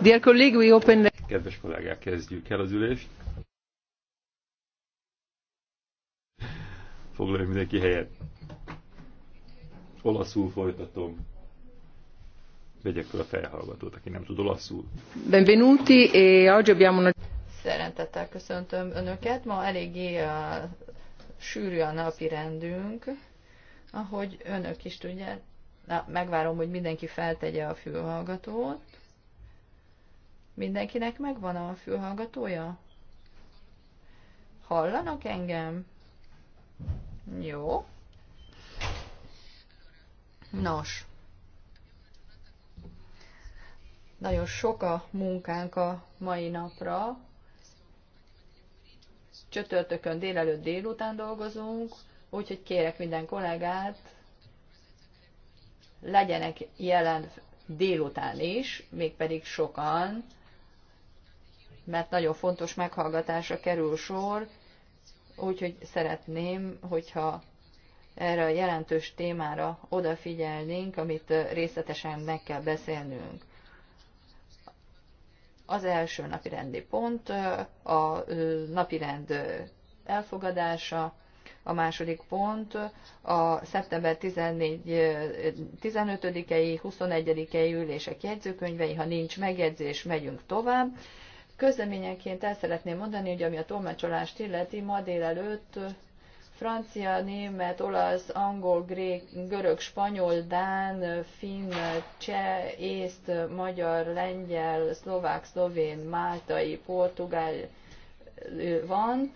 Dear colleague, we open the... Kedves kollégák, kezdjük el az ülést. Foglaljon mindenki helyet. Olaszul folytatom. Vegyek fel a felhallgatót, aki nem tud olaszul. Benvenuti e oggi abbiamo una... Szeretettel köszöntöm Önöket. Ma eléggé a, sűrű a napi rendünk. Ahogy Önök is tudják, Na, megvárom, hogy mindenki feltegye a fülhallgatót. Mindenkinek megvan a fülhallgatója? Hallanak engem? Jó. Nos. Nagyon sok a munkánk a mai napra. Csütörtökön délelőtt délután dolgozunk, úgyhogy kérek minden kollégát, legyenek jelen délután is, mégpedig sokan, mert nagyon fontos meghallgatásra kerül sor, úgyhogy szeretném, hogyha erre a jelentős témára odafigyelnénk, amit részletesen meg kell beszélnünk. Az első napi rendi pont a napi rend elfogadása, a második pont a szeptember 14-15-i, 21-i ülések jegyzőkönyvei, ha nincs megjegyzés, megyünk tovább. Közleményenként el szeretném mondani, hogy ami a tolmácsolást illeti, ma délelőtt francia, német, olasz, angol, görög, spanyol, dán, finn, cseh, észt, magyar, lengyel, szlovák, szlovén, máltai, portugál van.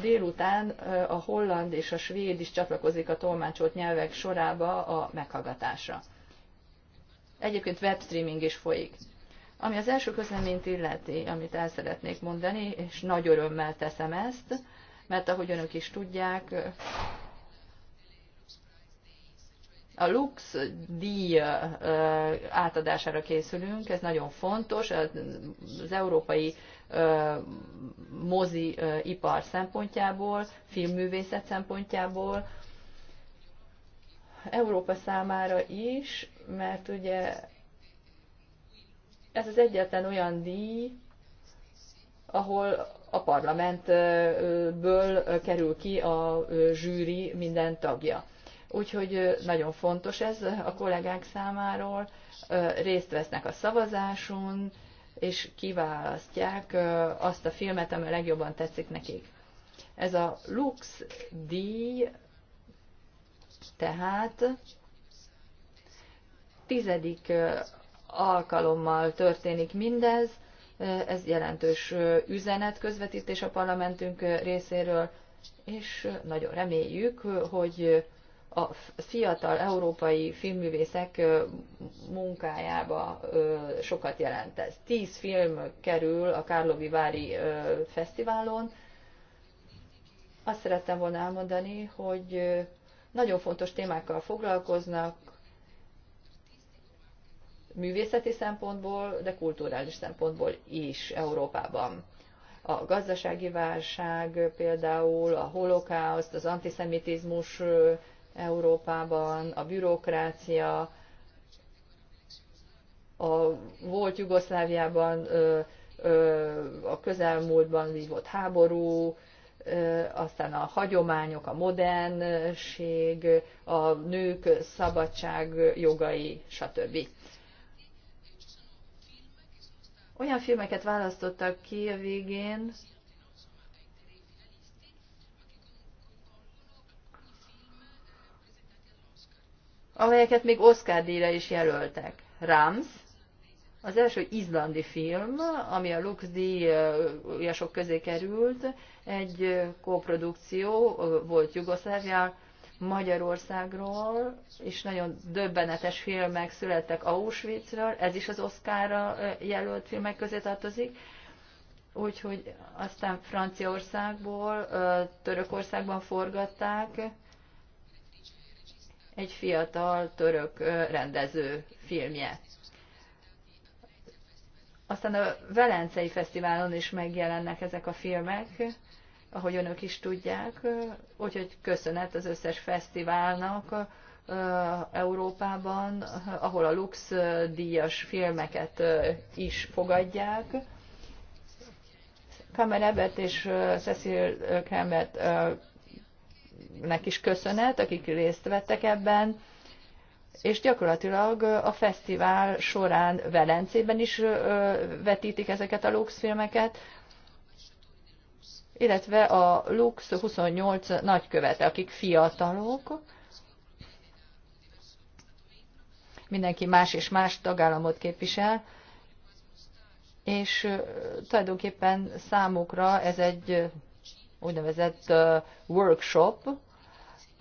Délután a holland és a svéd is csatlakozik a tolmácsolt nyelvek sorába a meghallgatásra. Egyébként webstreaming is folyik. Ami az első közleményt illeti, amit el szeretnék mondani, és nagy örömmel teszem ezt, mert ahogy önök is tudják, a Lux díj átadására készülünk, ez nagyon fontos az európai mozi ipar szempontjából, filmművészet szempontjából, Európa számára is, mert ugye ez az egyetlen olyan díj, ahol a parlamentből kerül ki a zsűri minden tagja. Úgyhogy nagyon fontos ez a kollégák számáról. Részt vesznek a szavazáson, és kiválasztják azt a filmet, ami a legjobban tetszik nekik. Ez a Lux díj tehát tizedik alkalommal történik mindez, ez jelentős üzenet közvetítés a parlamentünk részéről, és nagyon reméljük, hogy a fiatal európai filmművészek munkájába sokat jelent ez. Tíz film kerül a Kárlovi Vári Fesztiválon. Azt szerettem volna elmondani, hogy nagyon fontos témákkal foglalkoznak, művészeti szempontból, de kulturális szempontból is Európában. A gazdasági válság például, a holokauszt, az antiszemitizmus Európában, a bürokrácia, a volt Jugoszláviában, a közelmúltban vívott háború, aztán a hagyományok, a modernség, a nők szabadság jogai, stb. Olyan filmeket választottak ki a végén, amelyeket még Oscar díjra is jelöltek. Rams, az első izlandi film, ami a Lux díjasok közé került, egy koprodukció volt Jugoszláviával, Magyarországról, és nagyon döbbenetes filmek születtek Auschwitzről, ez is az Oscarra jelölt filmek közé tartozik, úgyhogy aztán Franciaországból, Törökországban forgatták egy fiatal török rendező filmje. Aztán a Velencei Fesztiválon is megjelennek ezek a filmek, ahogy önök is tudják. Úgyhogy köszönet az összes fesztiválnak Európában, ahol a Lux díjas filmeket is fogadják. Kamer Ebert és Cecil Kemet nek is köszönet, akik részt vettek ebben, és gyakorlatilag a fesztivál során Velencében is vetítik ezeket a luxfilmeket, illetve a Lux 28 nagykövete, akik fiatalok, mindenki más és más tagállamot képvisel, és tulajdonképpen számukra ez egy úgynevezett workshop,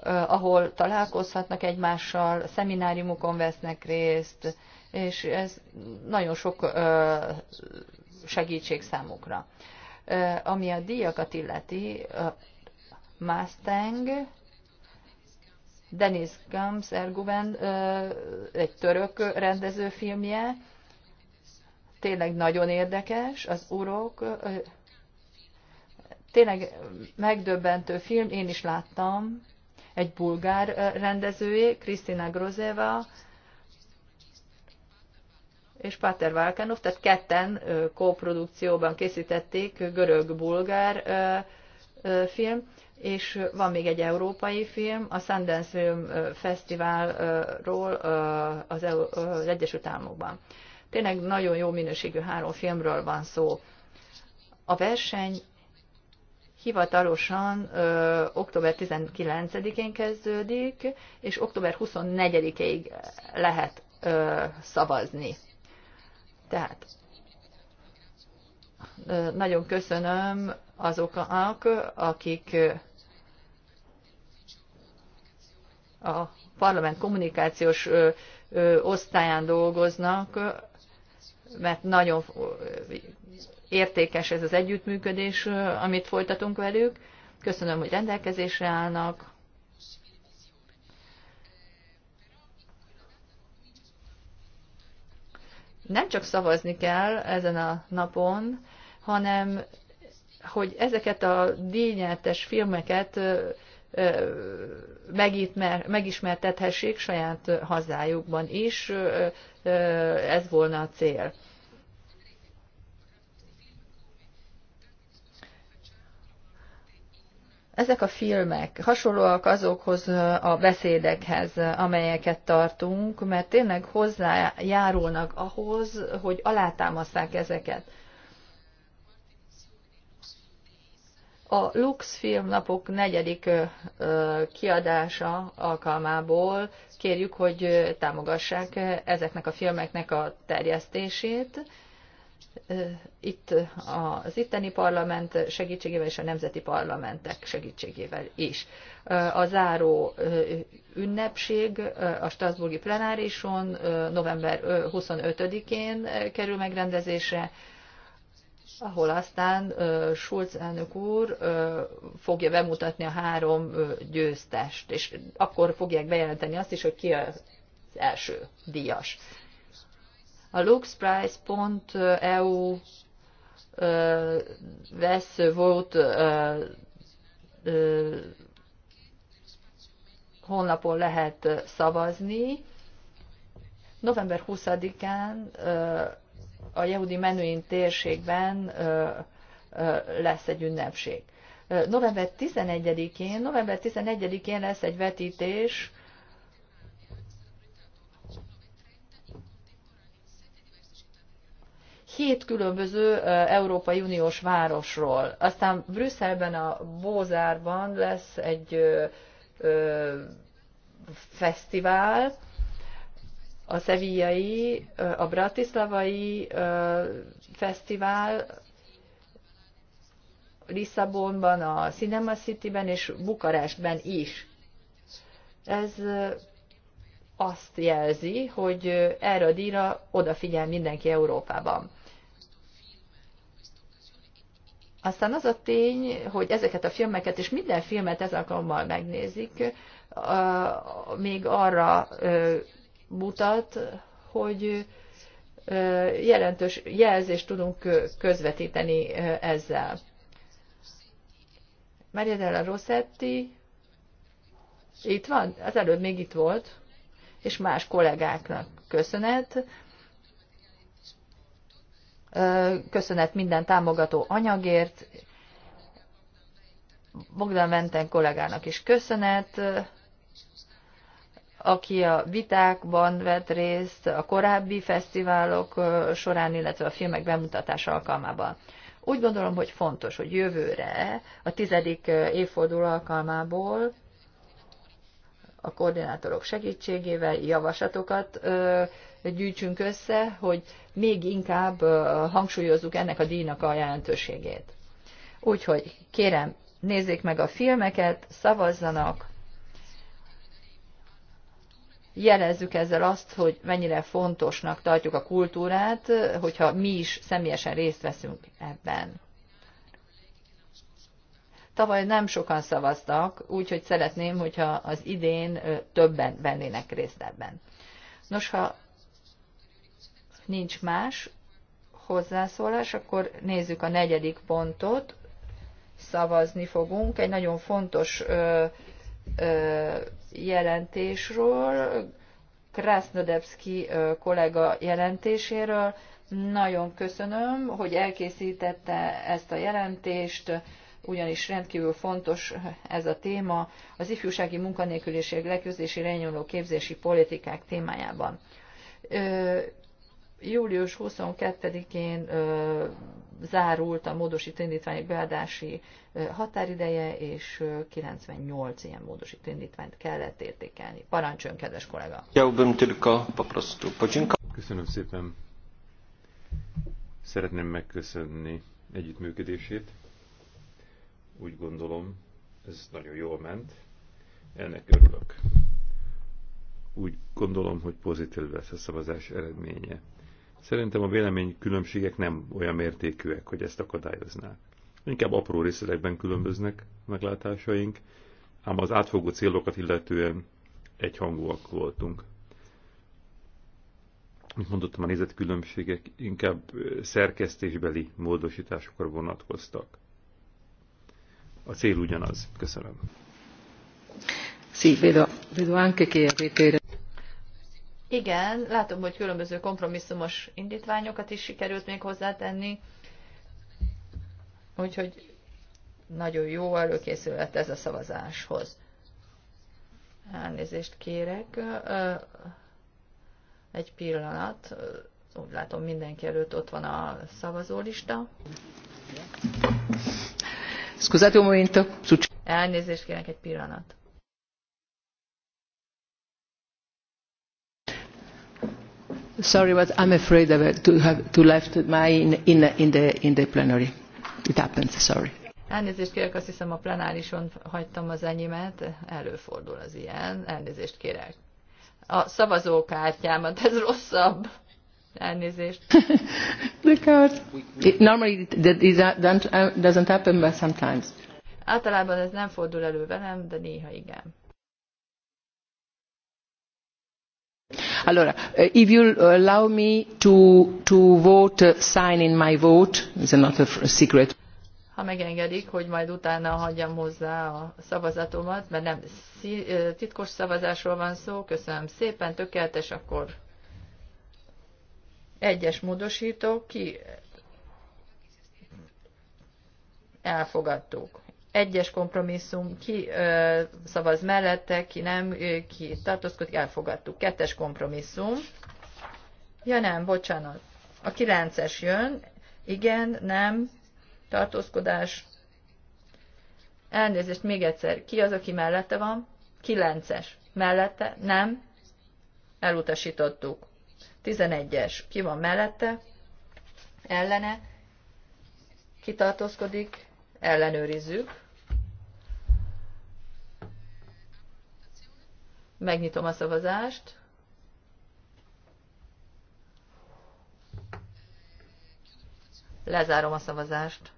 ahol találkozhatnak egymással, szemináriumokon vesznek részt, és ez nagyon sok segítség számukra. Ami a díjakat illeti, a Mustang, Denis Gams Erguven, egy török rendező filmje, tényleg nagyon érdekes, az urok, tényleg megdöbbentő film, én is láttam, egy bulgár rendezője, Kristina Grozeva, és Páter Válkánov, tehát ketten kóprodukcióban készítették görög-bulgár film, és van még egy európai film, a Sundance Film Fesztiválról az, e az Egyesült Államokban. Tényleg nagyon jó minőségű három filmről van szó. A verseny hivatalosan ö, október 19-én kezdődik, és október 24-ig lehet ö, szavazni. Tehát nagyon köszönöm azoknak, akik a parlament kommunikációs osztályán dolgoznak, mert nagyon értékes ez az együttműködés, amit folytatunk velük. Köszönöm, hogy rendelkezésre állnak. nem csak szavazni kell ezen a napon, hanem hogy ezeket a díjnyertes filmeket megítmer, megismertethessék saját hazájukban is, ez volna a cél. Ezek a filmek hasonlóak azokhoz a beszédekhez, amelyeket tartunk, mert tényleg hozzájárulnak ahhoz, hogy alátámaszták ezeket. A Lux filmnapok negyedik kiadása alkalmából kérjük, hogy támogassák ezeknek a filmeknek a terjesztését, itt az itteni parlament segítségével és a nemzeti parlamentek segítségével is. A záró ünnepség a Strasburgi plenárison november 25-én kerül megrendezésre, ahol aztán Schulz elnök úr fogja bemutatni a három győztest, és akkor fogják bejelenteni azt is, hogy ki az első díjas. A luxprice.eu vesz volt honlapon lehet szavazni. November 20-án a Jehudi Menüin térségben lesz egy ünnepség. November 11-én, november 11-én lesz egy vetítés hét különböző Európai Uniós városról. Aztán Brüsszelben a Bózárban lesz egy ö, ö, fesztivál, a szevíjai, a bratislavai ö, fesztivál, Lisszabonban, a Cinema City-ben és Bukarestben is. Ez azt jelzi, hogy erre a díjra odafigyel mindenki Európában. Aztán az a tény, hogy ezeket a filmeket, és minden filmet ez alkalommal megnézik, még arra mutat, hogy jelentős jelzést tudunk közvetíteni ezzel. Maria della Rossetti itt van, az előbb még itt volt, és más kollégáknak köszönet, Köszönet minden támogató anyagért. Bogdan Venten kollégának is köszönet, aki a vitákban vett részt a korábbi fesztiválok során, illetve a filmek bemutatása alkalmában. Úgy gondolom, hogy fontos, hogy jövőre a tizedik évforduló alkalmából a koordinátorok segítségével javaslatokat gyűjtsünk össze, hogy még inkább hangsúlyozzuk ennek a díjnak a jelentőségét. Úgyhogy kérem, nézzék meg a filmeket, szavazzanak, jelezzük ezzel azt, hogy mennyire fontosnak tartjuk a kultúrát, hogyha mi is személyesen részt veszünk ebben. Tavaly nem sokan szavaztak, úgyhogy szeretném, hogyha az idén többen vennének részt ebben. Nos, ha nincs más hozzászólás, akkor nézzük a negyedik pontot. Szavazni fogunk egy nagyon fontos ö, ö, jelentésről, ö, kollega jelentéséről. Nagyon köszönöm, hogy elkészítette ezt a jelentést, ugyanis rendkívül fontos ez a téma az ifjúsági munkanélküliség leküzdési, nyúló képzési politikák témájában július 22-én zárult a módosító indítványok beadási határideje, és 98 ilyen módosító indítványt kellett értékelni. Parancsön, kedves kollega! Köszönöm szépen! Szeretném megköszönni együttműködését. Úgy gondolom, ez nagyon jól ment. Ennek örülök. Úgy gondolom, hogy pozitív lesz a szavazás eredménye. Szerintem a vélemény különbségek nem olyan mértékűek, hogy ezt akadályoznák. Inkább apró részletekben különböznek meglátásaink, ám az átfogó célokat illetően egyhangúak voltunk. Mint mondottam, a nézetkülönbségek inkább szerkesztésbeli módosításokra vonatkoztak. A cél ugyanaz. Köszönöm. Sí, vedo, vedo anche che avete igen, látom, hogy különböző kompromisszumos indítványokat is sikerült még hozzátenni, úgyhogy nagyon jó előkészület ez a szavazáshoz. Elnézést kérek. Egy pillanat. Úgy látom, mindenki előtt ott van a szavazólista. Scusate momento. Elnézést kérek egy pillanat. Sorry, but I'm afraid uh, to have to left my in, in, in, the, in the plenary. It happens, sorry. Elnézést kérek, azt hiszem a plenárison hagytam az enyémet, előfordul az ilyen, elnézést kérek. A szavazókártyámat, ez rosszabb. Elnézést. the card. It normally it is, uh, uh, doesn't happen, but sometimes. Általában ez nem fordul elő velem, de néha igen. Eh, if you uh, allow me to vote, uh, sign in my vote, it's not a secret. Ha megengedik, hogy majd utána hagyjam hozzá a szavazatomat, mert nem titkos szavazásról van szó, köszönöm szépen, tökéletes, akkor egyes módosító, ki elfogadtuk. Egyes kompromisszum, ki ö, szavaz mellette, ki nem, ö, ki tartózkodik, elfogadtuk. Kettes kompromisszum. Ja nem, bocsánat. A kilences jön. Igen, nem, tartózkodás. Elnézést még egyszer. Ki az, aki mellette van? Kilences. Mellette? Nem. Elutasítottuk. Tizenegyes. Ki van mellette? Ellene? Kitartózkodik? Ellenőrizzük. Megnyitom a szavazást. Lezárom a szavazást.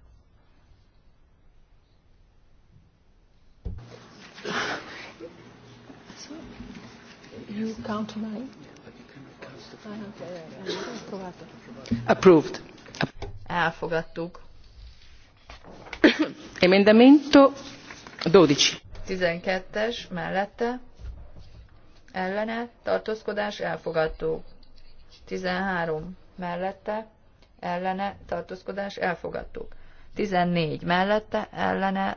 You count Approved. Elfogadtuk. Emendamento 12. 12-es mellette ellene, tartózkodás, elfogadtuk. 13 mellette, ellene, tartózkodás, elfogadtuk. 14 mellette, ellene,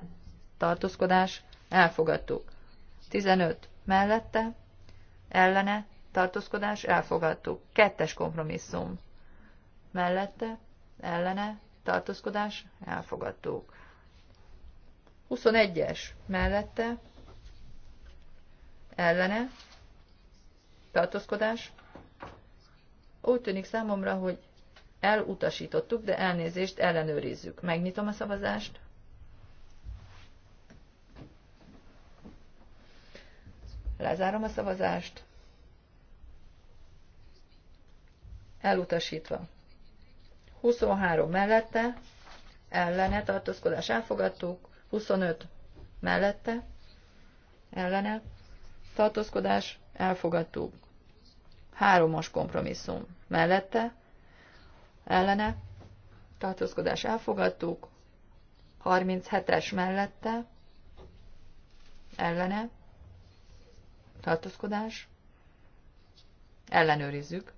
tartózkodás, elfogadtuk. 15 mellette, ellene, tartózkodás, elfogadtuk. Kettes kompromisszum. Mellette, ellene, tartózkodás, elfogadtuk. 21-es mellette, ellene, Tartózkodás? Úgy tűnik számomra, hogy elutasítottuk, de elnézést ellenőrizzük. Megnyitom a szavazást. Lezárom a szavazást. Elutasítva. 23 mellette, ellene tartózkodás elfogadtuk, 25 mellette, ellene tartózkodás elfogadtuk. Háromos kompromisszum mellette, ellene, tartózkodás elfogadtuk, 37-es mellette, ellene, tartózkodás, ellenőrizzük,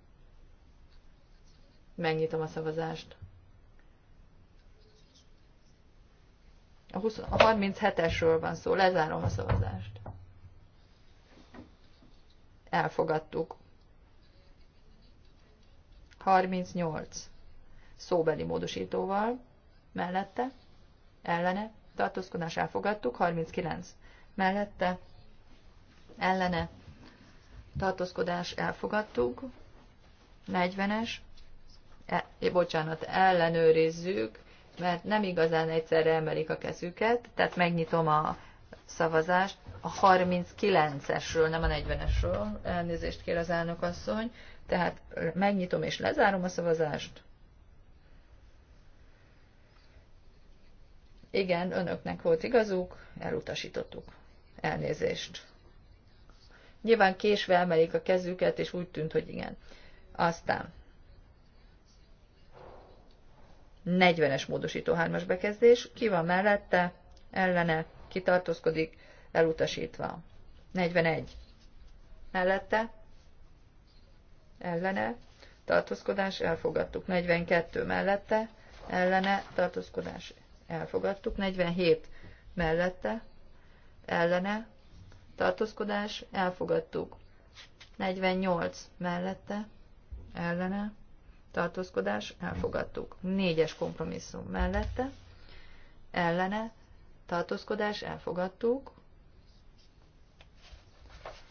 megnyitom a szavazást. A 37-esről van szó, lezárom a szavazást. Elfogadtuk. 38 szóbeli módosítóval, mellette, ellene, tartózkodás elfogadtuk, 39 mellette, ellene, tartózkodás elfogadtuk, 40-es, e, bocsánat, ellenőrizzük, mert nem igazán egyszerre emelik a kezüket, tehát megnyitom a szavazást a 39-esről, nem a 40-esről, elnézést kér az elnök asszony, tehát megnyitom és lezárom a szavazást. Igen, önöknek volt igazuk, elutasítottuk. Elnézést. Nyilván késve emelik a kezüket, és úgy tűnt, hogy igen. Aztán 40-es módosító hármas bekezdés, ki van mellette, ellene, kitartózkodik, elutasítva. 41. Mellette, ellene, tartózkodás elfogadtuk. 42 mellette, ellene, tartózkodás elfogadtuk. 47 mellette, ellene, tartózkodás elfogadtuk. 48 mellette, ellene, tartózkodás elfogadtuk. 4-es kompromisszum mellette, ellene, tartózkodás elfogadtuk.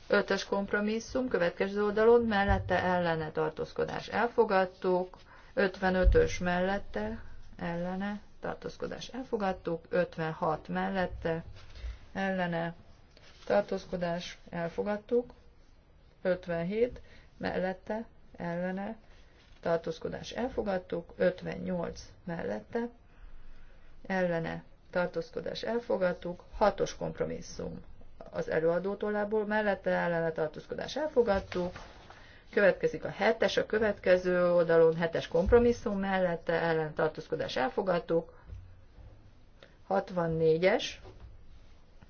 Ötös kompromisszum, következő oldalon, mellette ellene tartózkodás elfogadtuk, 55-ös mellette ellene tartózkodás elfogadtuk, 56 mellette ellene tartózkodás elfogadtuk, 57 mellette ellene tartózkodás elfogadtuk, 58 mellette ellene tartózkodás elfogadtuk, 6-os kompromisszum az előadó tollából, mellette ellene tartózkodás elfogadtuk, következik a hetes, a következő oldalon hetes kompromisszum mellette ellen tartózkodás elfogadtuk, 64-es,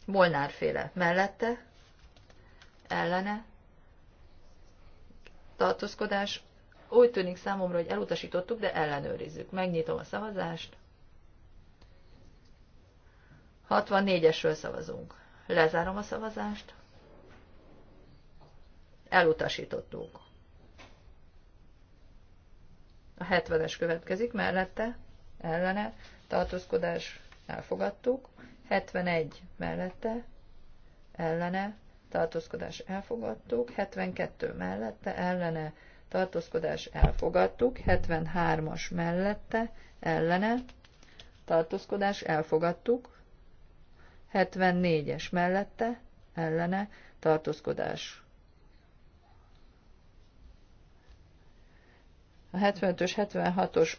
Molnárféle mellette, ellene, tartózkodás, úgy tűnik számomra, hogy elutasítottuk, de ellenőrizzük. Megnyitom a szavazást. 64-esről szavazunk. Lezárom a szavazást. Elutasítottuk. A 70-es következik mellette, ellene, tartózkodás elfogadtuk. 71 mellette, ellene, tartózkodás elfogadtuk. 72 mellette, ellene, tartózkodás elfogadtuk. 73-as mellette, ellene, tartózkodás elfogadtuk. 74-es mellette, ellene, tartózkodás. A 75-ös, 76-os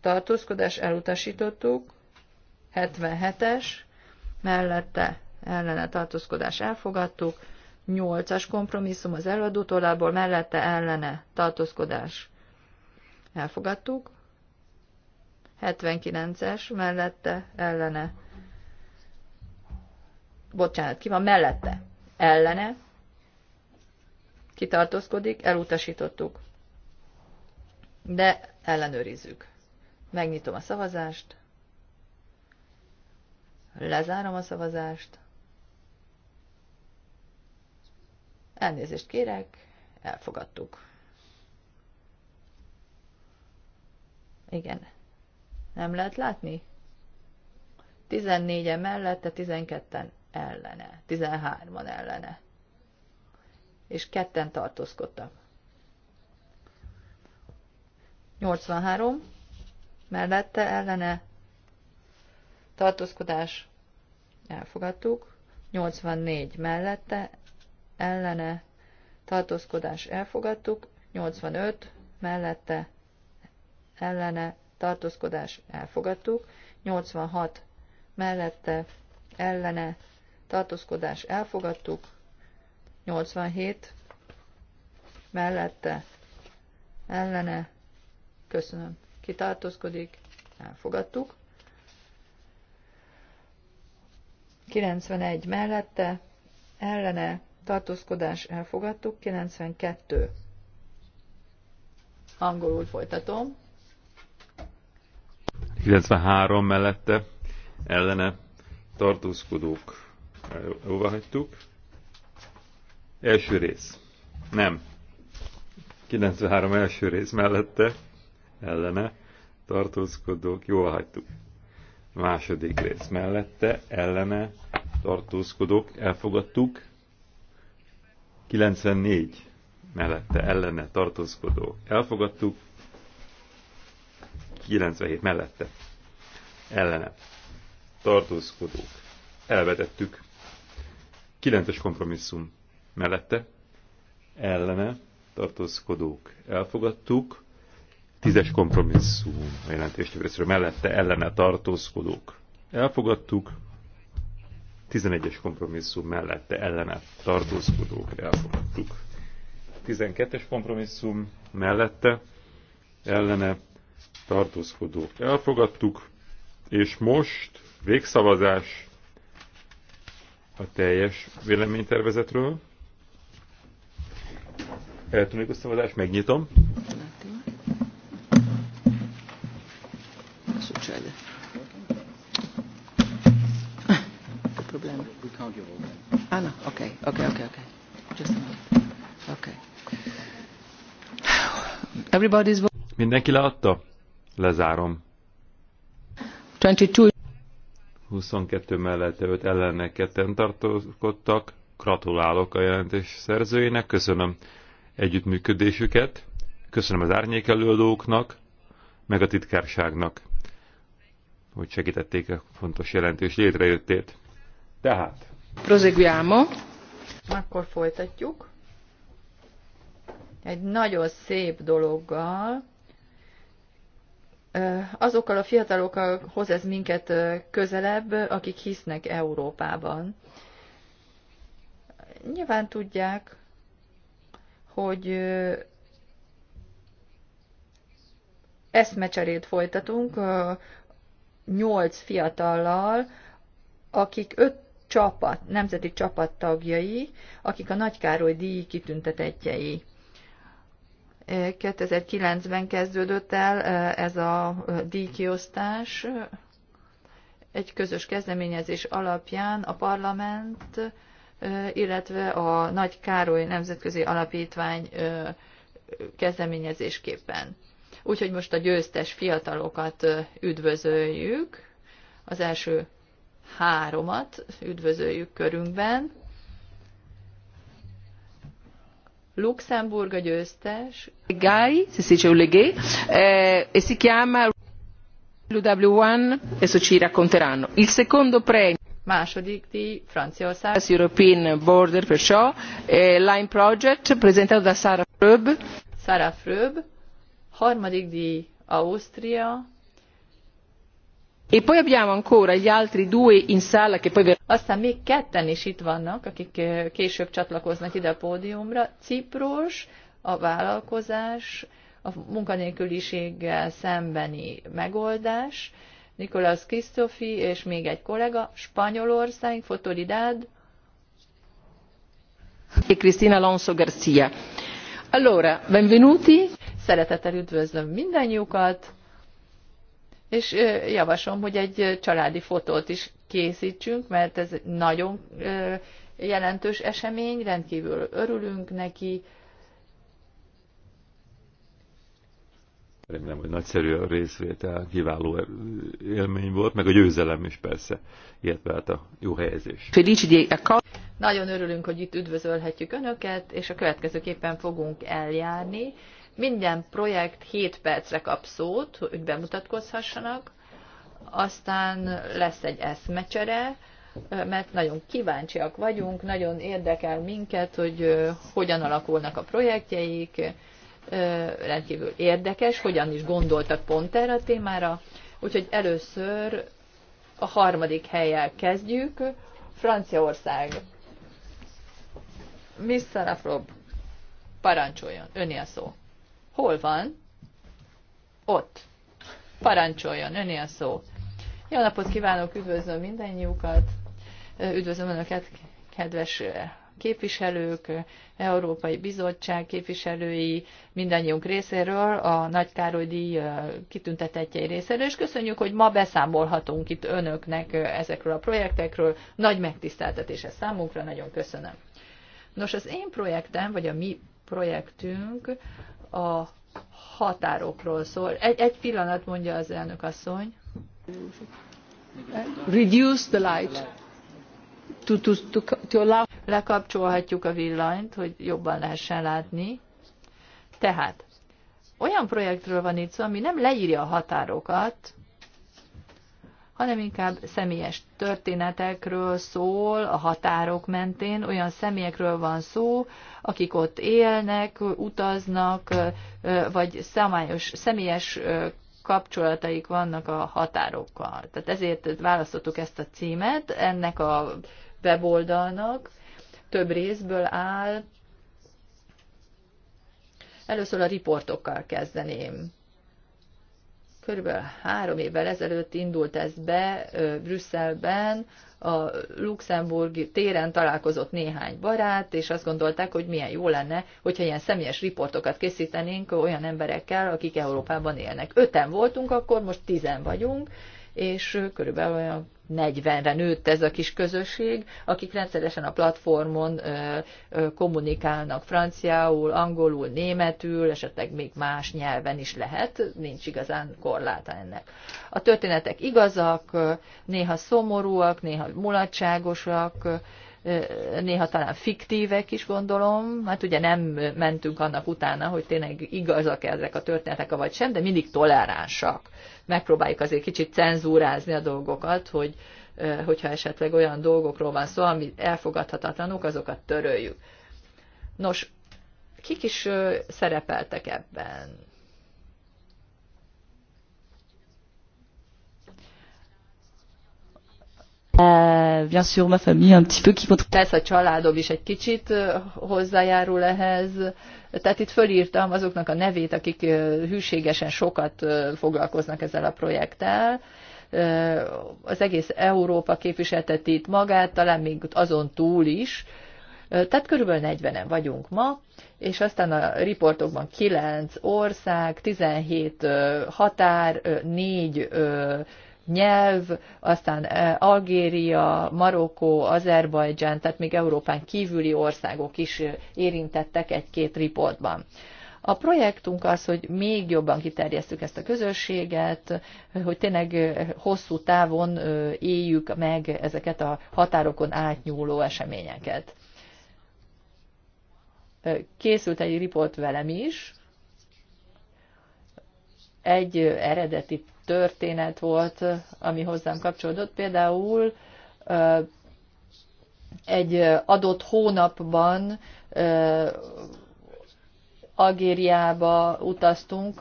tartózkodás elutasítottuk, 77-es, mellette ellene tartózkodás elfogadtuk, 8-as kompromisszum az előadó tollából, mellette ellene tartózkodás elfogadtuk, 79-es mellette ellene. Bocsánat, ki van mellette? Ellene. Kitartózkodik, elutasítottuk. De ellenőrizzük. Megnyitom a szavazást. Lezárom a szavazást. Elnézést kérek, elfogadtuk. Igen, nem lehet látni? 14 -e mellette, 12-en ellene, 13-an ellene. És ketten tartózkodtak. 83 mellette, ellene, tartózkodás, elfogadtuk. 84 mellette, ellene, tartózkodás, elfogadtuk. 85 mellette, ellene, tartózkodás elfogadtuk, 86 mellette ellene tartózkodás elfogadtuk, 87 mellette ellene köszönöm, kitartózkodik, elfogadtuk, 91 mellette ellene tartózkodás elfogadtuk, 92 angolul folytatom, 93 mellette ellene tartózkodók Hova hagytuk. Első rész. Nem. 93 első rész mellette ellene tartózkodók Jól hagytuk. Második rész mellette ellene tartózkodók elfogadtuk. 94 mellette ellene tartózkodók elfogadtuk. 97 mellette. Ellene. Tartózkodók. Elvetettük. 9-es kompromisszum mellette. Ellene. Tartózkodók. Elfogadtuk. 10-es kompromisszum a jelentést részről mellette. Ellene. Tartózkodók. Elfogadtuk. 11-es kompromisszum mellette ellene tartózkodók elfogadtuk. 12-es kompromisszum mellette ellene tartózkodók elfogadtuk, és most végszavazás a teljes véleménytervezetről. a szavazást megnyitom. problem. We can't give all that. Ah, no. Okay. Okay. Okay. Okay. Just a minute. Okay. Everybody's. Mindenki leadta? Lezárom. 22. 22 mellette 5 ellene ketten tartózkodtak. Gratulálok a jelentés szerzőjének, köszönöm együttműködésüket, köszönöm az árnyékelőadóknak, meg a titkárságnak, hogy segítették a fontos jelentős létrejöttét. Tehát. Proseguiamo. Akkor folytatjuk. Egy nagyon szép dologgal azokkal a fiatalokkal hoz ez minket közelebb, akik hisznek Európában. Nyilván tudják, hogy eszmecserét folytatunk nyolc fiatallal, akik öt csapat, nemzeti csapat tagjai, akik a Nagykároly díj kitüntetettjei. 2009-ben kezdődött el ez a díjkiosztás. Egy közös kezdeményezés alapján a parlament, illetve a Nagy Károly Nemzetközi Alapítvány kezdeményezésképpen. Úgyhogy most a győztes fiatalokat üdvözöljük, az első háromat üdvözöljük körünkben. Luxemburg a győztes. Gai, si dice Ulegé, eh, e si chiama LW1, adesso e ci racconteranno. Il secondo premio második díj Franciaország. Az European Border for Show eh, Line Project, presentato da Sara Fröb. Sara Fröb. Harmadik díj Ausztria, E poi abbiamo ancora gli altri due in sala che poi... Aztán még ketten is itt vannak, akik később csatlakoznak ide a pódiumra. Ciprus, a vállalkozás, a munkanélküliséggel szembeni megoldás, Nikolas Krisztofi és még egy kollega, Spanyolország, Fotolidád. E Cristina Alonso Garcia. Allora, benvenuti. Szeretettel üdvözlöm mindannyiukat és javaslom, hogy egy családi fotót is készítsünk, mert ez nagyon jelentős esemény, rendkívül örülünk neki. Remélem, hogy nagyszerű a részvétel, kiváló élmény volt, meg a győzelem is persze, illetve hát a jó helyezés. Nagyon örülünk, hogy itt üdvözölhetjük Önöket, és a következőképpen fogunk eljárni. Minden projekt 7 percre kap szót, hogy bemutatkozhassanak, aztán lesz egy eszmecsere, mert nagyon kíváncsiak vagyunk, nagyon érdekel minket, hogy hogyan alakulnak a projektjeik, rendkívül érdekes, hogyan is gondoltak pont erre a témára. Úgyhogy először a harmadik helyel kezdjük, Franciaország. Mr. Afrob, parancsoljon, öné a szó. Hol van? Ott. Parancsoljon, öné a szó. Jó napot kívánok, üdvözlöm mindennyiukat. Üdvözlöm Önöket, kedves képviselők, Európai Bizottság képviselői mindannyiunk részéről, a Nagy Károly díj kitüntetettjei részéről, és köszönjük, hogy ma beszámolhatunk itt önöknek ezekről a projektekről. Nagy megtiszteltetés ez számunkra, nagyon köszönöm. Nos, az én projektem, vagy a mi projektünk a határokról szól. Egy, egy pillanat, mondja az elnök asszony. Reduce the light. To, to, to, to allow... Lekapcsolhatjuk a villanyt, hogy jobban lehessen látni. Tehát, olyan projektről van itt szó, ami nem leírja a határokat, hanem inkább személyes történetekről szól, a határok mentén, olyan személyekről van szó, akik ott élnek, utaznak, vagy számályos, személyes kapcsolataik vannak a határokkal. Tehát ezért választottuk ezt a címet ennek a weboldalnak. Több részből áll. Először a riportokkal kezdeném. Körülbelül három évvel ezelőtt indult ez be Brüsszelben a luxemburgi téren találkozott néhány barát, és azt gondolták, hogy milyen jó lenne, hogyha ilyen személyes riportokat készítenénk olyan emberekkel, akik Európában élnek. Öten voltunk, akkor most tizen vagyunk, és körülbelül olyan 40-re nőtt ez a kis közösség, akik rendszeresen a platformon kommunikálnak franciául, angolul, németül, esetleg még más nyelven is lehet, nincs igazán korláta ennek. A történetek igazak, néha szomorúak, néha mulatságosak, néha talán fiktívek is gondolom, hát ugye nem mentünk annak utána, hogy tényleg igazak -e ezek a történetek, vagy sem, de mindig toleránsak. Megpróbáljuk azért kicsit cenzúrázni a dolgokat, hogy hogyha esetleg olyan dolgokról van szó, ami elfogadhatatlanok, azokat töröljük. Nos, kik is szerepeltek ebben? Eh, bien Persze a családom is egy kicsit eh, hozzájárul ehhez. Tehát itt fölírtam azoknak a nevét, akik eh, hűségesen sokat foglalkoznak ezzel a projekttel az egész Európa képviselteti itt magát, talán még azon túl is. Tehát körülbelül 40-en vagyunk ma, és aztán a riportokban 9 ország, 17 határ, 4 nyelv, aztán e, Algéria, Marokkó, Azerbajdzsán, tehát még Európán kívüli országok is e, érintettek egy-két riportban. A projektunk az, hogy még jobban kiterjesztük ezt a közösséget, hogy tényleg e, hosszú távon éljük meg ezeket a határokon átnyúló eseményeket. Készült egy riport velem is, egy eredeti történet volt, ami hozzám kapcsolódott. Például egy adott hónapban Agériába utaztunk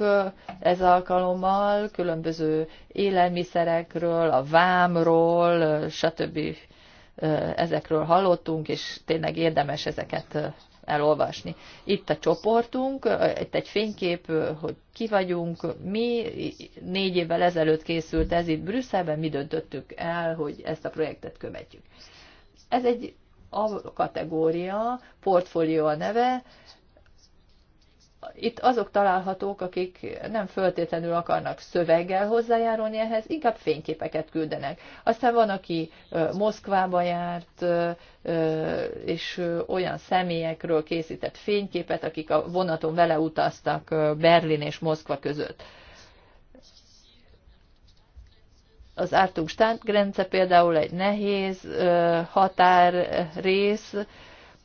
ez alkalommal, különböző élelmiszerekről, a vámról, stb. ezekről hallottunk, és tényleg érdemes ezeket elolvasni. Itt a csoportunk, itt egy fénykép, hogy ki vagyunk, mi négy évvel ezelőtt készült ez itt Brüsszelben, mi döntöttük el, hogy ezt a projektet követjük. Ez egy a kategória, portfólió a neve, itt azok találhatók, akik nem föltétlenül akarnak szöveggel hozzájárulni ehhez, inkább fényképeket küldenek. Aztán van, aki Moszkvába járt, és olyan személyekről készített fényképet, akik a vonaton vele utaztak Berlin és Moszkva között. Az Ártung grence például egy nehéz határrész, rész,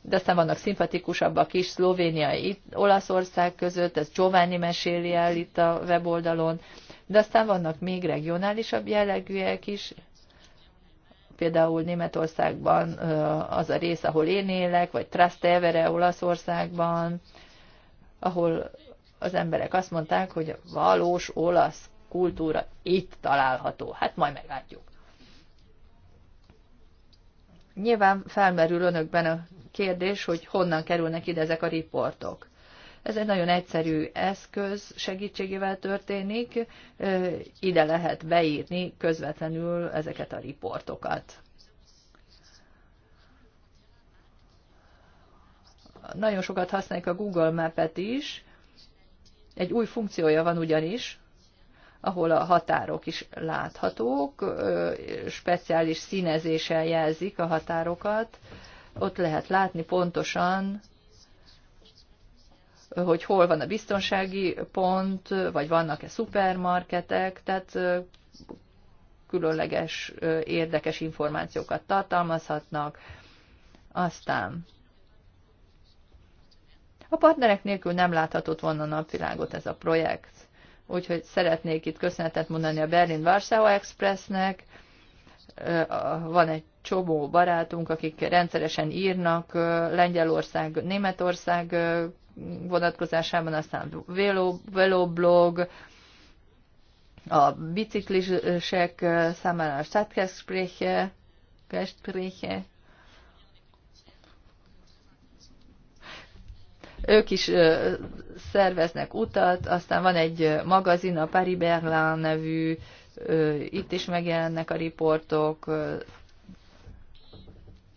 de aztán vannak szimpatikusabbak is, Szlovénia, itt, Olaszország között, ez Giovanni meséli el itt a weboldalon, de aztán vannak még regionálisabb jellegűek is, például Németországban az a rész, ahol én élek, vagy Trastevere Olaszországban, ahol az emberek azt mondták, hogy a valós olasz kultúra itt található. Hát majd meglátjuk. Nyilván felmerül önökben a kérdés, hogy honnan kerülnek ide ezek a riportok. Ez egy nagyon egyszerű eszköz segítségével történik, ide lehet beírni közvetlenül ezeket a riportokat. Nagyon sokat használjuk a Google Map-et is, egy új funkciója van ugyanis, ahol a határok is láthatók, speciális színezéssel jelzik a határokat, ott lehet látni pontosan, hogy hol van a biztonsági pont, vagy vannak-e szupermarketek, tehát különleges, érdekes információkat tartalmazhatnak. Aztán a partnerek nélkül nem láthatott volna a napvilágot ez a projekt. Úgyhogy szeretnék itt köszönetet mondani a Berlin-Warsaw Expressnek. Van egy csomó barátunk, akik rendszeresen írnak Lengyelország, Németország vonatkozásában, aztán veloblog, a biciklisek számára a Stadtgespräche, Gespräche, ők is szerveznek utat, aztán van egy magazin, a Paris Berlin nevű, itt is megjelennek a riportok,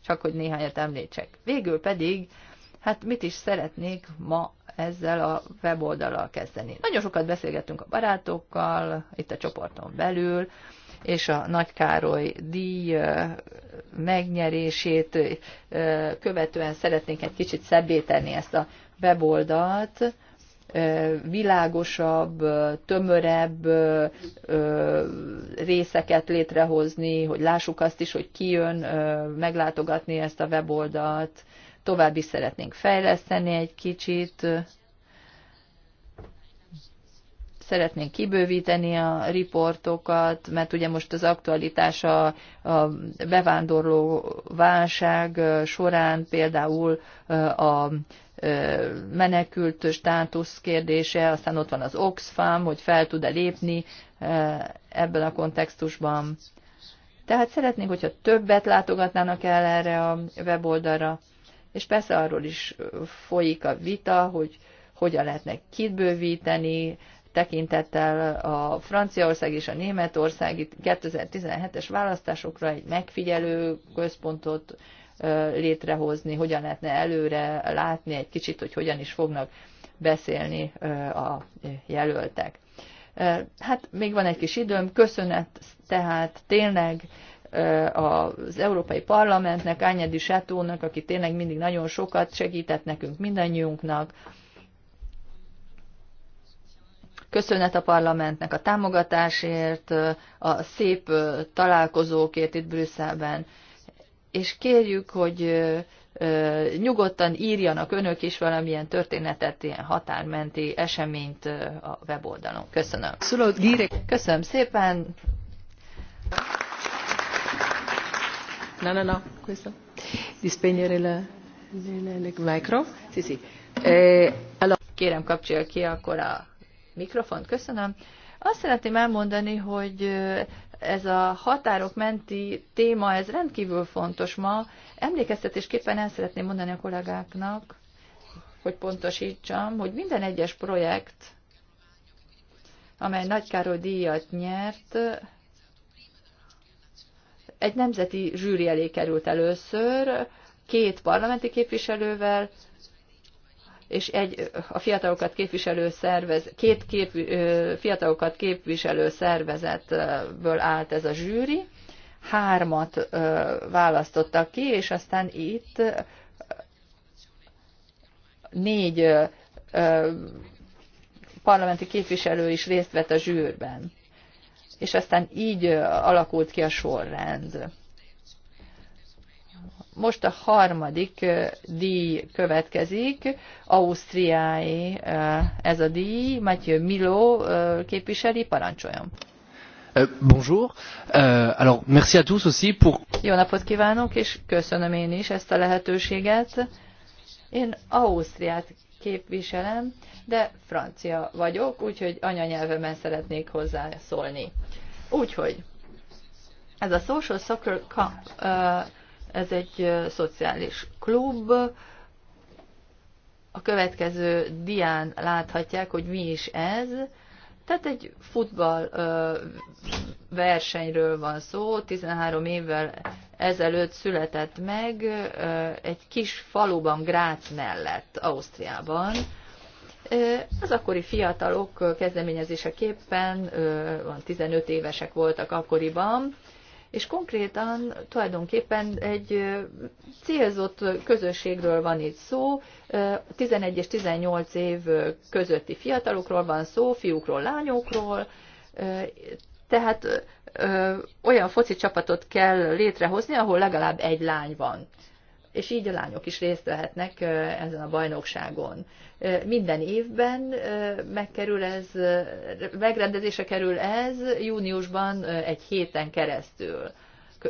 csak hogy néhányat említsek. Végül pedig, hát mit is szeretnék ma ezzel a weboldalal kezdeni. Nagyon sokat beszélgettünk a barátokkal, itt a csoporton belül, és a Nagy Károly díj megnyerését követően szeretnénk egy kicsit szebbé tenni ezt a weboldalt, világosabb, tömörebb részeket létrehozni, hogy lássuk azt is, hogy ki jön meglátogatni ezt a weboldalt. Tovább is szeretnénk fejleszteni egy kicsit. Szeretnénk kibővíteni a riportokat, mert ugye most az aktualitása a bevándorló válság során például a menekült státusz kérdése, aztán ott van az Oxfam, hogy fel tud-e lépni ebben a kontextusban. Tehát szeretnénk, hogyha többet látogatnának el erre a weboldalra, és persze arról is folyik a vita, hogy hogyan lehetne kitbővíteni, tekintettel a Franciaország és a Németország 2017-es választásokra egy megfigyelő központot létrehozni, hogyan lehetne előre látni egy kicsit, hogy hogyan is fognak beszélni a jelöltek. Hát még van egy kis időm, köszönet tehát tényleg az Európai Parlamentnek, Ányedi Sátónak, aki tényleg mindig nagyon sokat segített nekünk, mindannyiunknak. Köszönet a parlamentnek a támogatásért, a szép találkozókért itt Brüsszelben, és kérjük, hogy nyugodtan írjanak önök is valamilyen történetet, ilyen határmenti eseményt a weboldalon. Köszönöm. Köszönöm szépen. Na, na, na. questo. Di spegnere la, il micro. Sì, Eh, Kérem, kapcsolja ki akkor a mikrofont. Köszönöm. Azt szeretném elmondani, hogy ez a határok menti téma, ez rendkívül fontos ma. Emlékeztetésképpen el szeretném mondani a kollégáknak, hogy pontosítsam, hogy minden egyes projekt, amely Nagykároly díjat nyert, egy nemzeti zsűri elé került először, két parlamenti képviselővel, és egy a fiatalokat képviselő szervez, két kép, fiatalokat képviselő szervezetből állt ez a zsűri, hármat választottak ki, és aztán itt négy parlamenti képviselő is részt vett a zsűrben. És aztán így alakult ki a sorrend. Most a harmadik díj következik, Ausztriáé ez a díj, Mathieu Milo képviseli, parancsoljon. Bonjour. Alors, merci à tous aussi pour... Jó napot kívánok, és köszönöm én is ezt a lehetőséget. Én Ausztriát képviselem, de francia vagyok, úgyhogy anyanyelvemen szeretnék hozzászólni. Úgyhogy ez a Social Soccer ez egy szociális klub. A következő dián láthatják, hogy mi is ez. Tehát egy futball ö, versenyről van szó, 13 évvel ezelőtt született meg ö, egy kis faluban, Grác mellett, Ausztriában. Az akkori fiatalok kezdeményezéseképpen, ö, 15 évesek voltak akkoriban, és konkrétan tulajdonképpen egy célzott közösségről van itt szó, 11 és 18 év közötti fiatalokról van szó, fiúkról, lányokról, tehát olyan foci csapatot kell létrehozni, ahol legalább egy lány van és így a lányok is részt vehetnek ezen a bajnokságon. Minden évben megkerül ez, megrendezése kerül ez júniusban egy héten keresztül,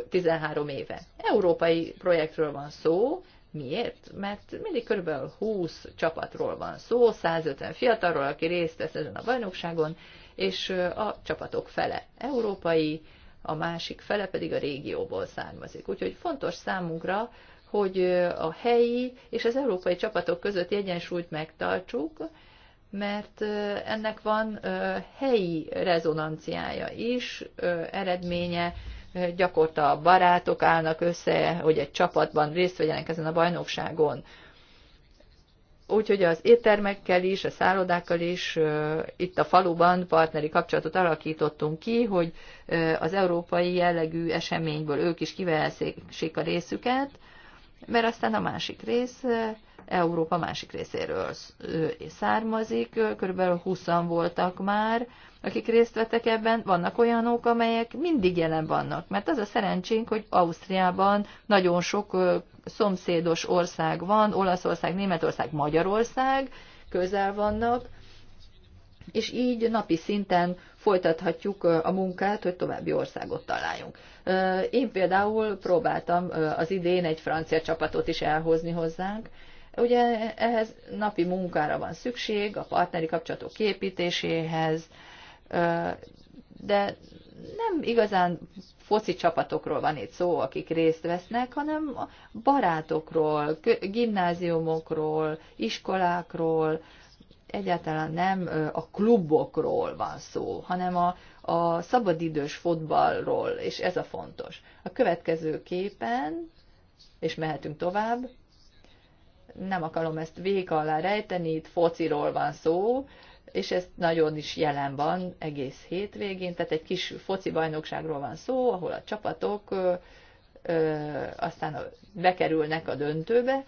13 éve. Európai projektről van szó, Miért? Mert mindig kb. 20 csapatról van szó, 150 fiatalról, aki részt vesz ezen a bajnokságon, és a csapatok fele európai, a másik fele pedig a régióból származik. Úgyhogy fontos számunkra, hogy a helyi és az európai csapatok közötti egyensúlyt megtartsuk, mert ennek van helyi rezonanciája is, eredménye, gyakorta a barátok állnak össze, hogy egy csapatban részt vegyenek ezen a bajnokságon. Úgyhogy az éttermekkel is, a szállodákkal is itt a faluban partneri kapcsolatot alakítottunk ki, hogy az európai jellegű eseményből ők is kiveszik a részüket, mert aztán a másik rész Európa másik részéről származik, körülbelül 20 voltak már, akik részt vettek ebben, vannak olyanok, amelyek mindig jelen vannak, mert az a szerencsénk, hogy Ausztriában nagyon sok szomszédos ország van, Olaszország, Németország, Magyarország, közel vannak, és így napi szinten folytathatjuk a munkát, hogy további országot találjunk. Én például próbáltam az idén egy francia csapatot is elhozni hozzánk, Ugye ehhez napi munkára van szükség, a partneri kapcsolatok képítéséhez, de nem igazán foci csapatokról van itt szó, akik részt vesznek, hanem barátokról, gimnáziumokról, iskolákról, egyáltalán nem a klubokról van szó, hanem a, a szabadidős fotballról, és ez a fontos. A következő képen, és mehetünk tovább, nem akarom ezt vég alá rejteni, itt fociról van szó, és ez nagyon is jelen van egész hétvégén, tehát egy kis foci bajnokságról van szó, ahol a csapatok ö, ö, aztán bekerülnek a döntőbe,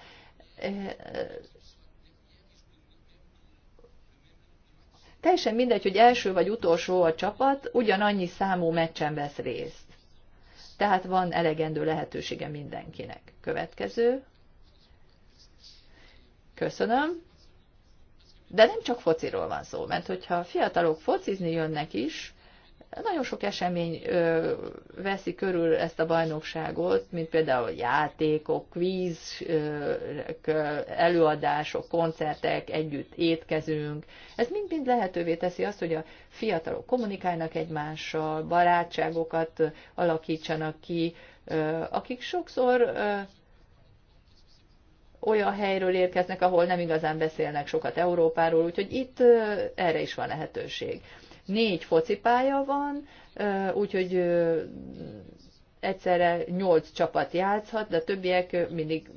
Teljesen mindegy, hogy első vagy utolsó a csapat, ugyanannyi számú meccsen vesz részt. Tehát van elegendő lehetősége mindenkinek. Következő. Köszönöm. De nem csak fociról van szó, mert hogyha fiatalok focizni jönnek is, nagyon sok esemény ö, veszi körül ezt a bajnokságot, mint például játékok, kvíz, ö, előadások, koncertek, együtt étkezünk. Ez mind-mind lehetővé teszi azt, hogy a fiatalok kommunikálnak egymással, barátságokat alakítsanak ki, ö, akik sokszor ö, olyan helyről érkeznek, ahol nem igazán beszélnek sokat Európáról, úgyhogy itt erre is van lehetőség négy focipálya van, úgyhogy egyszerre nyolc csapat játszhat, de a többiek mindig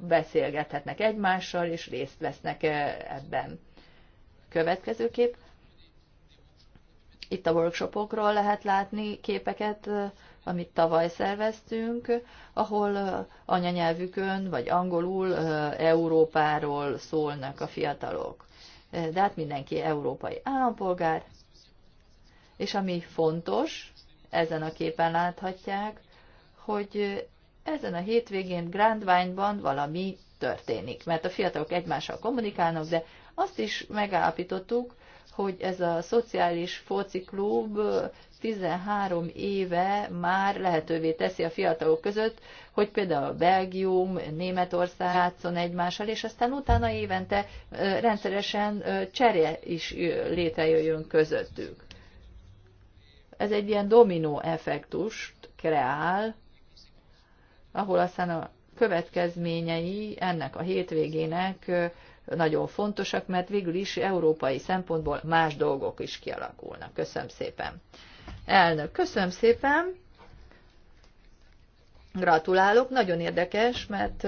beszélgethetnek egymással, és részt vesznek ebben. Következő kép. Itt a workshopokról lehet látni képeket, amit tavaly szerveztünk, ahol anyanyelvükön vagy angolul Európáról szólnak a fiatalok. De hát mindenki európai állampolgár, és ami fontos, ezen a képen láthatják, hogy ezen a hétvégén Grandvine-ban valami történik, mert a fiatalok egymással kommunikálnak, de azt is megállapítottuk, hogy ez a szociális foci klub 13 éve már lehetővé teszi a fiatalok között, hogy például Belgium, Németország játszon egymással, és aztán utána évente rendszeresen cserje is létrejöjjön közöttük ez egy ilyen dominó effektust kreál, ahol aztán a következményei ennek a hétvégének nagyon fontosak, mert végül is európai szempontból más dolgok is kialakulnak. Köszönöm szépen. Elnök, köszönöm szépen. Gratulálok, nagyon érdekes, mert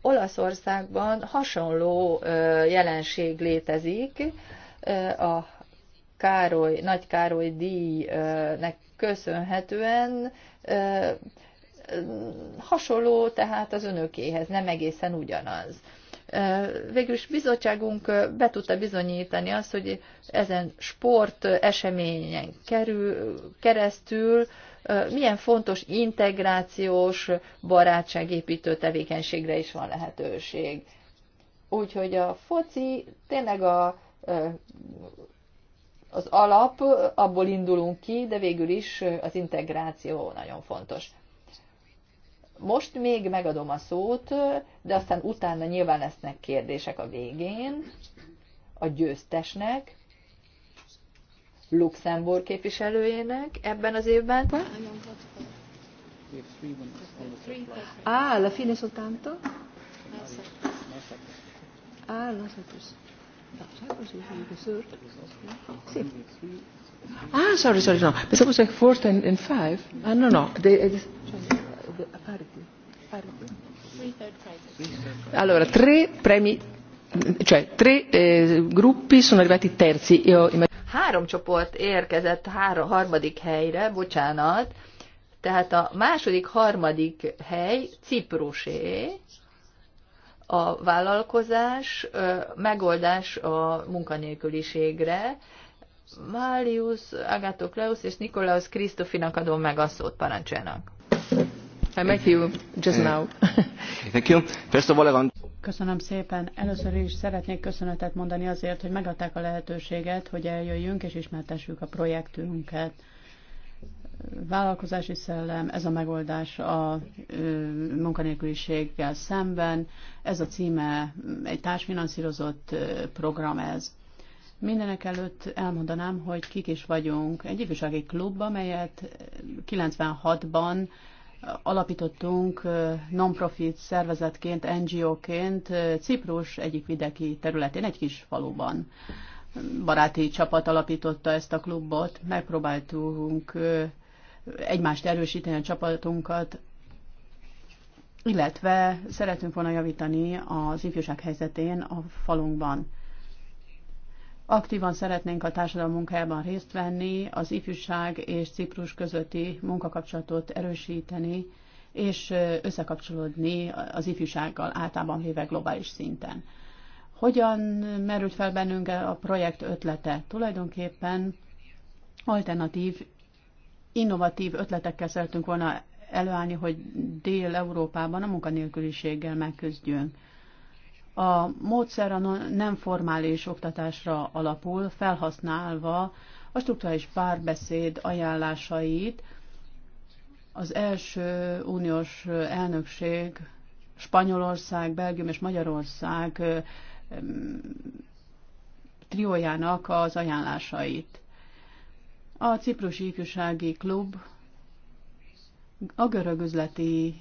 Olaszországban hasonló jelenség létezik a Károly, Nagy Károly díjnek köszönhetően hasonló, tehát az önökéhez, nem egészen ugyanaz. Végülis bizottságunk be tudta bizonyítani azt, hogy ezen sport eseményen kerül, keresztül milyen fontos integrációs, barátságépítő tevékenységre is van lehetőség. Úgyhogy a foci tényleg a az alap, abból indulunk ki, de végül is az integráció nagyon fontos. Most még megadom a szót, de aztán utána nyilván lesznek kérdések a végén a győztesnek, Luxemburg képviselőjének ebben az évben. Ah, la fine soltanto? Ah, soltanto. Ah, sorry, sorry, no. Pensavo like 4 and, and 5. Ah, no, no. uh, de, allora, tre premi, cioè tre eh, gruppi sono arrivati terzi. Io három csoport érkezett három, harmadik helyre, bocsánat. Tehát a második, harmadik hely Ciprusé, a vállalkozás megoldás a munkanélküliségre. Málius Agatokleusz és Nikolaus Krisztofinak adom meg a szót, parancsának. I met you just now. Thank you. First of all, I Köszönöm szépen. Először is szeretnék köszönetet mondani azért, hogy megadták a lehetőséget, hogy eljöjjünk és ismertessük a projektünket vállalkozási szellem, ez a megoldás a munkanélküliséggel szemben, ez a címe egy társfinanszírozott program ez. Mindenek előtt elmondanám, hogy kik is vagyunk. Egy ifjúsági klub, amelyet 96-ban alapítottunk non-profit szervezetként, NGO-ként Ciprus egyik videki területén, egy kis faluban baráti csapat alapította ezt a klubot. Megpróbáltunk egymást erősíteni a csapatunkat, illetve szeretünk volna javítani az ifjúság helyzetén a falunkban. Aktívan szeretnénk a társadalom munkájában részt venni, az ifjúság és Ciprus közötti munkakapcsolatot erősíteni, és összekapcsolódni az ifjúsággal általában véve globális szinten. Hogyan merült fel bennünk a projekt ötlete? Tulajdonképpen alternatív, innovatív ötletekkel szeretünk volna előállni, hogy Dél-Európában a munkanélküliséggel megküzdjünk. A módszer a nem formális oktatásra alapul, felhasználva a struktúrális párbeszéd ajánlásait. Az első uniós elnökség Spanyolország, Belgium és Magyarország triójának az ajánlásait. A Ciprusi Ifjúsági Klub a görög üzleti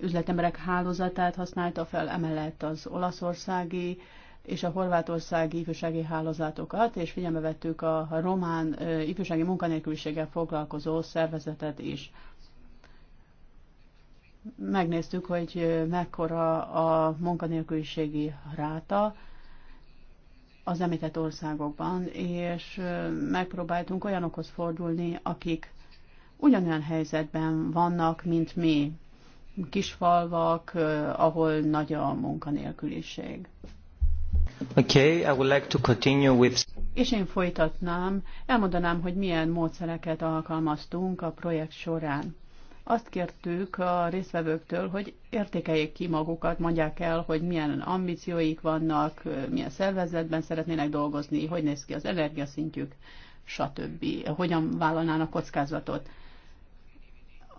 üzletemberek hálózatát használta fel, emellett az olaszországi és a horvátországi ifjúsági hálózatokat, és figyelme vettük a román ifjúsági munkanélküliséggel foglalkozó szervezetet is. Megnéztük, hogy mekkora a munkanélküliségi ráta, az említett országokban, és megpróbáltunk olyanokhoz fordulni, akik ugyanolyan helyzetben vannak, mint mi. Kisfalvak, ahol nagy a munkanélküliség. Okay, I would like to continue with... És én folytatnám, elmondanám, hogy milyen módszereket alkalmaztunk a projekt során. Azt kértük a résztvevőktől, hogy értékeljék ki magukat, mondják el, hogy milyen ambícióik vannak, milyen szervezetben szeretnének dolgozni, hogy néz ki az energiaszintjük, stb. Hogyan vállalnának kockázatot.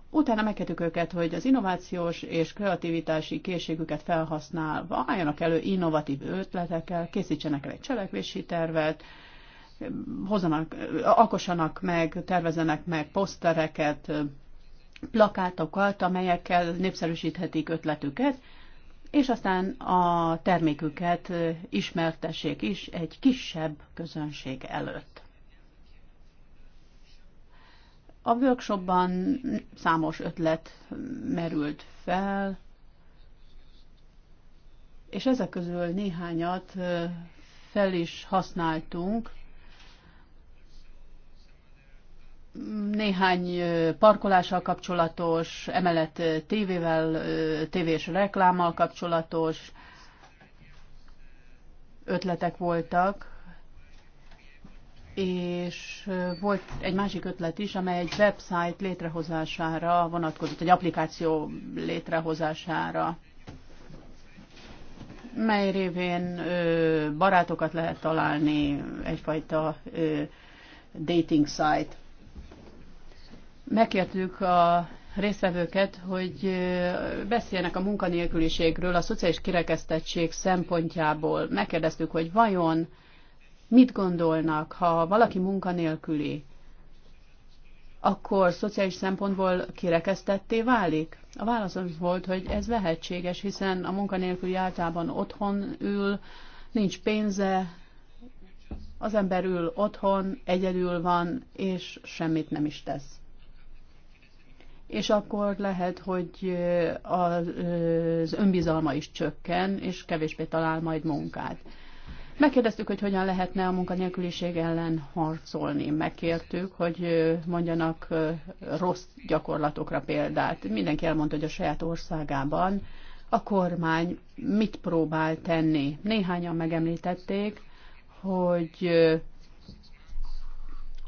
Utána megkértük őket, hogy az innovációs és kreativitási készségüket felhasználva álljanak elő innovatív ötletekkel, készítsenek el egy cselekvési tervet, hozzanak, alkossanak meg, tervezenek meg posztereket, plakátokat, amelyekkel népszerűsíthetik ötletüket, és aztán a terméküket ismertessék is egy kisebb közönség előtt. A workshopban számos ötlet merült fel, és ezek közül néhányat fel is használtunk néhány parkolással kapcsolatos, emellett tévével, tévés reklámmal kapcsolatos ötletek voltak, és volt egy másik ötlet is, amely egy website létrehozására vonatkozott, egy applikáció létrehozására, mely révén barátokat lehet találni, egyfajta dating site. Megkértük a résztvevőket, hogy beszéljenek a munkanélküliségről, a szociális kirekesztettség szempontjából. Megkérdeztük, hogy vajon mit gondolnak, ha valaki munkanélküli, akkor szociális szempontból kirekesztetté válik? A válasz az volt, hogy ez lehetséges, hiszen a munkanélküli általában otthon ül, nincs pénze, az ember ül otthon, egyedül van, és semmit nem is tesz és akkor lehet, hogy az önbizalma is csökken, és kevésbé talál majd munkát. Megkérdeztük, hogy hogyan lehetne a munkanélküliség ellen harcolni. Megkértük, hogy mondjanak rossz gyakorlatokra példát. Mindenki elmondta, hogy a saját országában a kormány mit próbál tenni. Néhányan megemlítették, hogy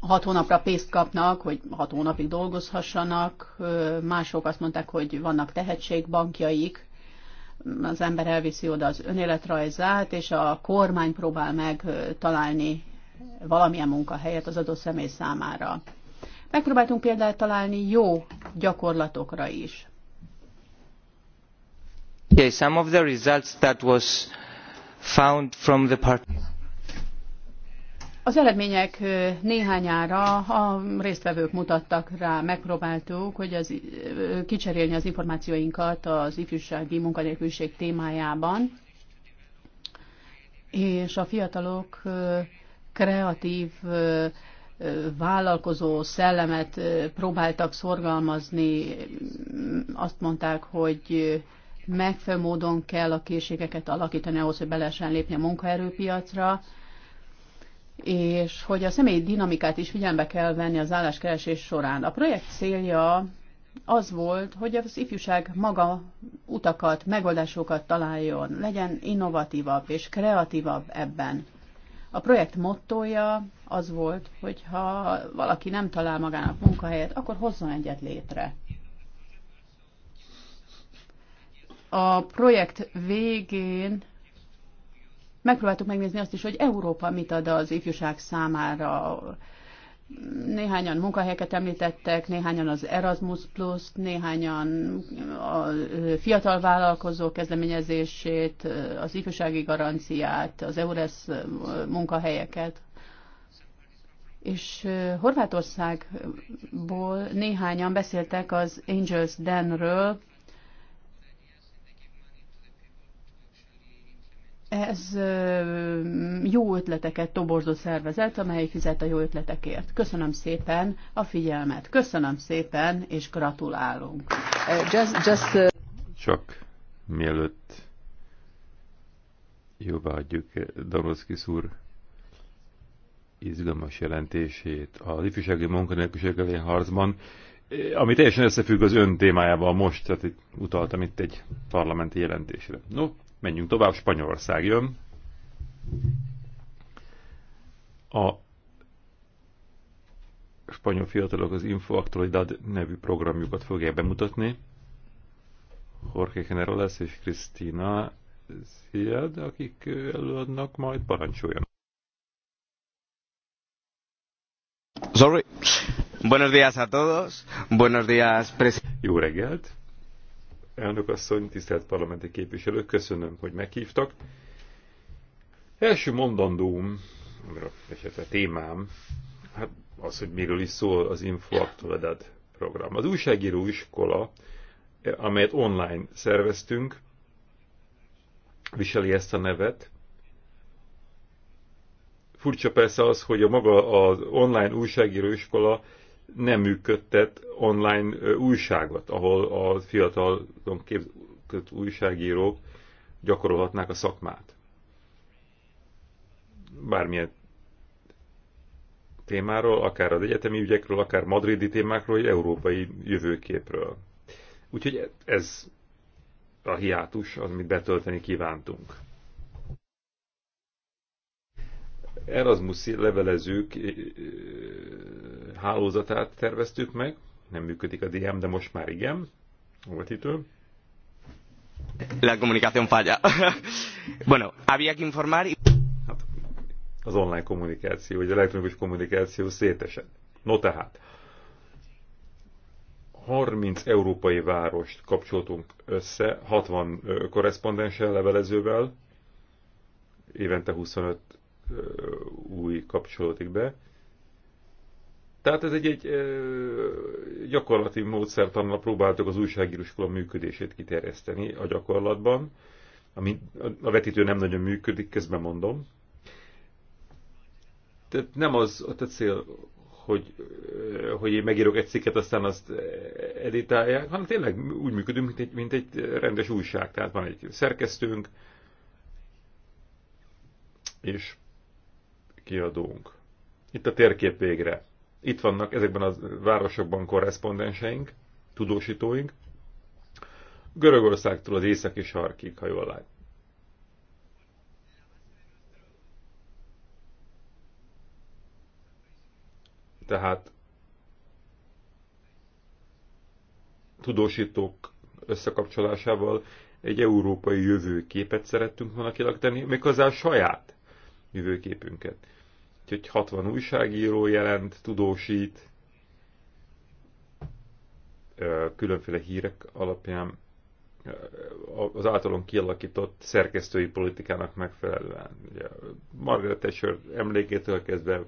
hat hónapra pénzt kapnak, hogy hat hónapig dolgozhassanak, mások azt mondták, hogy vannak tehetségbankjaik, az ember elviszi oda az önéletrajzát, és a kormány próbál meg találni valamilyen munkahelyet az adott személy számára. Megpróbáltunk példát találni jó gyakorlatokra is. Okay, some of the results that was found from the part- az eredmények néhányára a résztvevők mutattak rá, megpróbáltuk, hogy az, kicserélni az információinkat az ifjúsági munkanélküliség témájában, és a fiatalok kreatív vállalkozó szellemet próbáltak szorgalmazni, azt mondták, hogy megfelelő módon kell a készségeket alakítani ahhoz, hogy be lépni a munkaerőpiacra, és hogy a személy dinamikát is figyelembe kell venni az álláskeresés során. A projekt célja az volt, hogy az ifjúság maga utakat, megoldásokat találjon, legyen innovatívabb és kreatívabb ebben. A projekt mottoja az volt, hogy ha valaki nem talál magának munkahelyet, akkor hozzon egyet létre. A projekt végén Megpróbáltuk megnézni azt is, hogy Európa mit ad az ifjúság számára. Néhányan munkahelyeket említettek, néhányan az Erasmus plus néhányan a fiatal vállalkozó kezdeményezését, az ifjúsági garanciát, az EURES munkahelyeket és Horvátországból néhányan beszéltek az Angels Denről, Ez jó ötleteket toborzó szervezet, amely fizet a jó ötletekért. Köszönöm szépen a figyelmet. Köszönöm szépen, és gratulálunk. Just, just, uh... Csak mielőtt jóvá adjuk Daroszki úr izgalmas jelentését a ifjúsági munkanélküliség elleni harcban, ami teljesen összefügg az ön témájával most, tehát itt utaltam itt egy parlamenti jelentésre. No, Menjünk tovább, Spanyolország jön. A spanyol fiatalok az Infoactualidad nevű programjukat fogják bemutatni. Jorge lesz és Cristina Ziad, akik előadnak, majd parancsoljon. Sorry. Buenos días a todos. Buenos días, presidente. Jó reggelt elnök asszony, tisztelt parlamenti képviselők, köszönöm, hogy meghívtak. Első mondandóm, a témám, hát az, hogy miről is szól az Info program. Az újságíró iskola, amelyet online szerveztünk, viseli ezt a nevet. Furcsa persze az, hogy a maga az online újságíró iskola nem működtet online újságot, ahol a fiatal képzett újságírók gyakorolhatnák a szakmát. Bármilyen témáról, akár az egyetemi ügyekről, akár madridi témákról, vagy európai jövőképről. Úgyhogy ez a hiátus, amit betölteni kívántunk. Erasmus levelezők hálózatát terveztük meg, nem működik a DM, de most már igen, volt itt La comunicación falla. bueno, había que informar... Hát, az online kommunikáció, vagy elektronikus kommunikáció szétesett. No tehát, 30 európai várost kapcsoltunk össze, 60 korrespondenssel, levelezővel, évente 25 új kapcsolódik be. Tehát ez egy, egy gyakorlati módszertannal próbáltuk az újságíróskola működését kiterjeszteni a gyakorlatban, ami a vetítő nem nagyon működik, közben mondom. Tehát nem az a cél, hogy, hogy én megírok egy cikket, aztán azt editálják, hanem tényleg úgy működünk, mint egy, mint egy rendes újság. Tehát van egy szerkesztőnk, és kiadónk. Itt a térkép végre. Itt vannak ezekben a városokban korrespondenseink, tudósítóink, Görögországtól az északi sarkig, ha jól lát. Tehát tudósítók összekapcsolásával egy európai jövőképet szerettünk volna kialakítani, méghozzá a saját jövőképünket hogy 60 újságíró jelent, tudósít, különféle hírek alapján az általunk kialakított szerkesztői politikának megfelelően. Ugye Margaret Thatcher emlékétől kezdve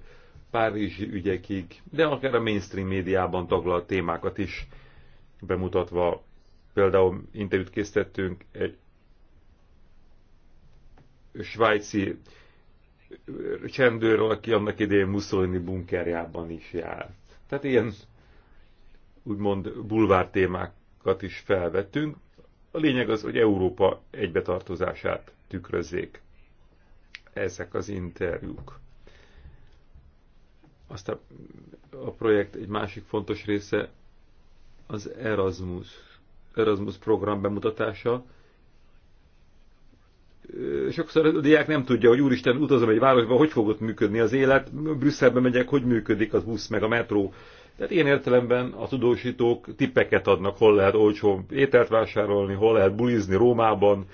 Párizsi ügyekig, de akár a mainstream médiában taglalt témákat is bemutatva. Például interjút készítettünk egy svájci csendőr, aki annak idején Mussolini bunkerjában is járt. Tehát ilyen úgymond bulvár témákat is felvettünk. A lényeg az, hogy Európa egybetartozását tükrözzék ezek az interjúk. Aztán a projekt egy másik fontos része az Erasmus, Erasmus program bemutatása, sokszor a diák nem tudja, hogy úristen, utazom egy városba, hogy fog ott működni az élet, Brüsszelbe megyek, hogy működik az busz meg a metró. Tehát ilyen értelemben a tudósítók tippeket adnak, hol lehet olcsó ételt vásárolni, hol lehet bulizni Rómában,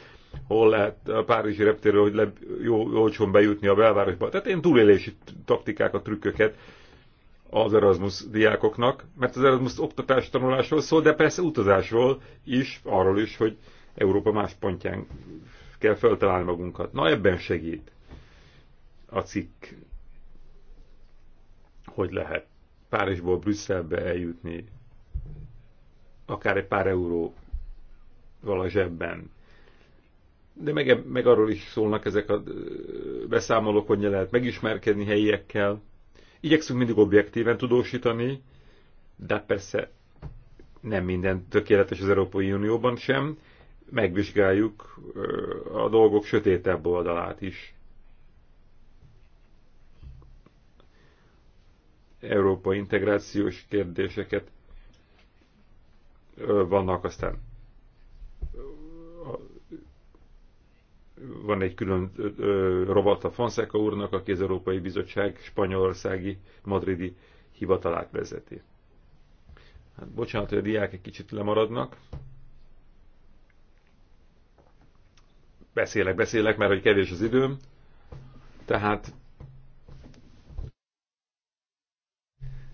hol lehet a Párizsi reptéről, hogy le, jó, olcsón bejutni a belvárosba. Tehát én túlélési taktikákat, trükköket az Erasmus diákoknak, mert az Erasmus oktatás tanulásról szól, de persze utazásról is, arról is, hogy Európa más pontján kell feltalálni magunkat. Na ebben segít a cikk, hogy lehet Párizsból Brüsszelbe eljutni, akár egy pár euró vala zsebben. De meg, meg arról is szólnak ezek a beszámolók, hogy lehet megismerkedni helyiekkel. Igyekszünk mindig objektíven tudósítani, de hát persze nem minden tökéletes az Európai Unióban sem, megvizsgáljuk a dolgok sötétebb oldalát is. Európa integrációs kérdéseket vannak aztán van egy külön rovat a Fonseca úrnak, aki az Európai Bizottság spanyolországi madridi hivatalát vezeti. Hát bocsánat, hogy a diák egy kicsit lemaradnak. beszélek, beszélek, mert hogy kevés az időm. Tehát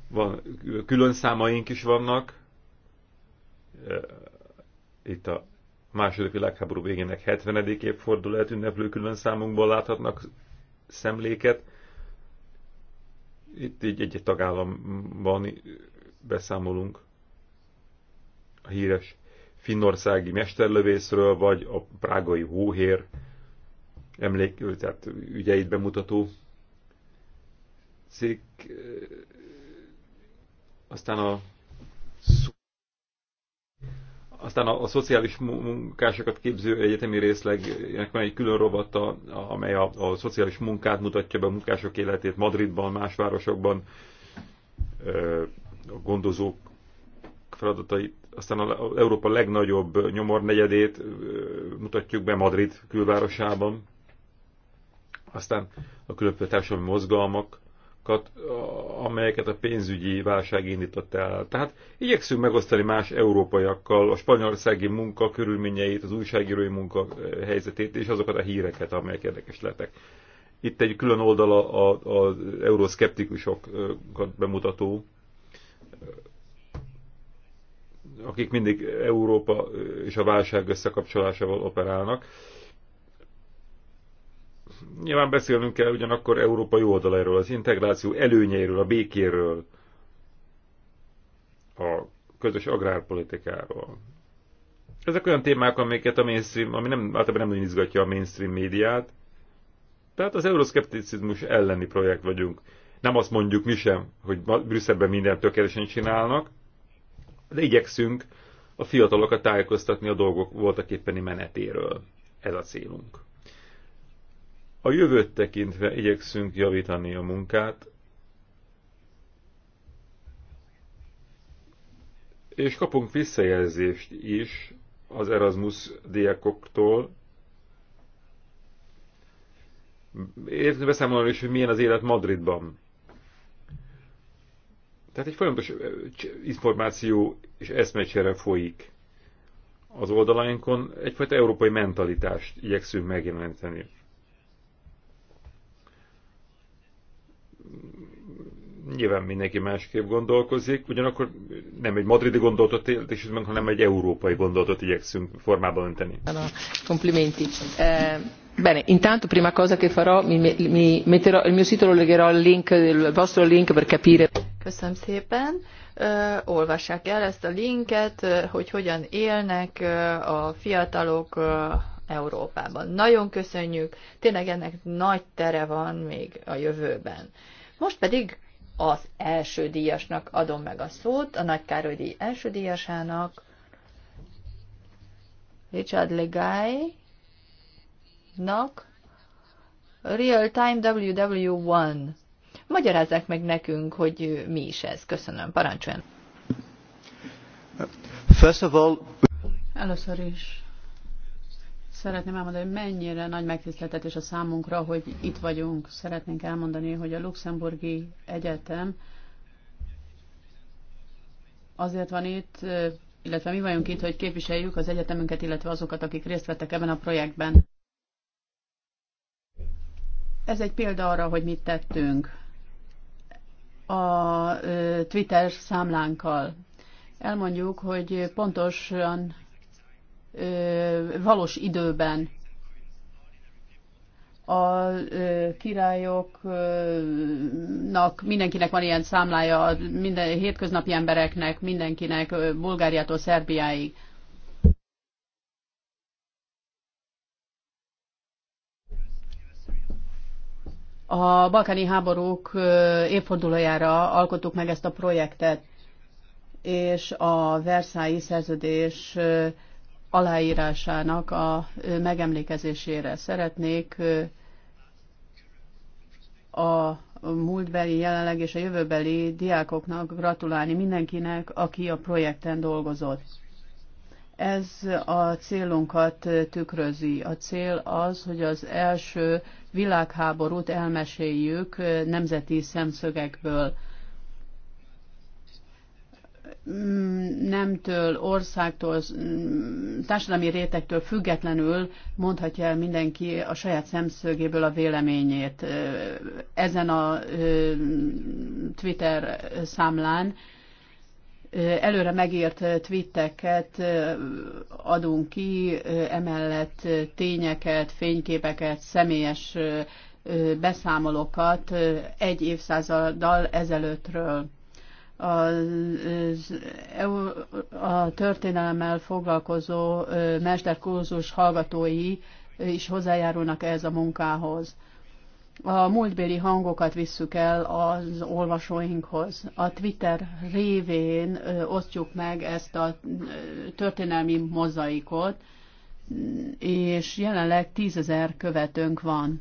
van, külön számaink is vannak. Itt a második világháború végének 70. évfordulát ünneplő külön számunkból láthatnak szemléket. Itt így egy-egy tagállamban beszámolunk a híres finnországi mesterlövészről, vagy a prágai hóhér emlék, tehát ügyeit bemutató cikk. Eh, aztán a aztán a, a szociális munkásokat képző egyetemi részlegnek van egy külön robata, amely a, a szociális munkát mutatja be a munkások életét Madridban, más városokban, eh, a gondozók feladatait, aztán az Európa legnagyobb nyomor negyedét mutatjuk be Madrid külvárosában, aztán a különböző társadalmi mozgalmakat, amelyeket a pénzügyi válság indított el. Tehát igyekszünk megosztani más európaiakkal a spanyolországi munka körülményeit, az újságírói munka helyzetét és azokat a híreket, amelyek érdekes lettek. Itt egy külön oldala az euroszkeptikusokat bemutató akik mindig Európa és a válság összekapcsolásával operálnak. Nyilván beszélnünk kell ugyanakkor Európa jó oldalairól, az integráció előnyeiről, a békéről, a közös agrárpolitikáról. Ezek olyan témák, amiket a mainstream, ami nem, általában nem izgatja a mainstream médiát. Tehát az euroszkepticizmus elleni projekt vagyunk. Nem azt mondjuk mi sem, hogy Brüsszelben mindent tökéletesen csinálnak, de igyekszünk a fiatalokat tájékoztatni a dolgok voltak éppeni menetéről. Ez a célunk. A jövőt tekintve igyekszünk javítani a munkát, és kapunk visszajelzést is az Erasmus diákoktól. Értünk beszámolni is, hogy milyen az élet Madridban. Tehát egy folyamatos információ és eszmecsere folyik az oldalainkon. Egyfajta európai mentalitást igyekszünk megjeleníteni. Nyilván mindenki másképp gondolkozik, ugyanakkor nem egy madridi gondolatot értésítünk, hanem egy európai gondolatot igyekszünk formába önteni. Komplimenti. Eh, bene, intanto prima cosa che farò, mi, mi metterò, il mio sito lo legherò al link, il vostro link per capire Köszönöm szépen. Ö, olvassák el ezt a linket, hogy hogyan élnek a fiatalok Európában. Nagyon köszönjük, tényleg ennek nagy tere van még a jövőben. Most pedig az első díjasnak adom meg a szót, a Nagy Károly díj első díjasának, Richard Legay-nak, Real Time WW1 Magyarázzák meg nekünk, hogy mi is ez. Köszönöm. Parancsoljon. First of all... Először is szeretném elmondani, hogy mennyire nagy megtiszteltetés a számunkra, hogy itt vagyunk. Szeretnénk elmondani, hogy a Luxemburgi Egyetem azért van itt, illetve mi vagyunk itt, hogy képviseljük az egyetemünket, illetve azokat, akik részt vettek ebben a projektben. Ez egy példa arra, hogy mit tettünk a Twitter számlánkkal. Elmondjuk, hogy pontosan valós időben a királyoknak, mindenkinek van ilyen számlája, minden hétköznapi embereknek, mindenkinek Bulgáriától Szerbiáig. A balkáni háborúk évfordulójára alkottuk meg ezt a projektet, és a Versailles szerződés aláírásának a megemlékezésére szeretnék a múltbeli, jelenleg és a jövőbeli diákoknak gratulálni mindenkinek, aki a projekten dolgozott. Ez a célunkat tükrözi. A cél az, hogy az első világháborút elmeséljük nemzeti szemszögekből nemtől, országtól, társadalmi rétektől függetlenül mondhatja el mindenki a saját szemszögéből a véleményét. Ezen a Twitter számlán előre megírt tweeteket adunk ki, emellett tényeket, fényképeket, személyes beszámolókat egy évszázaddal ezelőttről. A, a történelemmel foglalkozó mesterkurzus hallgatói is hozzájárulnak ehhez a munkához a múltbéli hangokat visszük el az olvasóinkhoz. A Twitter révén osztjuk meg ezt a történelmi mozaikot, és jelenleg tízezer követőnk van.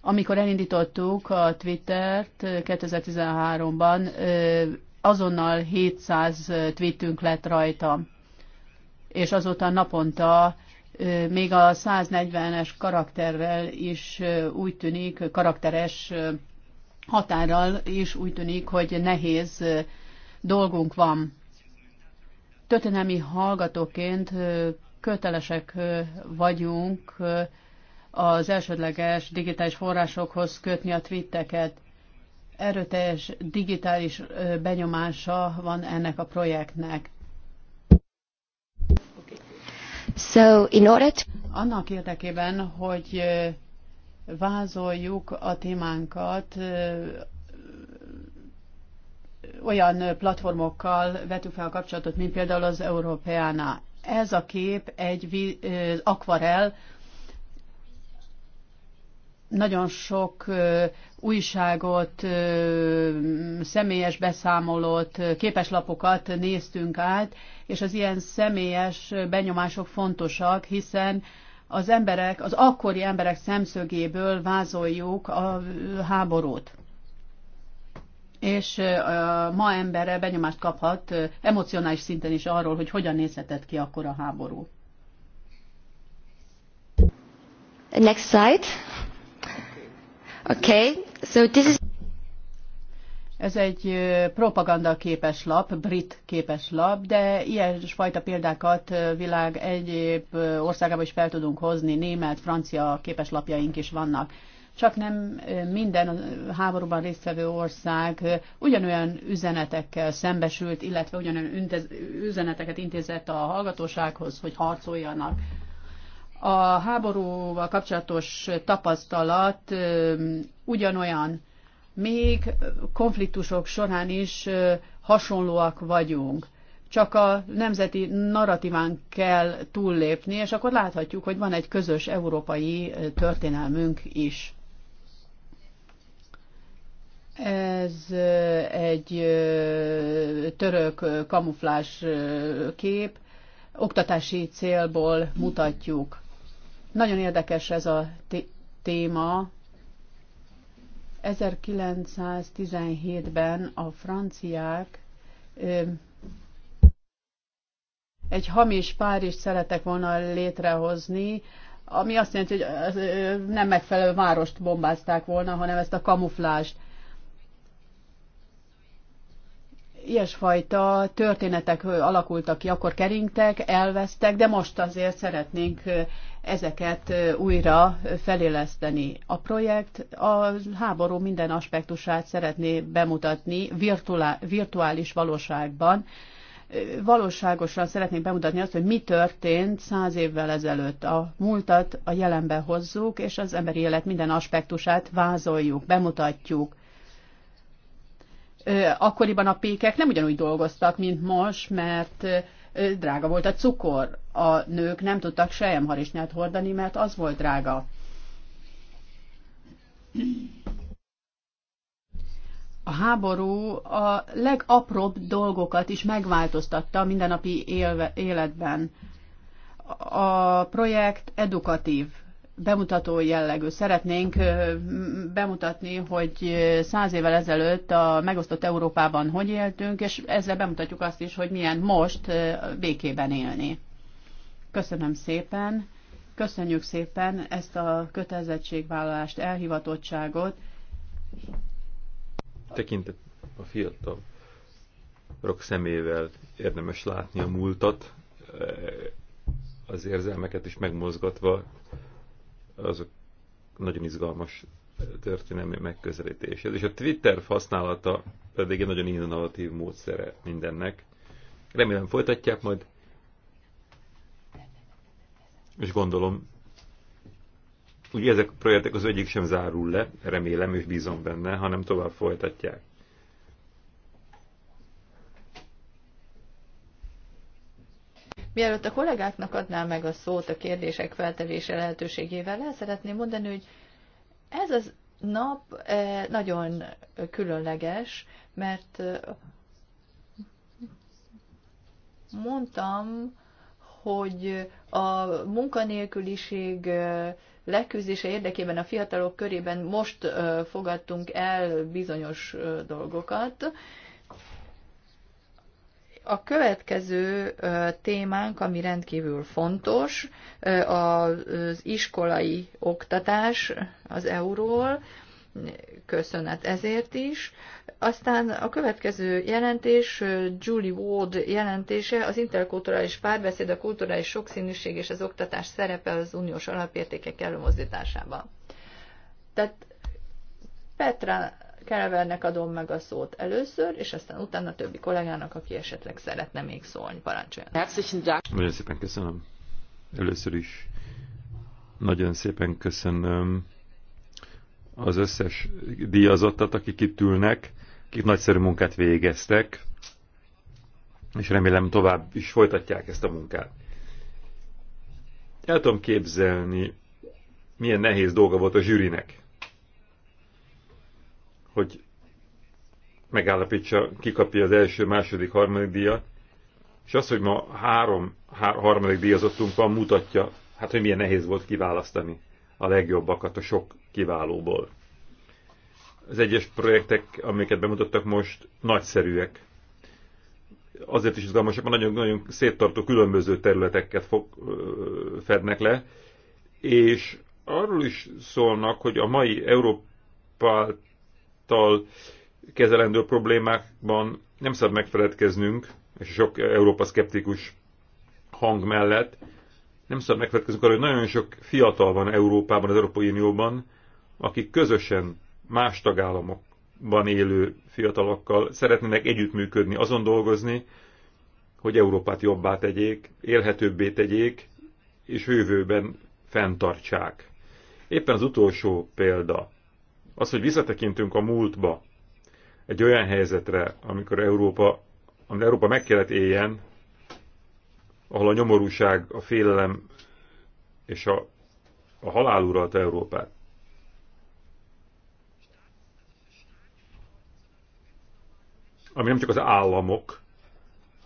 Amikor elindítottuk a Twittert 2013-ban, azonnal 700 tweetünk lett rajta, és azóta naponta még a 140-es karakterrel is úgy tűnik, karakteres határral is úgy tűnik, hogy nehéz dolgunk van. Történelmi hallgatóként kötelesek vagyunk az elsődleges digitális forrásokhoz kötni a twitteket. Erőteljes digitális benyomása van ennek a projektnek. So in order to... Annak érdekében, hogy vázoljuk a témánkat, olyan platformokkal vetük fel a kapcsolatot, mint például az Európeána. Ez a kép egy akvarel, nagyon sok újságot, személyes beszámolót, képeslapokat néztünk át, és az ilyen személyes benyomások fontosak, hiszen az emberek, az akkori emberek szemszögéből vázoljuk a háborút. És a ma embere benyomást kaphat emocionális szinten is arról, hogy hogyan nézhetett ki akkor a háború. Next slide. Okay, so this is... Ez egy propaganda képes lap, brit képes lap, de ilyesfajta példákat világ egyéb országában is fel tudunk hozni, német, francia lapjaink is vannak. Csak nem minden háborúban résztvevő ország ugyanolyan üzenetekkel szembesült, illetve ugyanolyan üzeneteket intézett a hallgatósághoz, hogy harcoljanak a háborúval kapcsolatos tapasztalat ugyanolyan. Még konfliktusok során is hasonlóak vagyunk. Csak a nemzeti narratíván kell túllépni, és akkor láthatjuk, hogy van egy közös európai történelmünk is. Ez egy török kamuflás kép, oktatási célból mutatjuk nagyon érdekes ez a téma. 1917-ben a franciák egy hamis Párizs szeretek volna létrehozni, ami azt jelenti, hogy nem megfelelő várost bombázták volna, hanem ezt a kamuflást. Ilyesfajta történetek alakultak ki, akkor keringtek, elvesztek, de most azért szeretnénk ezeket újra feléleszteni. A projekt a háború minden aspektusát szeretné bemutatni virtuális valóságban. Valóságosan szeretnénk bemutatni azt, hogy mi történt száz évvel ezelőtt. A múltat a jelenbe hozzuk, és az emberi élet minden aspektusát vázoljuk, bemutatjuk akkoriban a pékek nem ugyanúgy dolgoztak, mint most, mert drága volt a cukor a nők nem tudtak harisnyát hordani, mert az volt drága. A háború a legapróbb dolgokat is megváltoztatta a mindennapi élve, életben. A projekt edukatív, bemutató jellegű. Szeretnénk bemutatni, hogy száz évvel ezelőtt a megosztott Európában hogy éltünk, és ezzel bemutatjuk azt is, hogy milyen most békében élni. Köszönöm szépen, köszönjük szépen ezt a kötelezettségvállalást, elhivatottságot. Tekintet a fiatal rok szemével érdemes látni a múltat, az érzelmeket is megmozgatva, azok nagyon izgalmas történelmi megközelítés. És a Twitter használata pedig egy nagyon innovatív módszere mindennek. Remélem folytatják majd, és gondolom, ugye ezek a projektek az egyik sem zárul le, remélem és bízom benne, hanem tovább folytatják. Mielőtt a kollégáknak adnám meg a szót a kérdések feltevése lehetőségével, el szeretném mondani, hogy ez az nap eh, nagyon különleges, mert eh, mondtam, hogy a munkanélküliség leküzdése érdekében a fiatalok körében most fogadtunk el bizonyos dolgokat. A következő témánk, ami rendkívül fontos, az iskolai oktatás az euról, köszönet ezért is. Aztán a következő jelentés, Julie Ward jelentése, az interkulturális párbeszéd, a kulturális sokszínűség és az oktatás szerepe az uniós alapértékek előmozdításában. Tehát Petra Kelevernek adom meg a szót először, és aztán utána többi kollégának, aki esetleg szeretne még szólni, parancsoljon. Nagyon szépen köszönöm. Először is nagyon szépen köszönöm az összes díjazottat, akik itt ülnek, akik nagyszerű munkát végeztek, és remélem tovább is folytatják ezt a munkát. El tudom képzelni, milyen nehéz dolga volt a zsűrinek, hogy megállapítsa, kikapja az első, második, harmadik díjat, és az, hogy ma három há harmadik díjazottunk van, mutatja, hát hogy milyen nehéz volt kiválasztani a legjobbakat a sok kiválóból. Az egyes projektek, amiket bemutattak most, nagyszerűek. Azért is izgalmasak, mert nagyon-nagyon széttartó különböző területeket fog, fednek le, és arról is szólnak, hogy a mai Európáltal kezelendő problémákban nem szabad megfeledkeznünk, és sok Európa szkeptikus hang mellett, nem szabad megfeledkeznünk arra, hogy nagyon sok fiatal van Európában, az Európai Unióban, akik közösen más tagállamokban élő fiatalokkal szeretnének együttműködni, azon dolgozni, hogy Európát jobbá tegyék, élhetőbbé tegyék, és jövőben fenntartsák. Éppen az utolsó példa, az, hogy visszatekintünk a múltba, egy olyan helyzetre, amikor Európa, amikor Európa meg kellett éljen, ahol a nyomorúság, a félelem és a, a halál uralt Európát. ami nem csak az államok,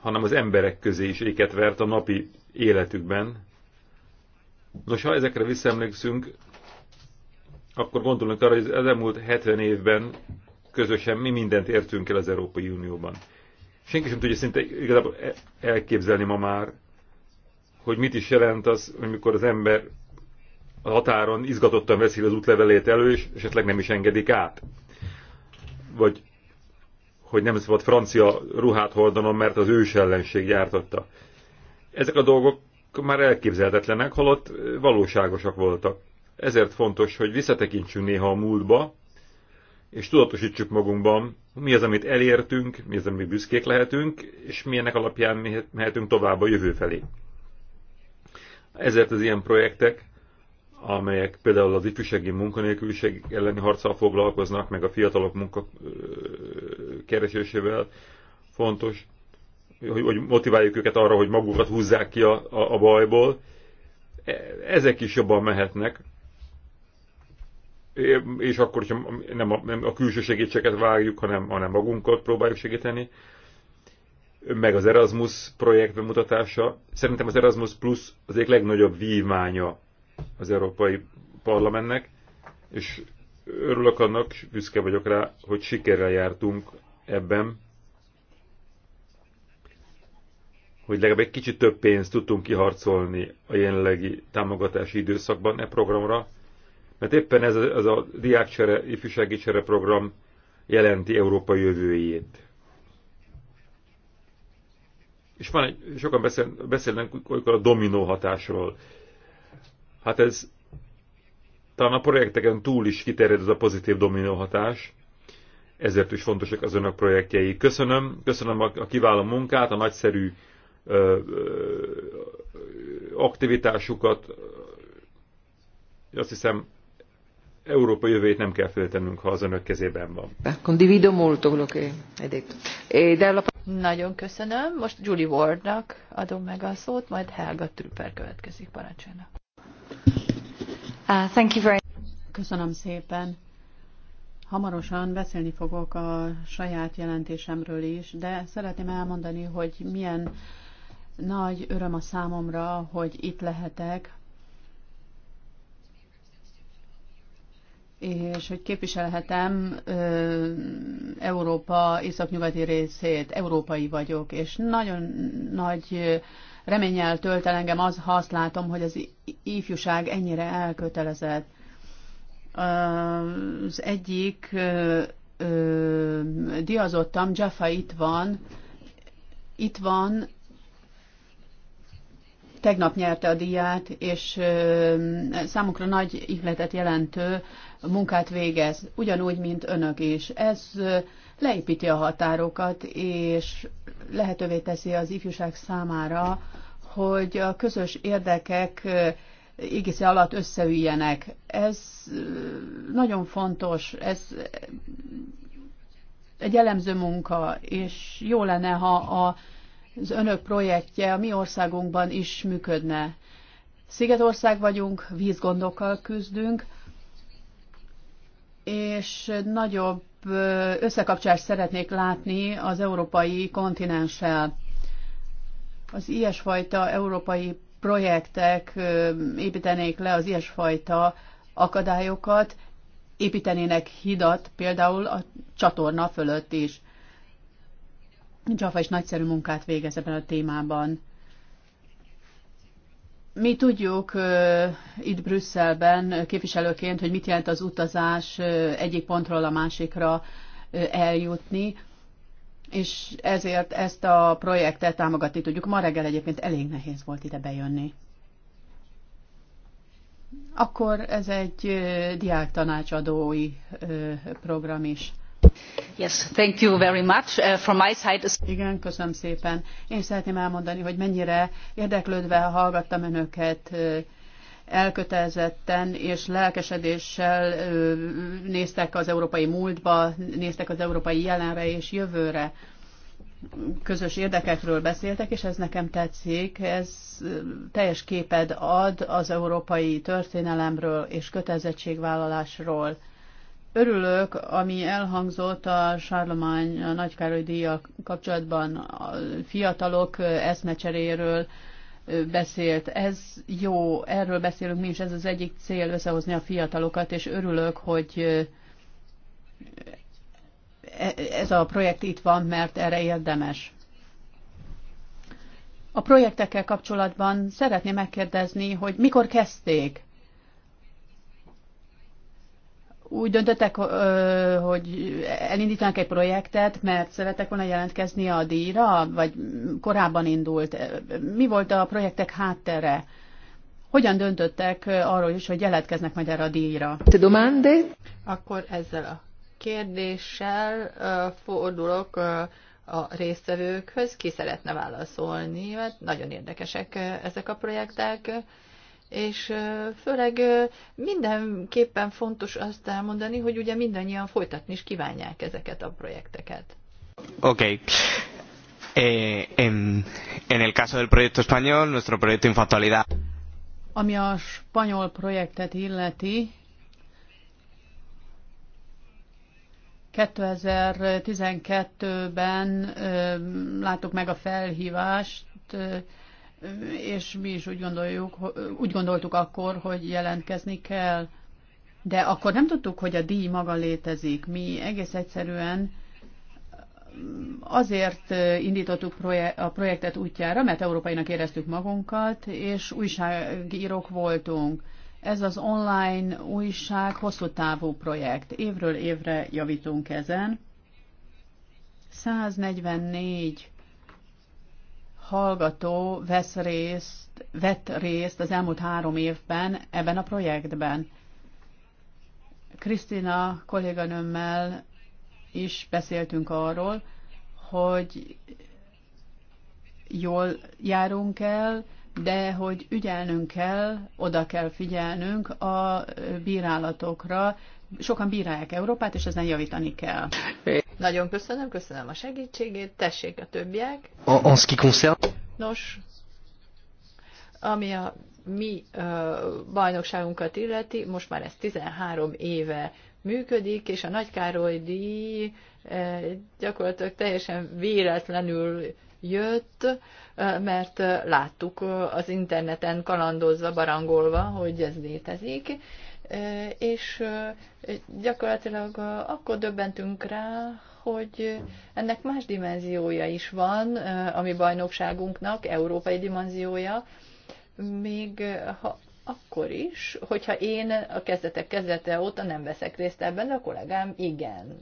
hanem az emberek közé is éket vert a napi életükben. Nos, ha ezekre visszaemlékszünk, akkor gondolunk arra, hogy az elmúlt 70 évben közösen mi mindent értünk el az Európai Unióban. Senki sem tudja szinte igazából e- elképzelni ma már, hogy mit is jelent az, amikor az ember a határon izgatottan veszi az útlevelét elő, és esetleg nem is engedik át. Vagy hogy nem szabad francia ruhát hordanom, mert az ős ellenség gyártotta. Ezek a dolgok már elképzelhetetlenek, holott valóságosak voltak. Ezért fontos, hogy visszatekintsünk néha a múltba, és tudatosítsuk magunkban, mi az, amit elértünk, mi az, amit büszkék lehetünk, és milyenek alapján mehetünk tovább a jövő felé. Ezért az ilyen projektek amelyek például az ifjúsági munkanélküliség elleni harccal foglalkoznak, meg a fiatalok munka keresésével fontos, hogy, motiváljuk őket arra, hogy magukat húzzák ki a, a, a bajból. E, ezek is jobban mehetnek, és akkor, hogyha nem a, nem a külső segítséget várjuk, hanem, hanem magunkat próbáljuk segíteni, meg az Erasmus projekt bemutatása. Szerintem az Erasmus Plus az egyik legnagyobb vívmánya az Európai Parlamentnek, és örülök annak, és büszke vagyok rá, hogy sikerrel jártunk ebben, hogy legalább egy kicsit több pénzt tudtunk kiharcolni a jelenlegi támogatási időszakban e programra, mert éppen ez a, ez a diákcsere, ifjúsági csere program jelenti Európa jövőjét. És van egy, sokan beszél, beszélnek olykor a dominó hatásról. Hát ez talán a projekteken túl is kiterjed ez a pozitív dominó hatás, ezért is fontosak az önök projektjei. Köszönöm, köszönöm a kiváló munkát, a nagyszerű ö, ö, aktivitásukat. Azt hiszem, Európa jövőjét nem kell féltenünk, ha az önök kezében van. Condivido molto quello che e Nagyon köszönöm. Most Julie Wardnak adom meg a szót, majd Helga Trüper következik parancsának. Uh, Köszönöm szépen. Hamarosan beszélni fogok a saját jelentésemről is, de szeretném elmondani, hogy milyen nagy öröm a számomra, hogy itt lehetek, és hogy képviselhetem ö, Európa északnyugati részét, európai vagyok, és nagyon nagy Reményel tölt el engem az, ha azt látom, hogy az ifjúság ennyire elkötelezett. Az egyik diazottam, Jaffa itt van, itt van, tegnap nyerte a díját, és számukra nagy ihletet jelentő munkát végez, ugyanúgy, mint önök is. Ez leépíti a határokat, és lehetővé teszi az ifjúság számára, hogy a közös érdekek égisze alatt összeüljenek. Ez nagyon fontos, ez egy elemző munka, és jó lenne, ha a, az önök projektje a mi országunkban is működne. Szigetország vagyunk, vízgondokkal küzdünk, és nagyobb összekapcsást szeretnék látni az európai kontinenssel az ilyesfajta európai projektek építenék le az ilyesfajta akadályokat, építenének hidat például a csatorna fölött is. Csafa is nagyszerű munkát végez ebben a témában. Mi tudjuk itt Brüsszelben képviselőként, hogy mit jelent az utazás egyik pontról a másikra eljutni és ezért ezt a projektet támogatni tudjuk. Ma reggel egyébként elég nehéz volt ide bejönni. Akkor ez egy diák tanácsadói program is. Yes, thank you very much. Uh, from my side... Igen, köszönöm szépen. Én szeretném elmondani, hogy mennyire érdeklődve hallgattam önöket, elkötelezetten és lelkesedéssel néztek az európai múltba, néztek az európai jelenre és jövőre. Közös érdekekről beszéltek, és ez nekem tetszik. Ez teljes képed ad az európai történelemről és kötelezettségvállalásról. Örülök, ami elhangzott a Sárlomány a Nagykároly díjjal kapcsolatban, a fiatalok eszmecseréről, beszélt. Ez jó, erről beszélünk mi is, ez az egyik cél összehozni a fiatalokat, és örülök, hogy e, ez a projekt itt van, mert erre érdemes. A projektekkel kapcsolatban szeretném megkérdezni, hogy mikor kezdték? úgy döntöttek, hogy elindítanak egy projektet, mert szeretek volna jelentkezni a díjra, vagy korábban indult. Mi volt a projektek háttere? Hogyan döntöttek arról is, hogy jelentkeznek majd erre a díjra? Te domande? Akkor ezzel a kérdéssel fordulok a résztvevőkhöz, ki szeretne válaszolni, mert nagyon érdekesek ezek a projektek és főleg mindenképpen fontos azt elmondani, hogy ugye mindannyian folytatni is kívánják ezeket a projekteket. Oké. Okay. Eh, en, en el caso del proyecto español, nuestro proyecto Infactualidad. Ami a spanyol projektet illeti, 2012-ben látok meg a felhívást, és mi is úgy, gondoljuk, úgy gondoltuk akkor, hogy jelentkezni kell. De akkor nem tudtuk, hogy a díj maga létezik. Mi egész egyszerűen mm, azért indítottuk a projektet útjára, mert európainak éreztük magunkat, és újságírók voltunk. Ez az online újság hosszú távú projekt. Évről évre javítunk ezen. 144 hallgató vesz részt, vett részt az elmúlt három évben ebben a projektben. Krisztina kolléganőmmel is beszéltünk arról, hogy jól járunk el, de hogy ügyelnünk kell, oda kell figyelnünk a bírálatokra, sokan bírálják Európát, és ezen javítani kell. Nagyon köszönöm, köszönöm a segítségét, tessék a többiek. En, ce qui concerne... Nos, ami a mi ö, bajnokságunkat illeti, most már ez 13 éve működik, és a Nagy Károly díj ö, gyakorlatilag teljesen véletlenül jött, mert láttuk az interneten kalandozva, barangolva, hogy ez létezik, és gyakorlatilag akkor döbbentünk rá, hogy ennek más dimenziója is van, ami bajnokságunknak, európai dimenziója, még ha akkor is, hogyha én a kezdetek kezdete óta nem veszek részt ebben, de a kollégám igen.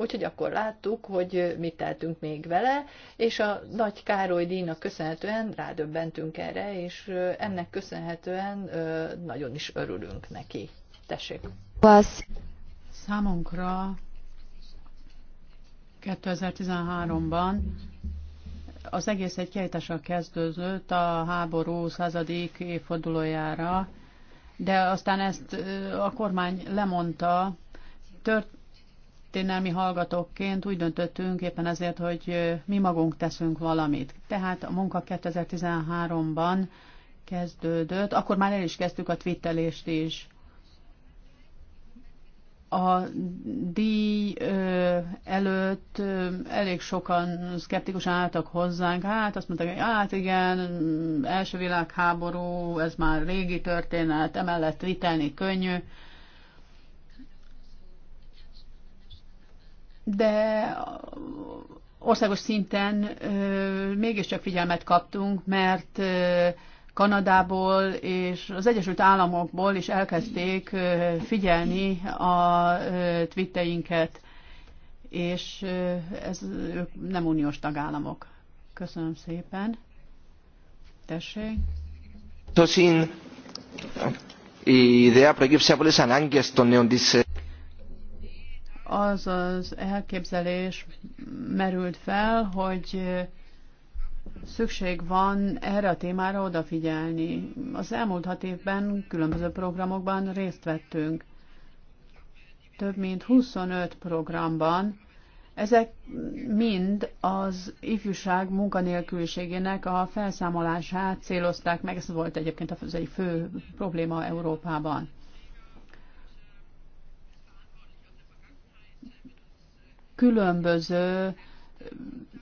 Úgyhogy akkor láttuk, hogy mit teltünk még vele, és a Nagy Károly díjnak köszönhetően rádöbbentünk erre, és ennek köszönhetően nagyon is örülünk neki. Tessék! Basz. Számunkra 2013-ban az egész egy kiállítással kezdődött a háború századik évfordulójára, de aztán ezt a kormány lemondta, tört, történelmi hallgatókként úgy döntöttünk éppen ezért, hogy mi magunk teszünk valamit. Tehát a munka 2013-ban kezdődött, akkor már el is kezdtük a twittelést is. A díj előtt elég sokan szkeptikusan álltak hozzánk, hát azt mondták, hogy hát igen, első világháború, ez már régi történet, emellett vitelni könnyű, de országos szinten ö, mégiscsak figyelmet kaptunk, mert ö, Kanadából és az Egyesült Államokból is elkezdték ö, figyelni a twitteinket, és ö, ez, ők nem uniós tagállamok. Köszönöm szépen. Tessék. Tosin, η ιδέα προέκυψε από τις ανάγκες των az az elképzelés merült fel, hogy szükség van erre a témára odafigyelni. Az elmúlt hat évben különböző programokban részt vettünk. Több mint 25 programban. Ezek mind az ifjúság munkanélküliségének a felszámolását célozták meg. Ez volt egyébként az egy fő probléma Európában. különböző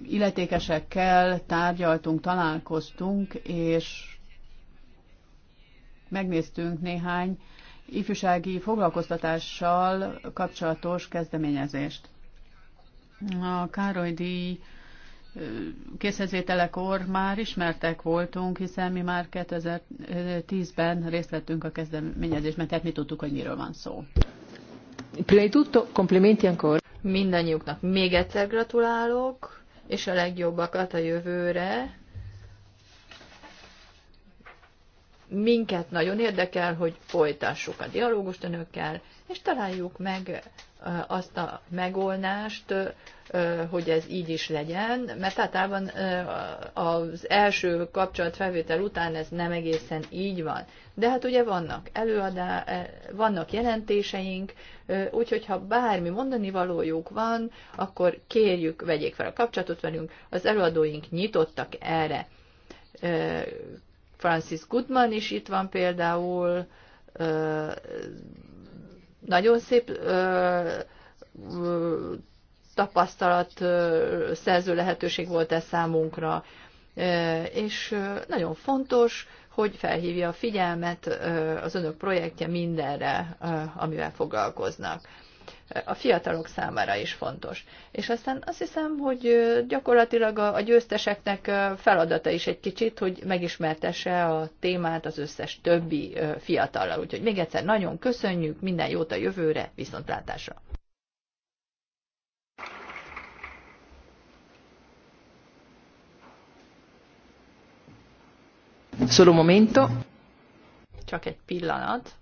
illetékesekkel tárgyaltunk, találkoztunk, és megnéztünk néhány ifjúsági foglalkoztatással kapcsolatos kezdeményezést. A Károly díj készhezételekor már ismertek voltunk, hiszen mi már 2010-ben részt vettünk a kezdeményezésben, tehát mi tudtuk, hogy miről van szó. Prima di tutto, complimenti ancora mindannyiuknak még egyszer gratulálok, és a legjobbakat a jövőre. minket nagyon érdekel, hogy folytassuk a dialógust önökkel, és találjuk meg azt a megoldást, hogy ez így is legyen, mert általában az első kapcsolatfelvétel után ez nem egészen így van. De hát ugye vannak előadá, e, vannak jelentéseink, úgyhogy ha bármi mondani valójuk van, akkor kérjük, vegyék fel a kapcsolatot velünk, az előadóink nyitottak erre Francis Goodman is itt van például, nagyon szép tapasztalat szerző lehetőség volt ez számunkra, és nagyon fontos, hogy felhívja a figyelmet az önök projektje mindenre, amivel foglalkoznak a fiatalok számára is fontos. És aztán azt hiszem, hogy gyakorlatilag a győzteseknek feladata is egy kicsit, hogy megismertesse a témát az összes többi fiatallal. Úgyhogy még egyszer nagyon köszönjük, minden jót a jövőre, viszontlátásra! Solo momento. Csak egy pillanat.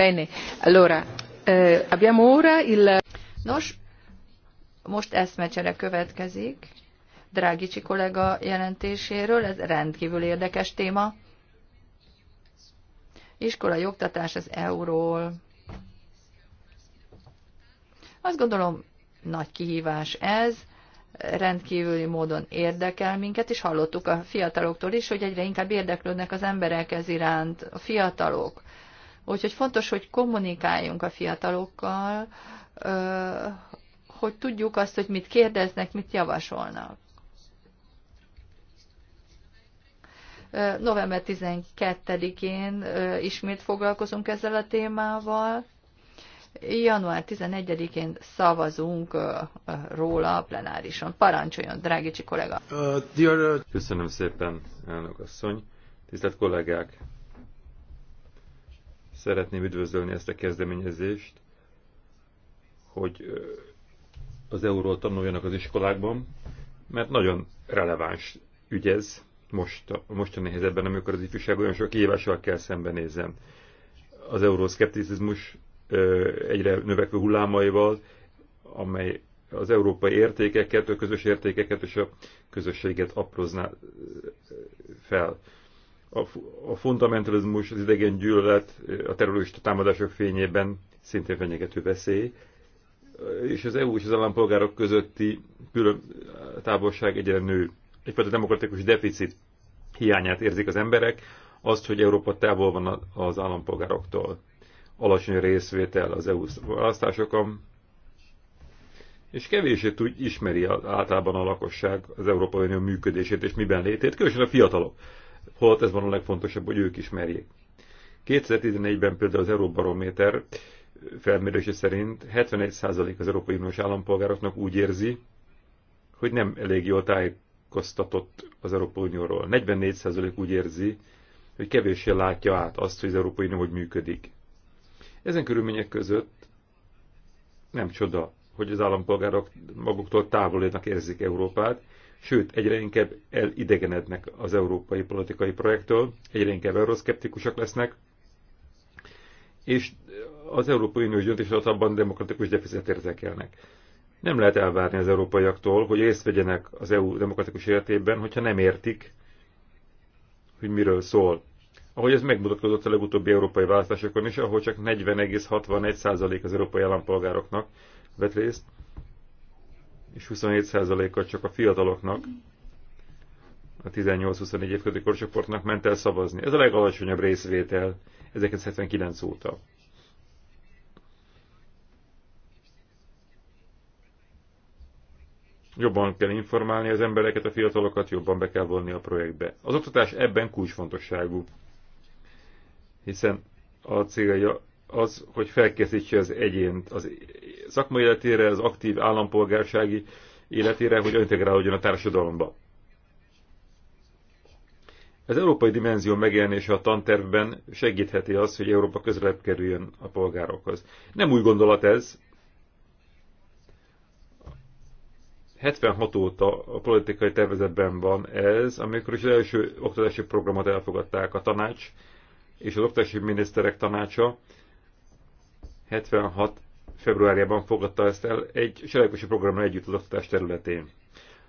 Eh, Nos, most eszmecsere következik. Drágicsi kollega jelentéséről, ez rendkívül érdekes téma. Iskolai oktatás az euról. Azt gondolom, nagy kihívás ez, rendkívüli módon érdekel minket, és hallottuk a fiataloktól is, hogy egyre inkább érdeklődnek az emberek ez iránt, a fiatalok. Úgyhogy fontos, hogy kommunikáljunk a fiatalokkal, hogy tudjuk azt, hogy mit kérdeznek, mit javasolnak. November 12-én ismét foglalkozunk ezzel a témával. Január 11-én szavazunk róla a plenárison. Parancsoljon, drágicsi kollega! Köszönöm szépen, elnök asszony! Tisztelt kollégák! Szeretném üdvözölni ezt a kezdeményezést, hogy az eurót tanuljanak az iskolákban, mert nagyon releváns ügy ez most, a mostani helyzetben, amikor az ifjúság olyan sok évással kell szembenézzen. Az euroszkepticizmus egyre növekvő hullámaival, amely az európai értékeket, a közös értékeket és a közösséget aprózná fel a, a fundamentalizmus, az idegen gyűlölet a terrorista támadások fényében szintén fenyegető veszély, és az EU és az állampolgárok közötti külön távolság egyre nő. Egyfajta demokratikus deficit hiányát érzik az emberek, azt, hogy Európa távol van az állampolgároktól. Alacsony részvétel az EU választásokon, és kevését tud ismeri általában a lakosság az Európai Unió működését és miben létét, különösen a fiatalok holott ez van a legfontosabb, hogy ők ismerjék. 2014-ben például az Euróbarométer felmérése szerint 71% az Európai Uniós állampolgároknak úgy érzi, hogy nem elég jól tájékoztatott az Európai Unióról. 44% úgy érzi, hogy kevéssé látja át azt, hogy az Európai Unió hogy működik. Ezen körülmények között nem csoda, hogy az állampolgárok maguktól távolodnak érzik Európát, sőt, egyre inkább elidegenednek az európai politikai projektől, egyre inkább euroszkeptikusak lesznek, és az Európai Uniós döntéshozatalban abban demokratikus deficit érzekelnek. Nem lehet elvárni az európaiaktól, hogy részt vegyenek az EU demokratikus életében, hogyha nem értik, hogy miről szól. Ahogy ez megmutatkozott a legutóbbi európai választásokon is, ahol csak 40,61% az európai állampolgároknak vett részt, és 27%-a csak a fiataloknak, a 18-24 év közötti korcsoportnak ment el szavazni. Ez a legalacsonyabb részvétel 1979 óta. Jobban kell informálni az embereket, a fiatalokat jobban be kell vonni a projektbe. Az oktatás ebben kulcsfontosságú, hiszen a célja az, hogy felkészítse az egyént az szakmai életére, az aktív állampolgársági életére, hogy integrálódjon a társadalomba. Az európai dimenzió megjelenése a tantervben segítheti azt, hogy Európa közelebb kerüljön a polgárokhoz. Nem új gondolat ez. 76 óta a politikai tervezetben van ez, amikor is az első oktatási programot elfogadták a tanács és az oktatási miniszterek tanácsa 76 februárjában fogadta ezt el egy cselekvési programra együtt az oktatás területén.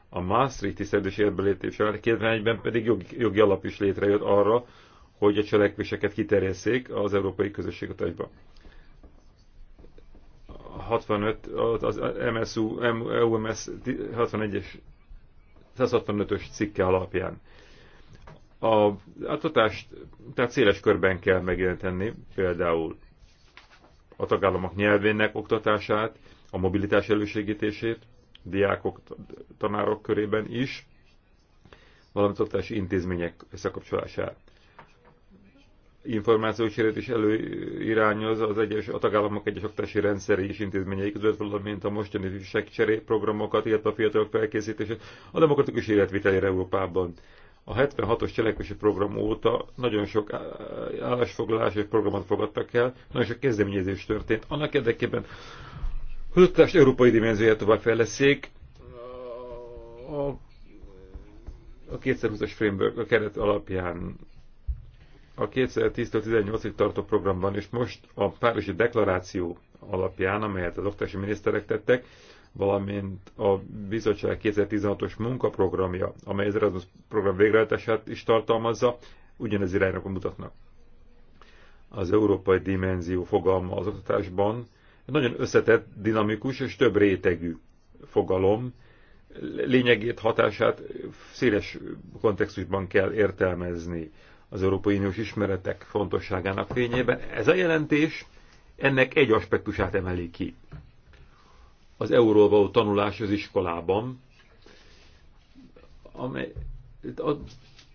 A Maastrichti szerződés életbe lépésével 2001-ben pedig jogi, jogi alap is létrejött arra, hogy a cselekvéseket kiterjesszék az európai a 65, az MSU, EUMS 61-es 165-ös cikke alapján. A totást, tehát széles körben kell megjelenteni, például a tagállamok nyelvének oktatását, a mobilitás elősegítését, diákok, tanárok körében is, valamint oktatási intézmények összekapcsolását. Információcserét is előirányoz az egyes, a tagállamok egyes oktatási rendszeri és intézményei között, valamint a mostani ifjúságcseré programokat, illetve a fiatalok felkészítését a demokratikus életvitelére Európában. A 76-os cselekvési program óta nagyon sok állásfoglalás és programot fogadtak el, nagyon sok kezdeményezés történt. Annak érdekében, hogy az európai dimenzióját továbbfejleszék, a, a 2020-as framework a keret alapján a 2010-18-ig tartó programban, és most a Párizsi Deklaráció alapján, amelyet az oktatási miniszterek tettek, valamint a bizottság 2016-os munkaprogramja, amely az Erasmus program végrehajtását is tartalmazza, ugyanez irányra mutatnak. Az európai dimenzió fogalma az oktatásban nagyon összetett, dinamikus és több rétegű fogalom, lényegét, hatását széles kontextusban kell értelmezni az Európai Uniós ismeretek fontosságának fényében. Ez a jelentés ennek egy aspektusát emeli ki az euróval való tanulás az iskolában, amely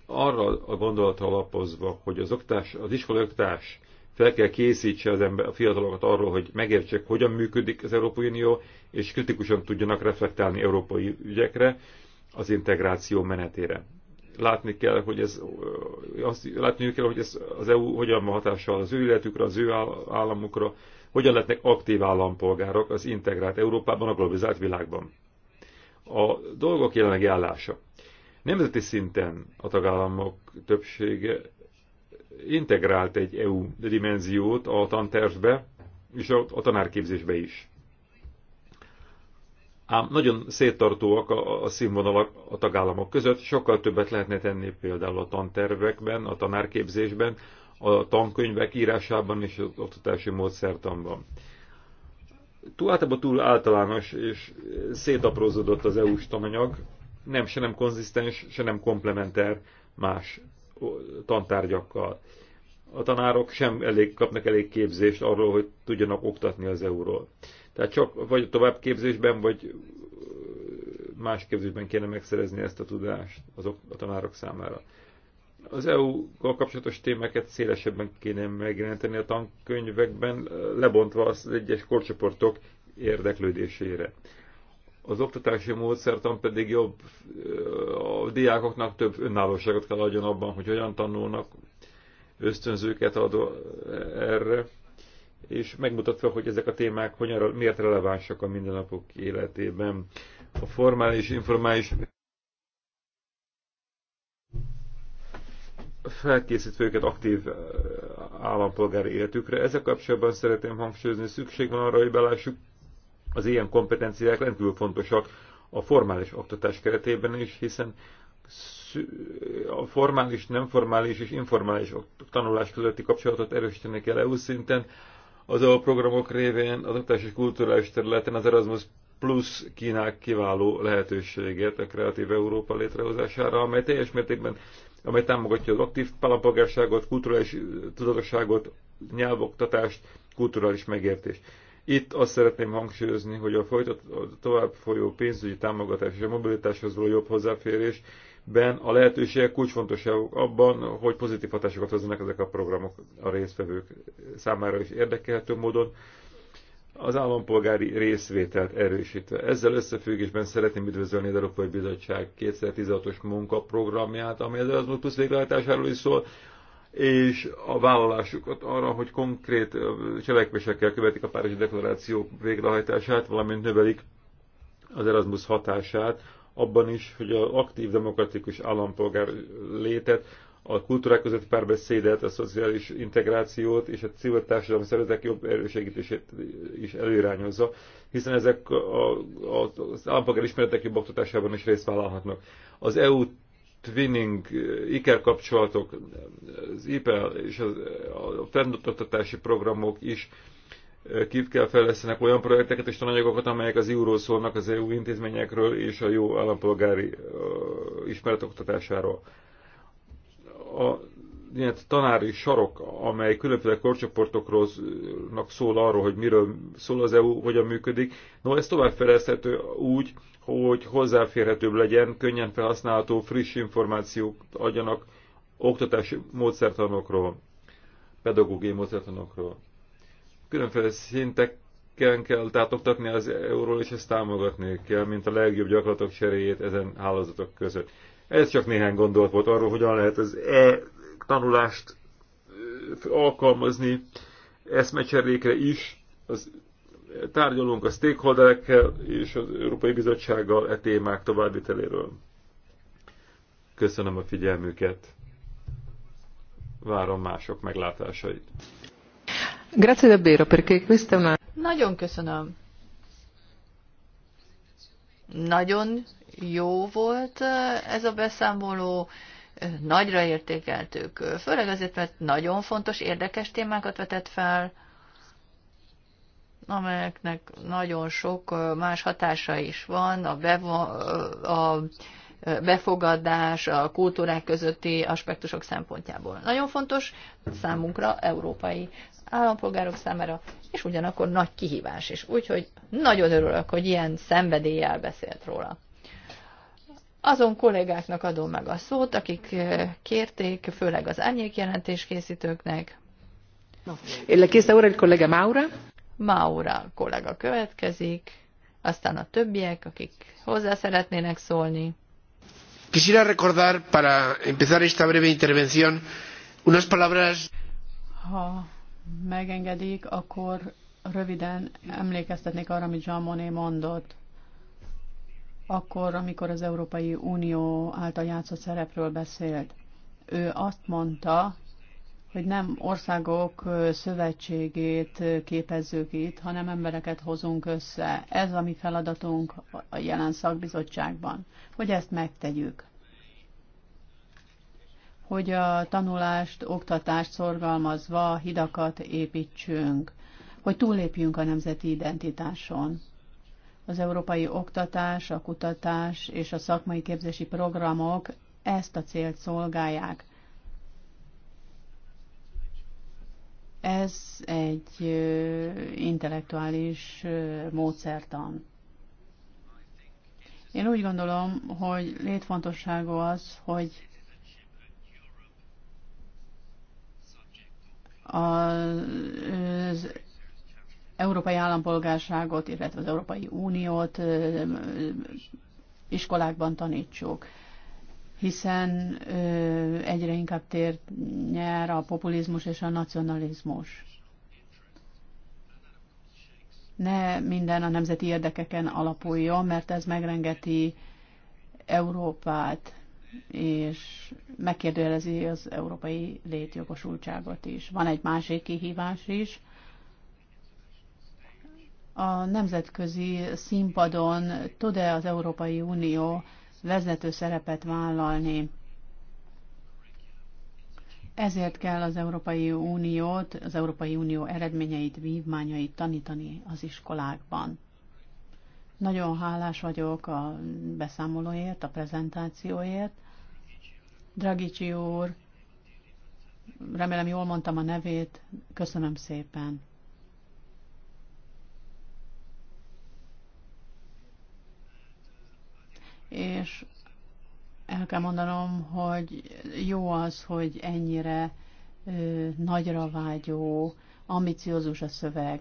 arra a gondolatra alapozva, hogy az, oktás, az iskolai oktás fel kell készítse az ember, a fiatalokat arról, hogy megértsék, hogyan működik az Európai Unió, és kritikusan tudjanak reflektálni európai ügyekre, az integráció menetére. Látni kell, hogy ez, azt, látni kell, hogy ez az EU hogyan van hatással az ő életükre, az ő államukra, hogyan lehetnek aktív állampolgárok az integrált Európában, a globalizált világban. A dolgok jelenlegi állása. Nemzeti szinten a tagállamok többsége integrált egy EU dimenziót a tantervbe és a, tanárképzésbe is. Ám nagyon széttartóak a színvonalak a tagállamok között, sokkal többet lehetne tenni például a tantervekben, a tanárképzésben, a tankönyvek írásában és az oktatási módszertanban. Túl általában túl általános és szétaprózódott az EU-s tananyag, nem se nem konzisztens, se nem komplementer más tantárgyakkal. A tanárok sem elég, kapnak elég képzést arról, hogy tudjanak oktatni az euról. Tehát csak vagy továbbképzésben, vagy más képzésben kéne megszerezni ezt a tudást azok a tanárok számára az EU-val kapcsolatos témákat szélesebben kéne megjelenteni a tankönyvekben, lebontva az egyes korcsoportok érdeklődésére. Az oktatási módszertan pedig jobb, a diákoknak több önállóságot kell adjon abban, hogy hogyan tanulnak, ösztönzőket ad erre, és megmutatva, hogy ezek a témák hogyan, miért relevánsak a mindennapok életében. A formális, informális felkészítve őket aktív állampolgári életükre. Ezzel kapcsolatban szeretném hangsúlyozni, szükség van arra, hogy belássuk, az ilyen kompetenciák rendkívül fontosak a formális oktatás keretében is, hiszen a formális, nem formális és informális tanulás közötti kapcsolatot erősíteni kell EU szinten, az a e programok révén az oktatás és kulturális területen az Erasmus Plus kínál kiváló lehetőséget a Kreatív Európa létrehozására, amely teljes mértékben amely támogatja az aktív állampolgárságot, kulturális tudatosságot, nyelvoktatást, kulturális megértést. Itt azt szeretném hangsúlyozni, hogy a, folytat, a tovább folyó pénzügyi támogatás és a mobilitáshoz való jobb hozzáférésben a lehetőségek kulcsfontosságok abban, hogy pozitív hatásokat hozzanak ezek a programok a résztvevők számára is érdekelhető módon, az állampolgári részvételt erősítve. Ezzel összefüggésben szeretném üdvözölni az Európai Bizottság 2016-os munkaprogramját, amely az Erasmus Plus végrehajtásáról is szól, és a vállalásukat arra, hogy konkrét cselekvésekkel követik a Párizsi Deklaráció végrehajtását, valamint növelik az Erasmus hatását, abban is, hogy az aktív demokratikus állampolgár létet a kultúrák közötti párbeszédet, a szociális integrációt és a civil társadalom szervezetek jobb erősegítését is előirányozza, hiszen ezek a, a, az állampolgár ismeretek jobb oktatásában is részt vállalhatnak. Az EU twinning, IKER kapcsolatok, az IPEL és az, a fenntartatási programok is eh, ki kell fejlesztenek olyan projekteket és tananyagokat, amelyek az EU-ról szólnak, az EU intézményekről és a jó állampolgári uh, eh, ismeretoktatásáról. oktatásáról a ilyen tanári sarok, amely különféle korcsoportokról szól arról, hogy miről szól az EU, hogyan működik. No, ez tovább felezhető úgy, hogy hozzáférhetőbb legyen, könnyen felhasználható, friss információk adjanak oktatási módszertanokról, pedagógiai módszertanokról. Különféle szinteken kell tehát oktatni az euról, és ezt támogatni kell, mint a legjobb gyakorlatok cseréjét ezen hálózatok között. Ez csak néhány gondolat volt arról, hogyan lehet az e-tanulást alkalmazni eszmecserékre is. Az, e, tárgyalunk a stakeholderekkel és az Európai Bizottsággal e témák továbbviteléről. Köszönöm a figyelmüket. Várom mások meglátásait. Grazie davvero, perché questa è una... Nagyon köszönöm. Nagyon jó volt eh, ez a beszámoló, eh, nagyra értékeltük, főleg azért, mert nagyon fontos, érdekes témákat vetett fel, amelyeknek nagyon sok eh, más hatása is van, a, bevo- a befogadás, a kultúrák közötti aspektusok szempontjából. Nagyon fontos számunkra, európai állampolgárok számára, és ugyanakkor nagy kihívás is. Úgyhogy nagyon örülök, hogy ilyen szenvedéllyel beszélt róla. Azon kollégáknak adom meg a szót, akik kérték, főleg az árnyékjelentés készítőknek. Le úr óra, kollega Maura? Maura kollega következik, aztán a többiek, akik hozzá szeretnének szólni. Quisiera recordar para empezar esta breve intervención unas palabras. Ha megengedik, akkor röviden emlékeztetnék arra, amit Jean Monnet mondott akkor, amikor az Európai Unió által játszott szerepről beszélt. Ő azt mondta, hogy nem országok szövetségét képezzük itt, hanem embereket hozunk össze. Ez a mi feladatunk a jelen szakbizottságban, hogy ezt megtegyük. Hogy a tanulást, oktatást szorgalmazva hidakat építsünk, hogy túllépjünk a nemzeti identitáson az európai oktatás, a kutatás és a szakmai képzési programok ezt a célt szolgálják. Ez egy intellektuális módszertan. Én úgy gondolom, hogy létfontosságú az, hogy az európai állampolgárságot, illetve az Európai Uniót iskolákban tanítsuk hiszen ö, egyre inkább tér nyer a populizmus és a nacionalizmus. Ne minden a nemzeti érdekeken alapuljon, mert ez megrengeti Európát, és megkérdőjelezi az európai létjogosultságot is. Van egy másik kihívás is, a nemzetközi színpadon tud-e az Európai Unió vezető szerepet vállalni. Ezért kell az Európai Uniót, az Európai Unió eredményeit, vívmányait tanítani az iskolákban. Nagyon hálás vagyok a beszámolóért, a prezentációért. Dragicsi úr, remélem jól mondtam a nevét, köszönöm szépen. és el kell mondanom, hogy jó az, hogy ennyire ö, nagyra vágyó, ambiciózus a szöveg.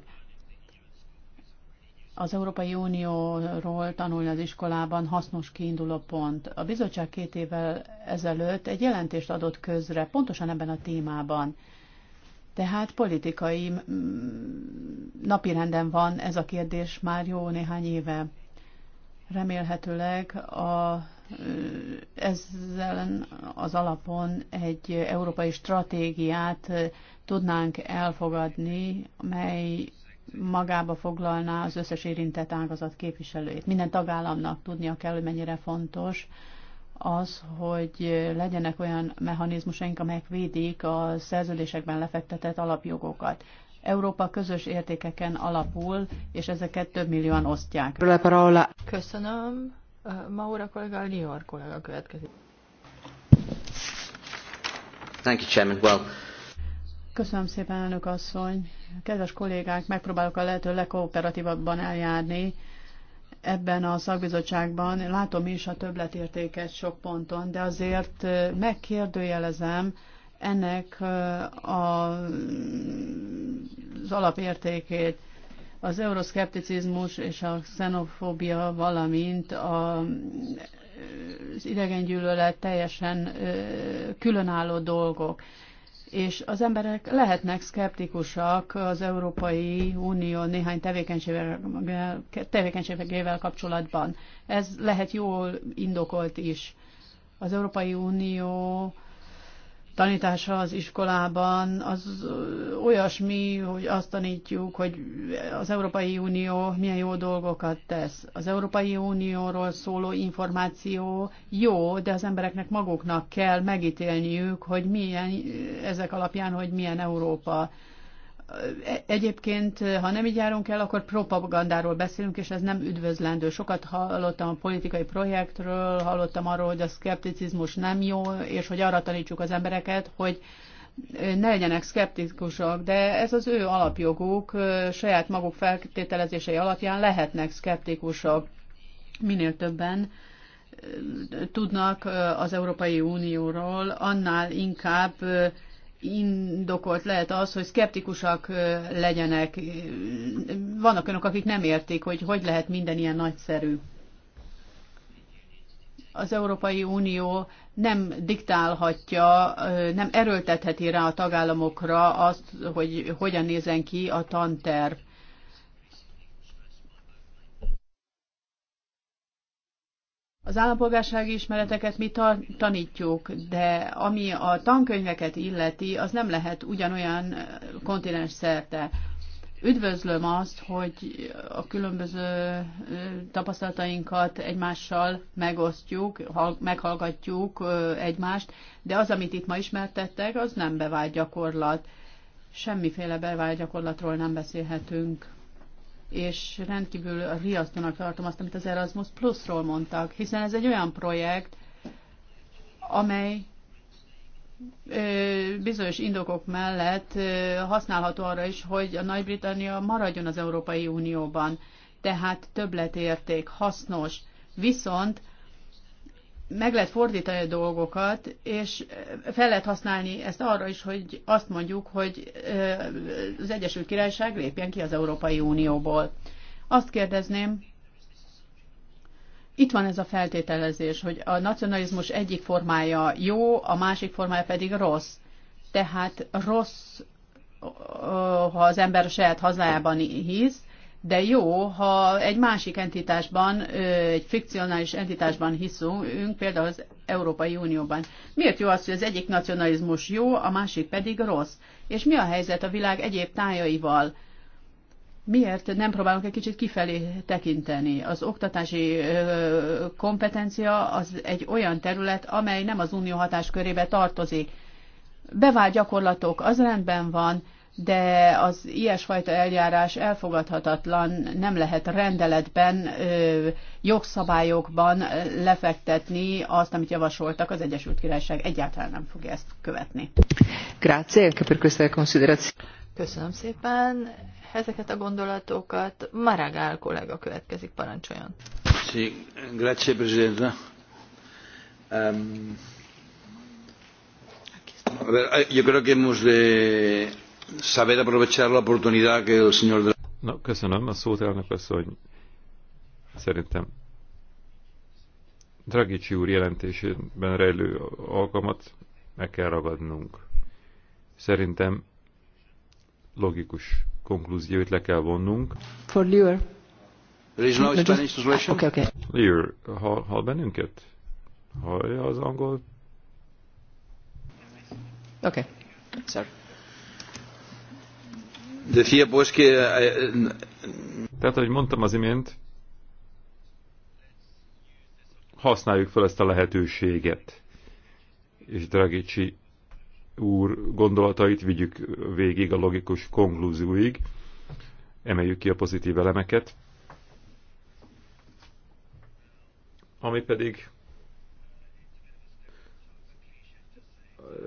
Az Európai Unióról tanulni az iskolában hasznos kiinduló pont. A bizottság két évvel ezelőtt egy jelentést adott közre, pontosan ebben a témában. Tehát politikai mm, napirenden van ez a kérdés már jó néhány éve. Remélhetőleg a, ezzel az alapon egy európai stratégiát tudnánk elfogadni, mely magába foglalná az összes érintett ágazat képviselőjét. Minden tagállamnak tudnia kell, hogy mennyire fontos az, hogy legyenek olyan mechanizmusaink, amelyek védik a szerződésekben lefektetett alapjogokat. Európa közös értékeken alapul, és ezeket több millióan osztják. Köszönöm. Maura kollega, Lior kollega következik. Thank you, Chairman. Well, Köszönöm szépen, elnök asszony. Kedves kollégák, megpróbálok a lehető legkooperatívabban eljárni ebben a szakbizottságban. Látom is a többletértéket sok ponton, de azért megkérdőjelezem, ennek a, az alapértékét. Az euroszkepticizmus és a xenofóbia, valamint a, az idegengyűlölet teljesen különálló dolgok és az emberek lehetnek szkeptikusak az Európai Unió néhány tevékenységével, tevékenységével kapcsolatban. Ez lehet jól indokolt is. Az Európai Unió tanítása az iskolában az olyasmi, hogy azt tanítjuk, hogy az Európai Unió milyen jó dolgokat tesz. Az Európai Unióról szóló információ jó, de az embereknek maguknak kell megítélniük, hogy milyen ezek alapján, hogy milyen Európa. Egyébként, ha nem így járunk el, akkor propagandáról beszélünk, és ez nem üdvözlendő. Sokat hallottam a politikai projektről, hallottam arról, hogy a szkepticizmus nem jó, és hogy arra tanítsuk az embereket, hogy ne legyenek szkeptikusak, de ez az ő alapjoguk, saját maguk feltételezései alapján lehetnek szkeptikusak Minél többen tudnak az Európai Unióról, annál inkább indokolt lehet az, hogy szkeptikusak legyenek. Vannak önök, akik nem értik, hogy hogy lehet minden ilyen nagyszerű. Az Európai Unió nem diktálhatja, nem erőltetheti rá a tagállamokra azt, hogy hogyan nézen ki a tanterv. Az állampolgársági ismereteket mi tanítjuk, de ami a tankönyveket illeti, az nem lehet ugyanolyan kontinens szerte. Üdvözlöm azt, hogy a különböző tapasztalatainkat egymással megosztjuk, meghallgatjuk egymást, de az, amit itt ma ismertettek, az nem bevált gyakorlat. Semmiféle bevált gyakorlatról nem beszélhetünk és rendkívül riasztónak tartom azt, amit az Erasmus Plus-ról mondtak, hiszen ez egy olyan projekt, amely bizonyos indokok mellett használható arra is, hogy a Nagy-Britannia maradjon az Európai Unióban. Tehát többletérték, hasznos. Viszont meg lehet fordítani a dolgokat, és fel lehet használni ezt arra is, hogy azt mondjuk, hogy az Egyesült Királyság lépjen ki az Európai Unióból. Azt kérdezném, itt van ez a feltételezés, hogy a nacionalizmus egyik formája jó, a másik formája pedig rossz. Tehát rossz, ha az ember a saját hazájában hisz, de jó, ha egy másik entitásban, egy fikcionális entitásban hiszünk, például az Európai Unióban. Miért jó az, hogy az egyik nacionalizmus jó, a másik pedig rossz? És mi a helyzet a világ egyéb tájaival? Miért nem próbálunk egy kicsit kifelé tekinteni? Az oktatási kompetencia az egy olyan terület, amely nem az unió hatáskörébe tartozik. Bevált gyakorlatok, az rendben van, de az ilyesfajta eljárás elfogadhatatlan, nem lehet rendeletben, jogszabályokban lefektetni azt, amit javasoltak az Egyesült Királyság. Egyáltalán nem fogja ezt követni. Köszönöm szépen. Ezeket a gondolatokat Maragál kollega következik, parancsoljon. Sí, grazie, Presidente. Um, yo creo que hemos de saber aprovechar la oportunidad que el señor de... la... No, que Na, köszönöm a szót, elnök asszony. Szerintem Dragicsi úr jelentésében rejlő alkalmat meg kell ragadnunk. Szerintem logikus konklúzióit le kell vonnunk. For Lure. There is no, no Spanish translation? Okay, okay. Lure, hall, hall bennünket? Hallja az angol? Okay, sorry. Eh, eh, Tehát, ahogy mondtam az imént, használjuk fel ezt a lehetőséget. És Dragicsi úr gondolatait vigyük végig a logikus konklúzióig, emeljük ki a pozitív elemeket, ami pedig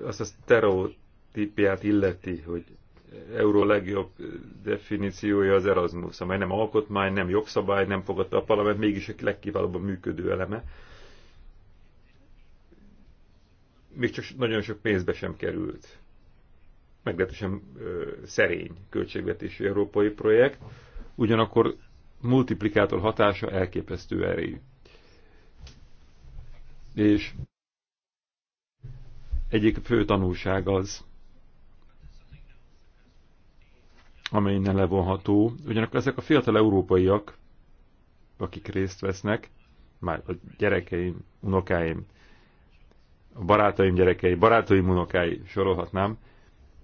azt a sztereotípiát illeti, hogy euró legjobb definíciója az Erasmus, amely nem alkotmány, nem jogszabály, nem fogadta a parlament, mégis a legkiválóbban működő eleme. Még csak nagyon sok pénzbe sem került. Meglehetősen szerény költségvetési európai projekt, ugyanakkor multiplikátor hatása elképesztő erejű. És egyik fő tanulság az, amely ne levonható. Ugyanakkor ezek a fiatal európaiak, akik részt vesznek, már a gyerekeim, unokáim, a barátaim gyerekei, barátaim unokái sorolhatnám,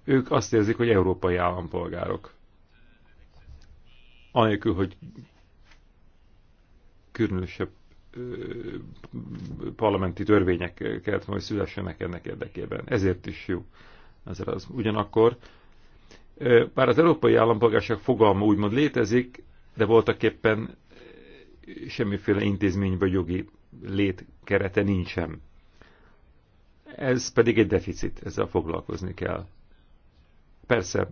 ők azt érzik, hogy európai állampolgárok. Anélkül, hogy különösebb parlamenti törvények kellett, hogy szülessenek ennek érdekében. Ezért is jó. Ez az. Ugyanakkor bár az európai állampolgárság fogalma úgymond létezik, de voltak éppen semmiféle intézmény vagy jogi létkerete nincsen. Ez pedig egy deficit, ezzel foglalkozni kell. Persze,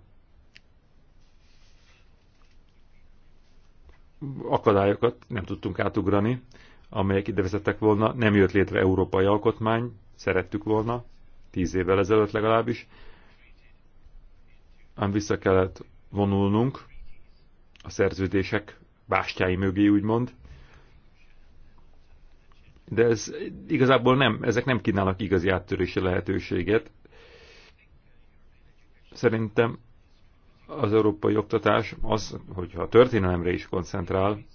akadályokat nem tudtunk átugrani, amelyek ide vezettek volna, nem jött létre európai alkotmány, szerettük volna, tíz évvel ezelőtt legalábbis, ám vissza kellett vonulnunk a szerződések bástyái mögé, úgymond. De ez igazából nem, ezek nem kínálnak igazi áttörési lehetőséget. Szerintem az európai oktatás az, hogyha a történelemre is koncentrál,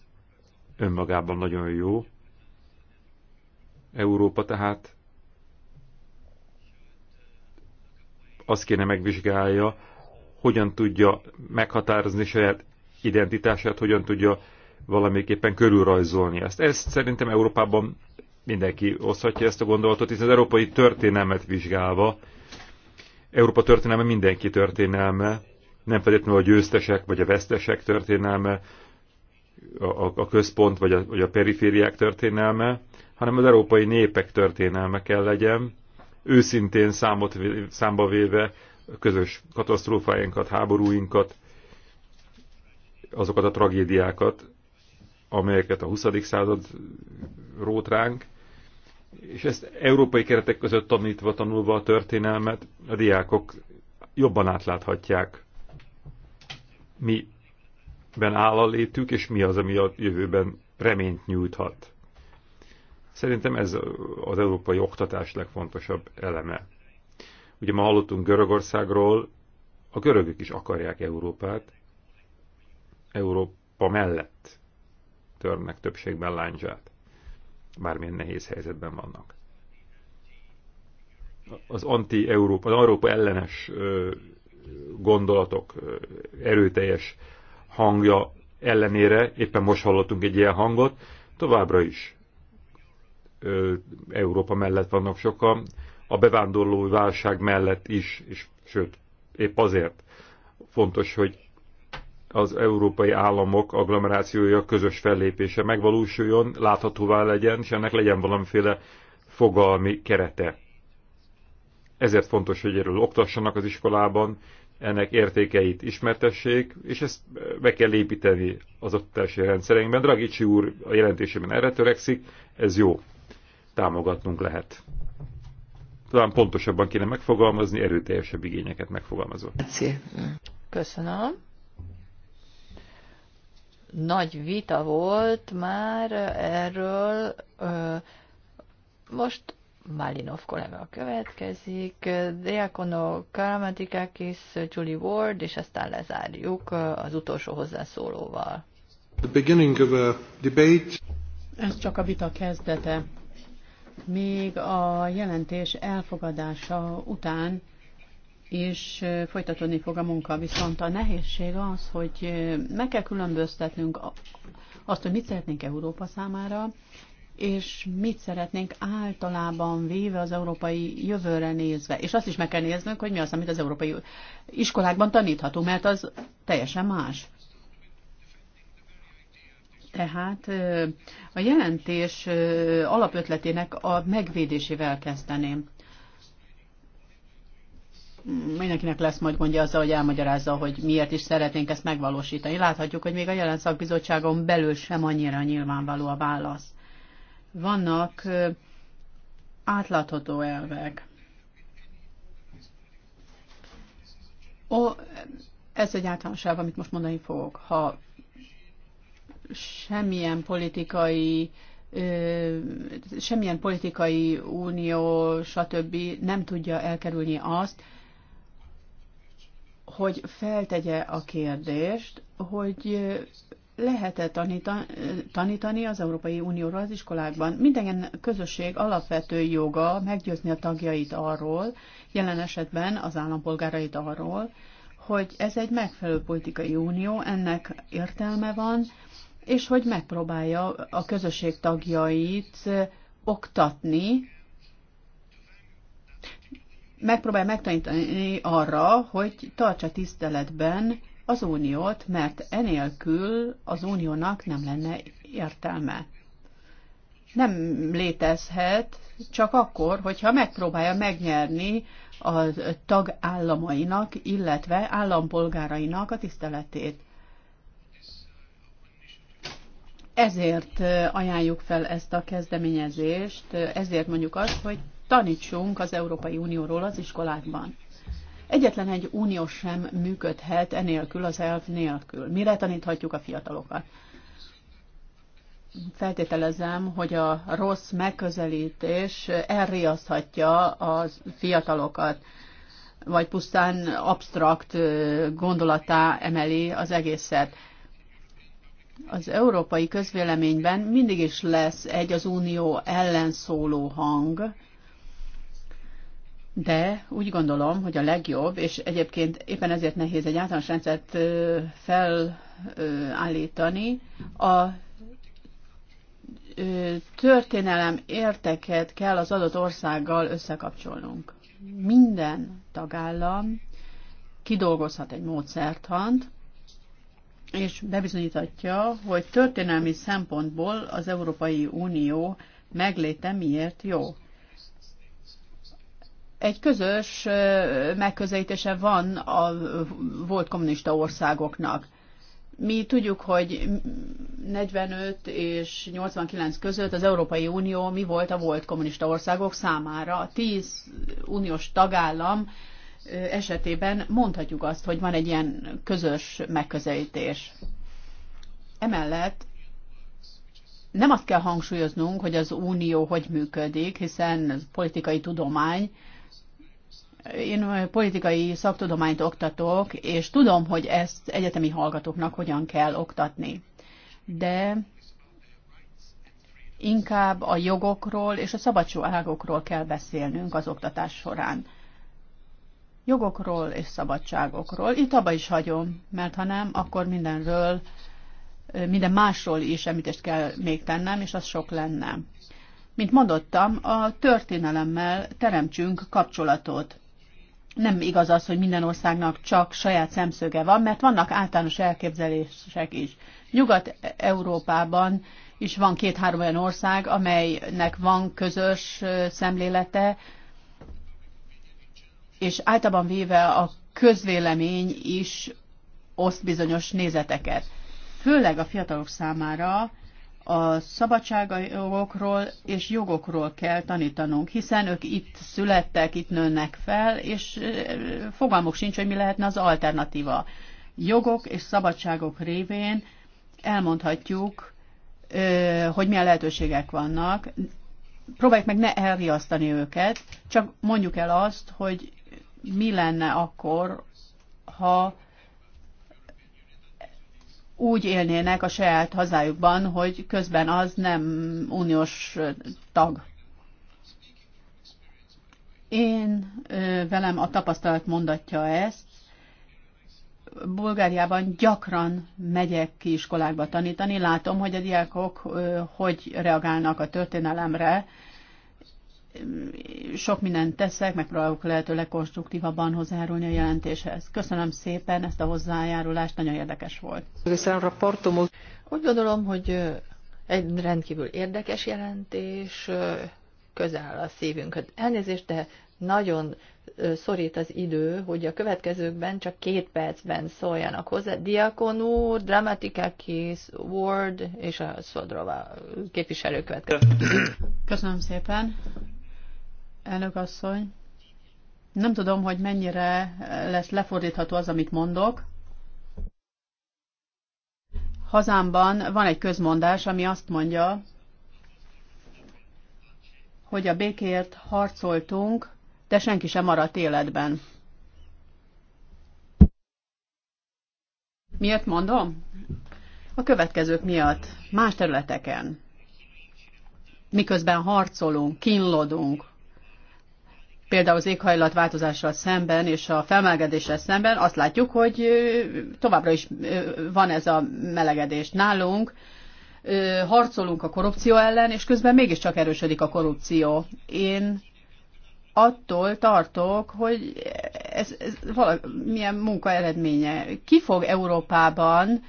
önmagában nagyon jó. Európa tehát azt kéne megvizsgálja, hogyan tudja meghatározni saját identitását, hogyan tudja valamiképpen körülrajzolni ezt. Ezt szerintem Európában mindenki oszthatja ezt a gondolatot, hiszen az európai történelmet vizsgálva, Európa történelme mindenki történelme, nem feltétlenül a győztesek vagy a vesztesek történelme, a, a, a központ vagy a, vagy a perifériák történelme, hanem az európai népek történelme kell legyen, őszintén számot, számba véve közös katasztrófáinkat, háborúinkat, azokat a tragédiákat, amelyeket a 20. század rót ránk, és ezt európai keretek között tanítva, tanulva a történelmet, a diákok jobban átláthatják, miben áll a létük, és mi az, ami a jövőben reményt nyújthat. Szerintem ez az európai oktatás legfontosabb eleme. Ugye ma hallottunk Görögországról, a görögök is akarják Európát, Európa mellett törnek többségben lányzsát, bármilyen nehéz helyzetben vannak. Az anti-Európa, az Európa ellenes gondolatok erőteljes hangja ellenére, éppen most hallottunk egy ilyen hangot, továbbra is Európa mellett vannak sokan, a bevándorló válság mellett is, és sőt, épp azért fontos, hogy az európai államok agglomerációja közös fellépése megvalósuljon, láthatóvá legyen, és ennek legyen valamiféle fogalmi kerete. Ezért fontos, hogy erről oktassanak az iskolában, ennek értékeit ismertessék, és ezt be kell építeni az oktatási rendszereinkben. Dragicsi úr a jelentésében erre törekszik, ez jó. Támogatnunk lehet talán pontosabban kéne megfogalmazni, erőteljesebb igényeket megfogalmazva. Köszönöm. Nagy vita volt már erről. Most Malinov kollega következik, Diakono Karamatikakis, Julie Ward, és aztán lezárjuk az utolsó hozzászólóval. The beginning of a debate. Ez csak a vita kezdete még a jelentés elfogadása után is folytatódni fog a munka. Viszont a nehézség az, hogy meg kell különböztetnünk azt, hogy mit szeretnénk Európa számára, és mit szeretnénk általában véve az európai jövőre nézve. És azt is meg kell néznünk, hogy mi az, amit az európai iskolákban taníthatunk, mert az teljesen más. Tehát a jelentés alapötletének a megvédésével kezdeném. Mindenkinek lesz majd gondja azzal, hogy elmagyarázza, hogy miért is szeretnénk ezt megvalósítani. Láthatjuk, hogy még a jelen szakbizottságon belül sem annyira nyilvánvaló a válasz. Vannak átlátható elvek. Ó, ez egy általános amit most mondani fogok. Ha semmilyen politikai semmilyen politikai unió, stb. nem tudja elkerülni azt, hogy feltegye a kérdést, hogy lehet-e tanítani az Európai Unióról az iskolákban? Minden közösség alapvető joga meggyőzni a tagjait arról, jelen esetben az állampolgárait arról, hogy ez egy megfelelő politikai unió, ennek értelme van, és hogy megpróbálja a közösség tagjait oktatni, megpróbál megtanítani arra, hogy tartsa tiszteletben az uniót, mert enélkül az uniónak nem lenne értelme. Nem létezhet csak akkor, hogyha megpróbálja megnyerni a tagállamainak, illetve állampolgárainak a tiszteletét. ezért ajánljuk fel ezt a kezdeményezést, ezért mondjuk azt, hogy tanítsunk az Európai Unióról az iskolákban. Egyetlen egy unió sem működhet enélkül, az elv nélkül. Mire taníthatjuk a fiatalokat? Feltételezem, hogy a rossz megközelítés elriaszthatja a fiatalokat, vagy pusztán absztrakt gondolatá emeli az egészet az európai közvéleményben mindig is lesz egy az unió ellen szóló hang, de úgy gondolom, hogy a legjobb, és egyébként éppen ezért nehéz egy általános rendszert felállítani, a történelem érteket kell az adott országgal összekapcsolnunk. Minden tagállam kidolgozhat egy módszertant, és bebizonyítatja, hogy történelmi szempontból az Európai Unió megléte miért jó. Egy közös megközelítése van a volt kommunista országoknak. Mi tudjuk, hogy 45 és 89 között az Európai Unió mi volt a volt kommunista országok számára. 10 uniós tagállam esetében mondhatjuk azt, hogy van egy ilyen közös megközelítés. Emellett nem azt kell hangsúlyoznunk, hogy az unió hogy működik, hiszen ez politikai tudomány. Én politikai szaktudományt oktatok, és tudom, hogy ezt egyetemi hallgatóknak hogyan kell oktatni. De inkább a jogokról és a szabadságokról kell beszélnünk az oktatás során jogokról és szabadságokról. Itt abba is hagyom, mert ha nem, akkor mindenről, minden másról is említést kell még tennem, és az sok lenne. Mint mondottam, a történelemmel teremtsünk kapcsolatot. Nem igaz az, hogy minden országnak csak saját szemszöge van, mert vannak általános elképzelések is. Nyugat-Európában is van két-három olyan ország, amelynek van közös szemlélete, és általában véve a közvélemény is oszt bizonyos nézeteket. Főleg a fiatalok számára a szabadságjogokról és jogokról kell tanítanunk, hiszen ők itt születtek, itt nőnek fel, és fogalmuk sincs, hogy mi lehetne az alternatíva. Jogok és szabadságok révén elmondhatjuk, hogy milyen lehetőségek vannak. Próbáljuk meg ne elriasztani őket, csak mondjuk el azt, hogy mi lenne akkor, ha úgy élnének a saját hazájukban, hogy közben az nem uniós tag. Én velem a tapasztalat mondatja ezt. Bulgáriában gyakran megyek ki iskolákba tanítani, látom, hogy a diákok hogy reagálnak a történelemre, sok mindent teszek, megpróbálok lehető legkonstruktívabban hozzájárulni a jelentéshez. Köszönöm szépen ezt a hozzájárulást, nagyon érdekes volt. Úgy gondolom, hogy egy rendkívül érdekes jelentés, közel áll a szívünkhöz. Elnézést, de nagyon szorít az idő, hogy a következőkben csak két percben szóljanak hozzá. Diakon úr, Dramatikakis, Ward és a Szodrova képviselő következő. Köszönöm szépen. Elnök asszony, nem tudom, hogy mennyire lesz lefordítható az, amit mondok. Hazámban van egy közmondás, ami azt mondja, hogy a békért harcoltunk, de senki sem maradt életben. Miért mondom? A következők miatt, más területeken. Miközben harcolunk, kínlodunk, például az éghajlatváltozással szemben és a felmelegedéssel szemben azt látjuk, hogy továbbra is van ez a melegedés nálunk, harcolunk a korrupció ellen, és közben mégiscsak erősödik a korrupció. Én attól tartok, hogy ez, ez valamilyen munka eredménye. Ki fog Európában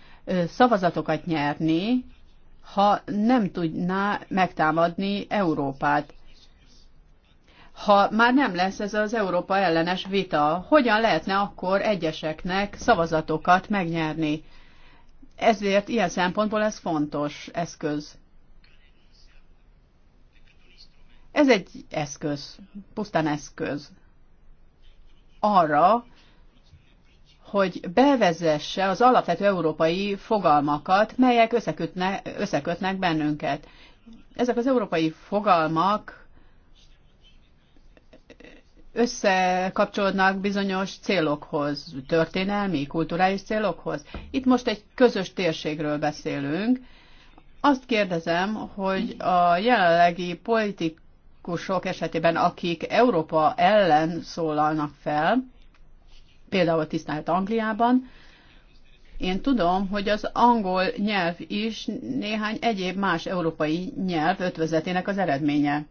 szavazatokat nyerni, ha nem tudná megtámadni Európát? ha már nem lesz ez az Európa ellenes vita, hogyan lehetne akkor egyeseknek szavazatokat megnyerni? Ezért ilyen szempontból ez fontos eszköz. Ez egy eszköz, pusztán eszköz. Arra, hogy bevezesse az alapvető európai fogalmakat, melyek összekötne, összekötnek bennünket. Ezek az európai fogalmak összekapcsolódnak bizonyos célokhoz, történelmi, kulturális célokhoz. Itt most egy közös térségről beszélünk. Azt kérdezem, hogy a jelenlegi politikusok esetében, akik Európa ellen szólalnak fel, például tisztelt Angliában, én tudom, hogy az angol nyelv is néhány egyéb más európai nyelv ötvözetének az eredménye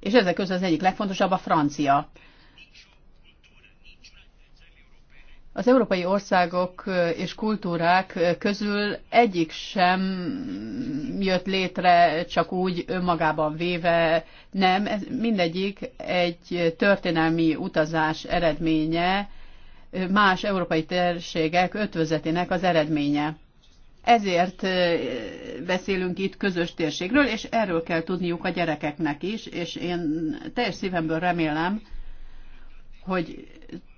és ezek közül az egyik legfontosabb a francia. Az európai országok eh, és kultúrák eh, közül egyik sem jött létre csak úgy önmagában véve, nem, ez mindegyik egy történelmi utazás eredménye, eh, más európai térségek ötvözetének az eredménye. Ezért beszélünk itt közös térségről, és erről kell tudniuk a gyerekeknek is, és én teljes szívemből remélem, hogy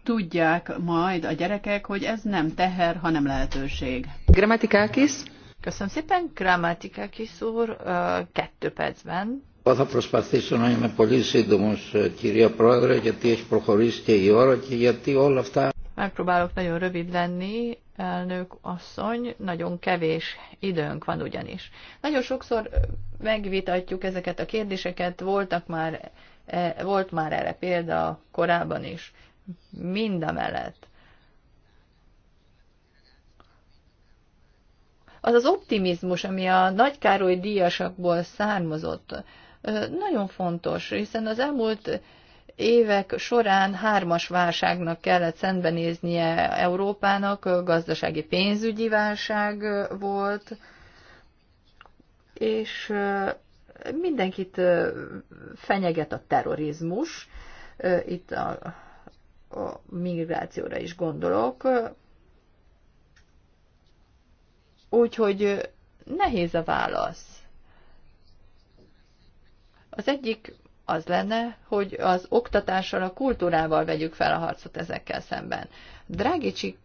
tudják majd a gyerekek, hogy ez nem teher, hanem lehetőség. Grammatikákis? Köszönöm szépen, Grammatikákis úr, kettő percben. Εγώ a προσπαθήσω να είμαι πολύ σύντομος, κυρία Πρόεδρε, γιατί έχει προχωρήσει και η ώρα και γιατί όλα αυτά... Megpróbálok nagyon rövid lenni, elnök asszony, nagyon kevés időnk van ugyanis. Nagyon sokszor megvitatjuk ezeket a kérdéseket, voltak már, e, volt már erre példa korábban is, mind a mellett. Az az optimizmus, ami a Nagykároly díjasakból származott, nagyon fontos, hiszen az elmúlt évek során hármas válságnak kellett szembenéznie Európának, gazdasági pénzügyi válság volt, és mindenkit fenyeget a terrorizmus, itt a, a migrációra is gondolok, úgyhogy nehéz a válasz. Az egyik az lenne, hogy az oktatással, a kultúrával vegyük fel a harcot ezekkel szemben. Drágicsi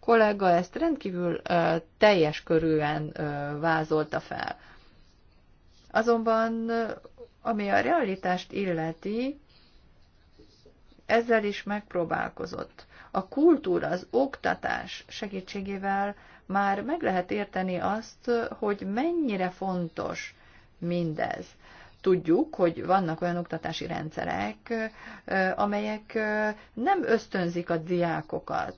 kollega ezt rendkívül ö, teljes körűen ö, vázolta fel. Azonban, ami a realitást illeti, ezzel is megpróbálkozott. A kultúra, az oktatás segítségével már meg lehet érteni azt, hogy mennyire fontos mindez tudjuk, hogy vannak olyan oktatási rendszerek, amelyek nem ösztönzik a diákokat.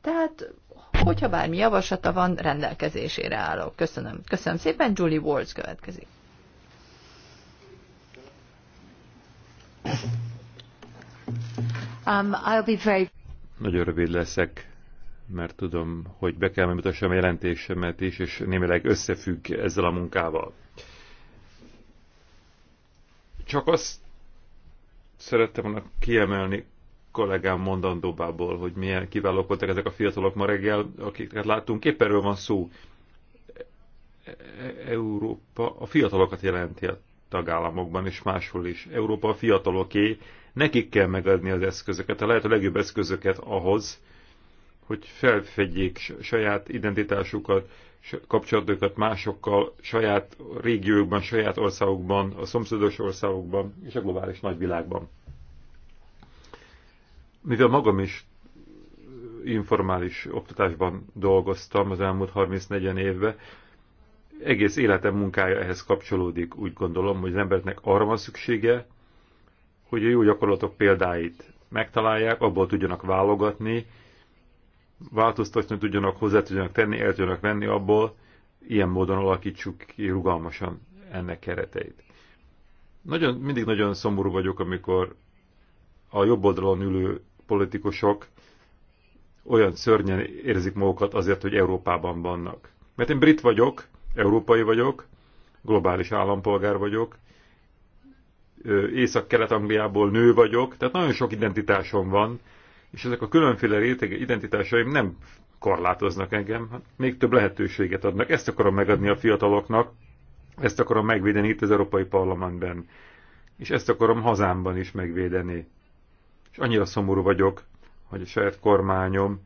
Tehát, hogyha bármi javaslata van, rendelkezésére állok. Köszönöm. Köszönöm szépen, Julie Walls következik. Um, I'll be very... Nagyon rövid leszek mert tudom, hogy be kell mutassam a jelentésemet is, és némileg összefügg ezzel a munkával. Csak azt szerettem volna kiemelni kollégám mondandóbából, hogy milyen kiválók voltak ezek a fiatalok ma reggel, akiket láttunk. Épp erről van szó. Európa a fiatalokat jelenti a tagállamokban és máshol is. Európa a fiataloké, nekik kell megadni az eszközöket, a lehető legjobb eszközöket ahhoz, hogy felfedjék saját identitásukat, kapcsolatokat másokkal, saját régiókban, saját országokban, a szomszédos országokban és a globális nagyvilágban. Mivel magam is informális oktatásban dolgoztam az elmúlt 34 évben, egész életem munkája ehhez kapcsolódik. Úgy gondolom, hogy az embernek arra van szüksége, hogy a jó gyakorlatok példáit megtalálják, abból tudjanak válogatni, változtatni tudjanak, hozzá tudjanak tenni, el tudjanak venni abból, ilyen módon alakítsuk ki rugalmasan ennek kereteit. Nagyon, mindig nagyon szomorú vagyok, amikor a jobb oldalon ülő politikusok olyan szörnyen érzik magukat azért, hogy Európában vannak. Mert én brit vagyok, európai vagyok, globális állampolgár vagyok, Észak-Kelet-Angliából nő vagyok, tehát nagyon sok identitásom van, és ezek a különféle rétege identitásaim nem korlátoznak engem, hát még több lehetőséget adnak. Ezt akarom megadni a fiataloknak, ezt akarom megvédeni itt az Európai Parlamentben, és ezt akarom hazámban is megvédeni. És annyira szomorú vagyok, hogy a saját kormányom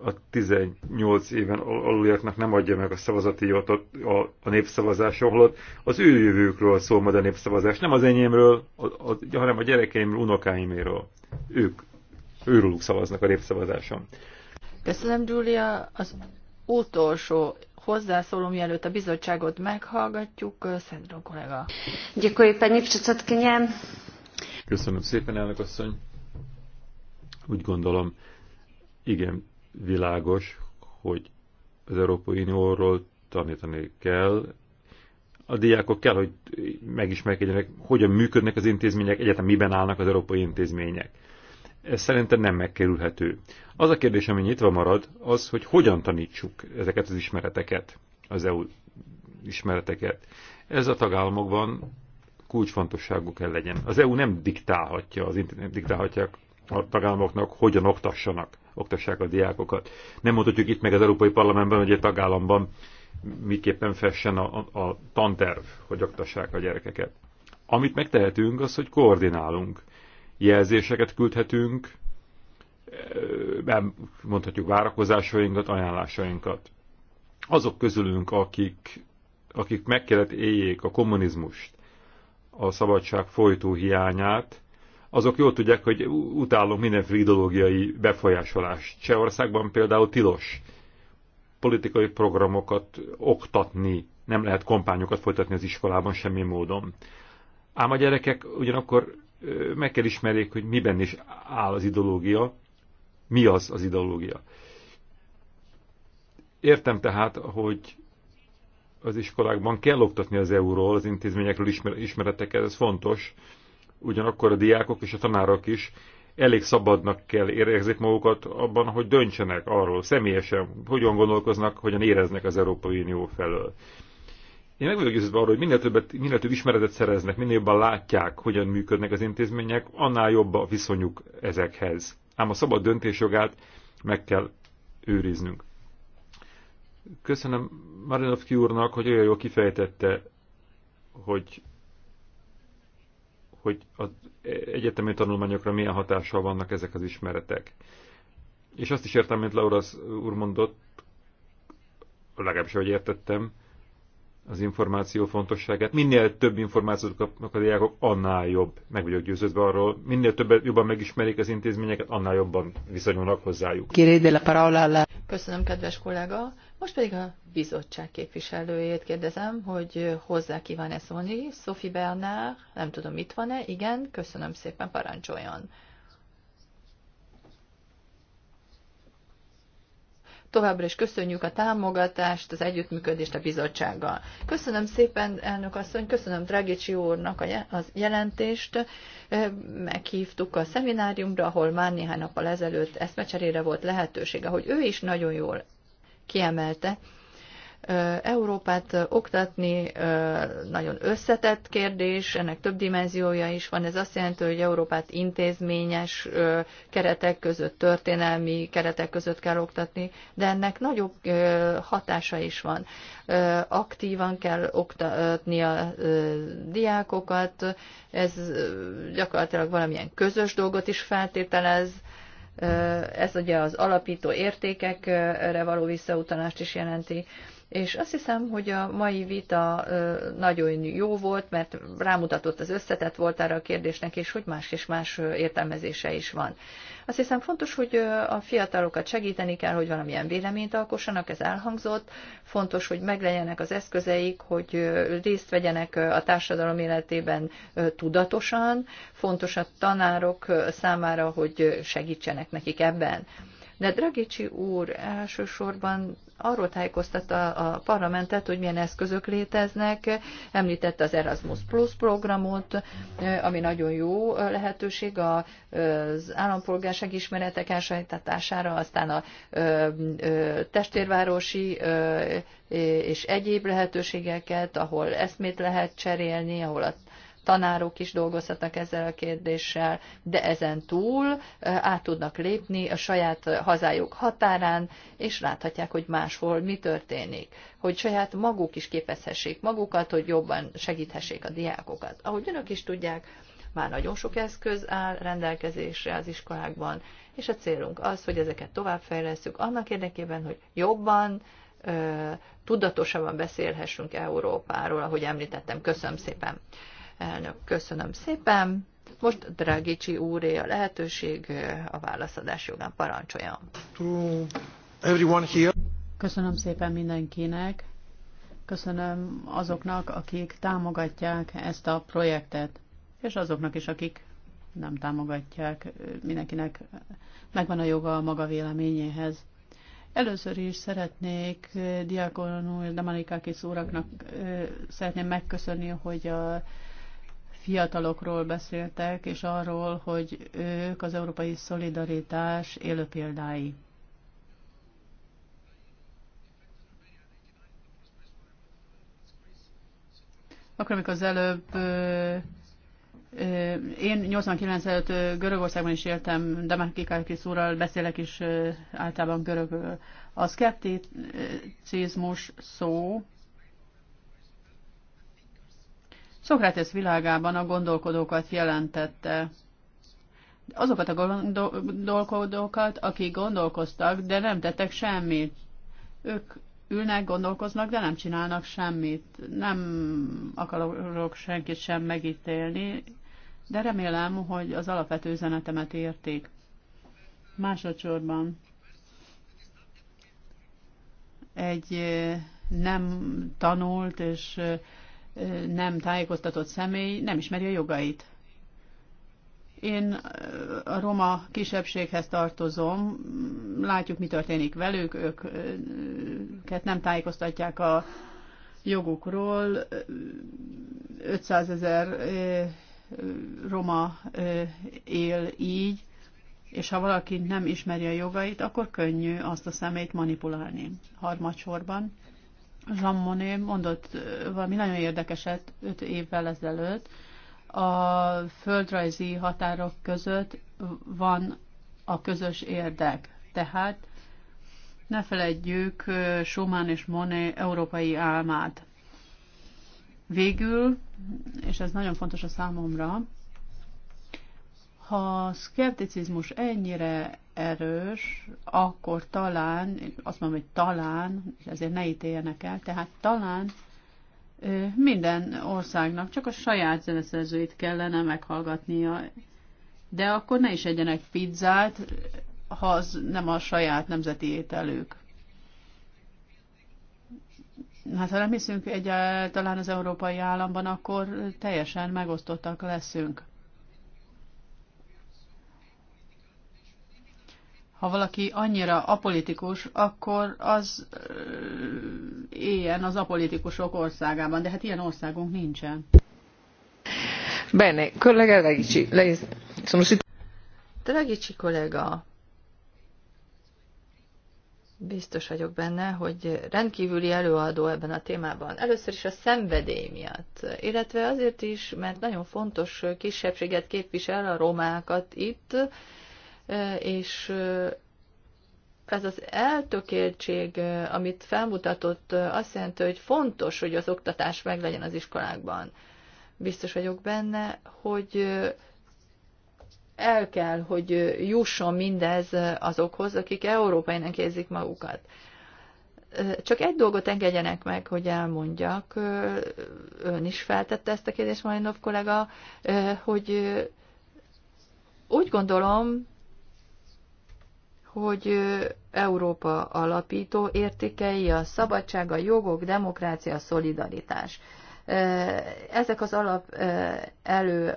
a 18 éven aluljáknak nem adja meg a szavazati jogot a, a népszavazáson, holott az ő jövőkről szól majd a népszavazás, nem az enyémről, a, a, hanem a gyerekeimről, unokáiméről. Ők őrülük szavaznak a népszavazáson. Köszönöm, Julia. Az utolsó hozzászólom, mielőtt a bizottságot meghallgatjuk, Szendron kollega. Gyakorló, pani předsedkyně. Köszönöm szépen, elnök asszony. Úgy gondolom, igen, világos, hogy az Európai Unióról tanítani kell. A diákok kell, hogy megismerkedjenek, hogyan működnek az intézmények, egyáltalán miben állnak az európai intézmények ez szerintem nem megkerülhető. Az a kérdés, ami nyitva marad, az, hogy hogyan tanítsuk ezeket az ismereteket, az EU ismereteket. Ez a tagállamokban kulcsfontosságú kell legyen. Az EU nem diktálhatja, az internet diktálhatják a tagállamoknak, hogyan oktassanak, oktassák a diákokat. Nem mondhatjuk itt meg az Európai Parlamentben, hogy egy tagállamban miképpen fessen a, a, a tanterv, hogy oktassák a gyerekeket. Amit megtehetünk, az, hogy koordinálunk jelzéseket küldhetünk, mondhatjuk várakozásainkat, ajánlásainkat. Azok közülünk, akik, akik meg kellett éljék a kommunizmust, a szabadság folytó hiányát, azok jól tudják, hogy utálunk mindenféle ideológiai befolyásolást. Csehországban például tilos politikai programokat oktatni, nem lehet kompányokat folytatni az iskolában semmi módon. Ám a gyerekek ugyanakkor meg kell ismerjék, hogy miben is áll az ideológia, mi az az ideológia. Értem tehát, hogy az iskolákban kell oktatni az euróról, az intézményekről ismereteket, ez fontos. Ugyanakkor a diákok és a tanárok is elég szabadnak kell érezzék magukat abban, hogy döntsenek arról személyesen, hogyan gondolkoznak, hogyan éreznek az Európai Unió felől. Én meg vagyok győződve arról, hogy minél, többet, minél több ismeretet szereznek, minél jobban látják, hogyan működnek az intézmények, annál jobb a viszonyuk ezekhez. Ám a szabad döntésjogát meg kell őriznünk. Köszönöm Marinovki úrnak, hogy olyan jól kifejtette, hogy, hogy az egyetemi tanulmányokra milyen hatással vannak ezek az ismeretek. És azt is értem, mint Laura úr mondott, legalábbis ahogy értettem, az információ fontosságát. Minél több információt kapnak a diákok, annál jobb. Meg vagyok győződve arról, minél többet jobban megismerik az intézményeket, annál jobban viszonyulnak hozzájuk. Köszönöm, kedves kollega. Most pedig a bizottság képviselőjét kérdezem, hogy hozzá kíván-e szólni. Sophie Bernard, nem tudom, itt van-e. Igen, köszönöm szépen, parancsoljon. Továbbra is köszönjük a támogatást, az együttműködést a bizottsággal. Köszönöm szépen, elnök asszony, köszönöm Dragicsi úrnak a jelentést. Meghívtuk a szemináriumra, ahol már néhány nappal ezelőtt eszmecserére volt lehetősége, hogy ő is nagyon jól kiemelte, Európát oktatni nagyon összetett kérdés, ennek több dimenziója is van. Ez azt jelenti, hogy Európát intézményes keretek között, történelmi keretek között kell oktatni, de ennek nagyobb hatása is van. Aktívan kell oktatni a diákokat, ez gyakorlatilag valamilyen közös dolgot is feltételez, ez ugye az alapító értékekre való visszautalást is jelenti. És azt hiszem, hogy a mai vita nagyon jó volt, mert rámutatott az összetett volt erre a kérdésnek, és hogy más és más értelmezése is van. Azt hiszem fontos, hogy a fiatalokat segíteni kell, hogy valamilyen véleményt alkossanak, ez elhangzott. Fontos, hogy meglegyenek az eszközeik, hogy részt vegyenek a társadalom életében tudatosan. Fontos a tanárok számára, hogy segítsenek nekik ebben. De Dragicsi úr elsősorban arról tájékoztatta a parlamentet, hogy milyen eszközök léteznek, említette az Erasmus Plus programot, ami nagyon jó lehetőség az állampolgárság ismeretek elsajátítására, aztán a testvérvárosi és egyéb lehetőségeket, ahol eszmét lehet cserélni, ahol a tanárok is dolgozhatnak ezzel a kérdéssel, de ezen túl át tudnak lépni a saját hazájuk határán, és láthatják, hogy máshol mi történik. Hogy saját maguk is képezhessék magukat, hogy jobban segíthessék a diákokat. Ahogy önök is tudják, már nagyon sok eszköz áll rendelkezésre az iskolákban, és a célunk az, hogy ezeket továbbfejlesztjük annak érdekében, hogy jobban, tudatosabban beszélhessünk Európáról, ahogy említettem. Köszönöm szépen! Elnök, köszönöm szépen. Most Dragicsi úré a lehetőség a válaszadás jogán parancsolja. Köszönöm szépen mindenkinek. Köszönöm azoknak, akik támogatják ezt a projektet, és azoknak is, akik nem támogatják. Mindenkinek megvan a joga a maga véleményéhez. Először is szeretnék Diakonul Demarikákis úraknak szeretném megköszönni, hogy a fiatalokról beszéltek, és arról, hogy ők az európai szolidaritás élő példái. Akkor, amikor az előbb én 89 előtt Görögországban is éltem, de már Kikárkis úrral beszélek is általában görögül. A szkepticizmus szó Szokrátesz világában a gondolkodókat jelentette. Azokat a gondolkodókat, akik gondolkoztak, de nem tettek semmit. Ők ülnek, gondolkoznak, de nem csinálnak semmit. Nem akarok senkit sem megítélni, de remélem, hogy az alapvető üzenetemet érték. Másodszorban egy eh, nem tanult és eh, nem tájékoztatott személy nem ismeri a jogait. Én a roma kisebbséghez tartozom, látjuk, mi történik velük, őket nem tájékoztatják a jogukról. 500 ezer roma él így, és ha valaki nem ismeri a jogait, akkor könnyű azt a szemét manipulálni. Harmadsorban Jean Monnet mondott valami nagyon érdekeset 5 évvel ezelőtt. A földrajzi határok között van a közös érdek. Tehát ne feledjük Schumann és Monet európai álmát. Végül, és ez nagyon fontos a számomra, ha szkepticizmus ennyire erős, akkor talán, azt mondom, hogy talán, ezért ne ítéljenek el, tehát talán minden országnak csak a saját zeneszerzőit kellene meghallgatnia, de akkor ne is egyenek pizzát, ha az nem a saját nemzeti ételük. Hát ha nem hiszünk egyáltalán az európai államban, akkor teljesen megosztottak leszünk. ha valaki annyira apolitikus, akkor az éljen az apolitikusok országában, de hát ilyen országunk nincsen. Bene, kollega Legicsi, Legicsi kollega, biztos vagyok benne, hogy rendkívüli előadó ebben a témában. Először is a szenvedély miatt, illetve azért is, mert nagyon fontos kisebbséget képvisel a romákat itt, Eh, és eh, ez az eltökéltség, eh, amit felmutatott, azt jelenti, hogy fontos, hogy az oktatás meg legyen az iskolákban. Biztos vagyok benne, hogy el kell, hogy jusson mindez azokhoz, akik európainak érzik magukat. Csak egy dolgot engedjenek meg, hogy elmondjak. Ön is feltette ezt a kérdést, Malinov kollega, hogy úgy gondolom, hogy Európa alapító értékei a szabadság, a jogok, demokrácia, a szolidaritás. Ezek az alap elő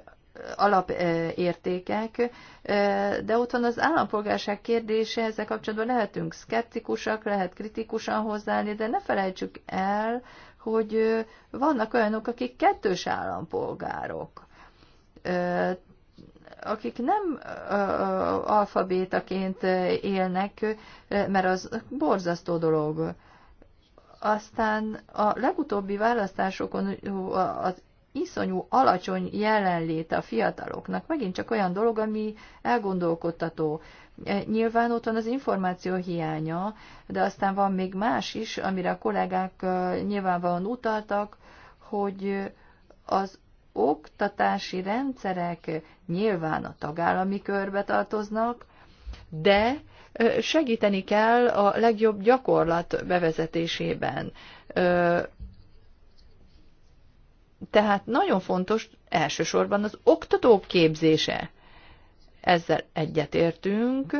alapértékek, de otthon az állampolgárság kérdése, ezzel kapcsolatban lehetünk szkeptikusak, lehet kritikusan hozzáállni, de ne felejtsük el, hogy vannak olyanok, akik kettős állampolgárok akik nem alfabétaként élnek, mert az borzasztó dolog. Aztán a legutóbbi választásokon az iszonyú alacsony jelenléte a fiataloknak megint csak olyan dolog, ami elgondolkodtató. Nyilván ott van az információ hiánya, de aztán van még más is, amire a kollégák nyilvánvalóan utaltak, hogy az oktatási rendszerek nyilván a tagállami körbe tartoznak, de segíteni kell a legjobb gyakorlat bevezetésében. Tehát nagyon fontos elsősorban az oktatók képzése. Ezzel egyetértünk,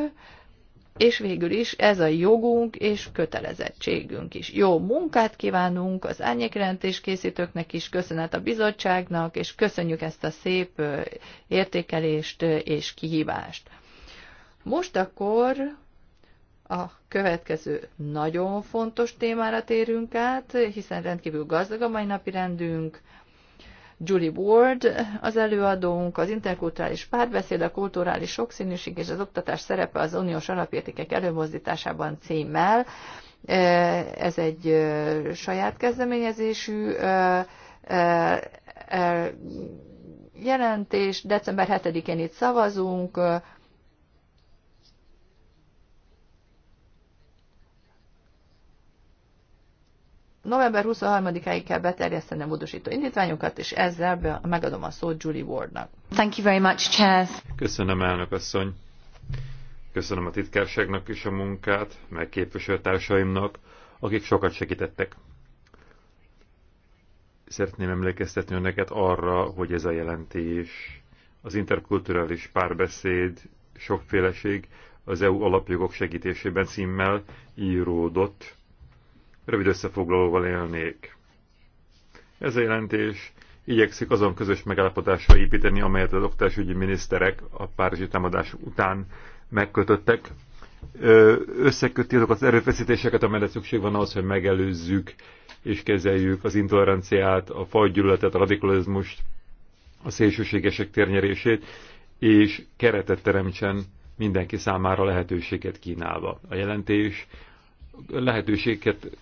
és végül is ez a jogunk és kötelezettségünk is. Jó munkát kívánunk az árnyékrendés készítőknek is, köszönet a bizottságnak, és köszönjük ezt a szép értékelést és kihívást. Most akkor a következő nagyon fontos témára térünk át, hiszen rendkívül gazdag a mai napi rendünk, Julie Ward, az előadónk, az interkulturális párbeszéd, a kulturális sokszínűség és az oktatás szerepe az uniós alapértékek előmozdításában címmel. Ez egy saját kezdeményezésű jelentés. December 7-én itt szavazunk, november 23-áig kell beterjeszteni a módosító indítványokat, és ezzel megadom a szót Julie Wardnak. Thank you very much, Chair. Köszönöm, elnök asszony. Köszönöm a titkárságnak is a munkát, meg képviselőtársaimnak, akik sokat segítettek. Szeretném emlékeztetni önöket arra, hogy ez a jelentés, az interkulturális párbeszéd, sokféleség az EU alapjogok segítésében címmel íródott Rövid összefoglalóval élnék. Ez a jelentés igyekszik azon közös megállapodásra építeni, amelyet az oktatásügyi miniszterek a párizsi támadás után megkötöttek. Összekötti azokat az erőfeszítéseket, amelyre szükség van ahhoz, hogy megelőzzük és kezeljük az intoleranciát, a fajgyűlöletet, a radikalizmust, a szélsőségesek térnyerését, és keretet teremtsen mindenki számára lehetőséget kínálva. A jelentés lehetőséget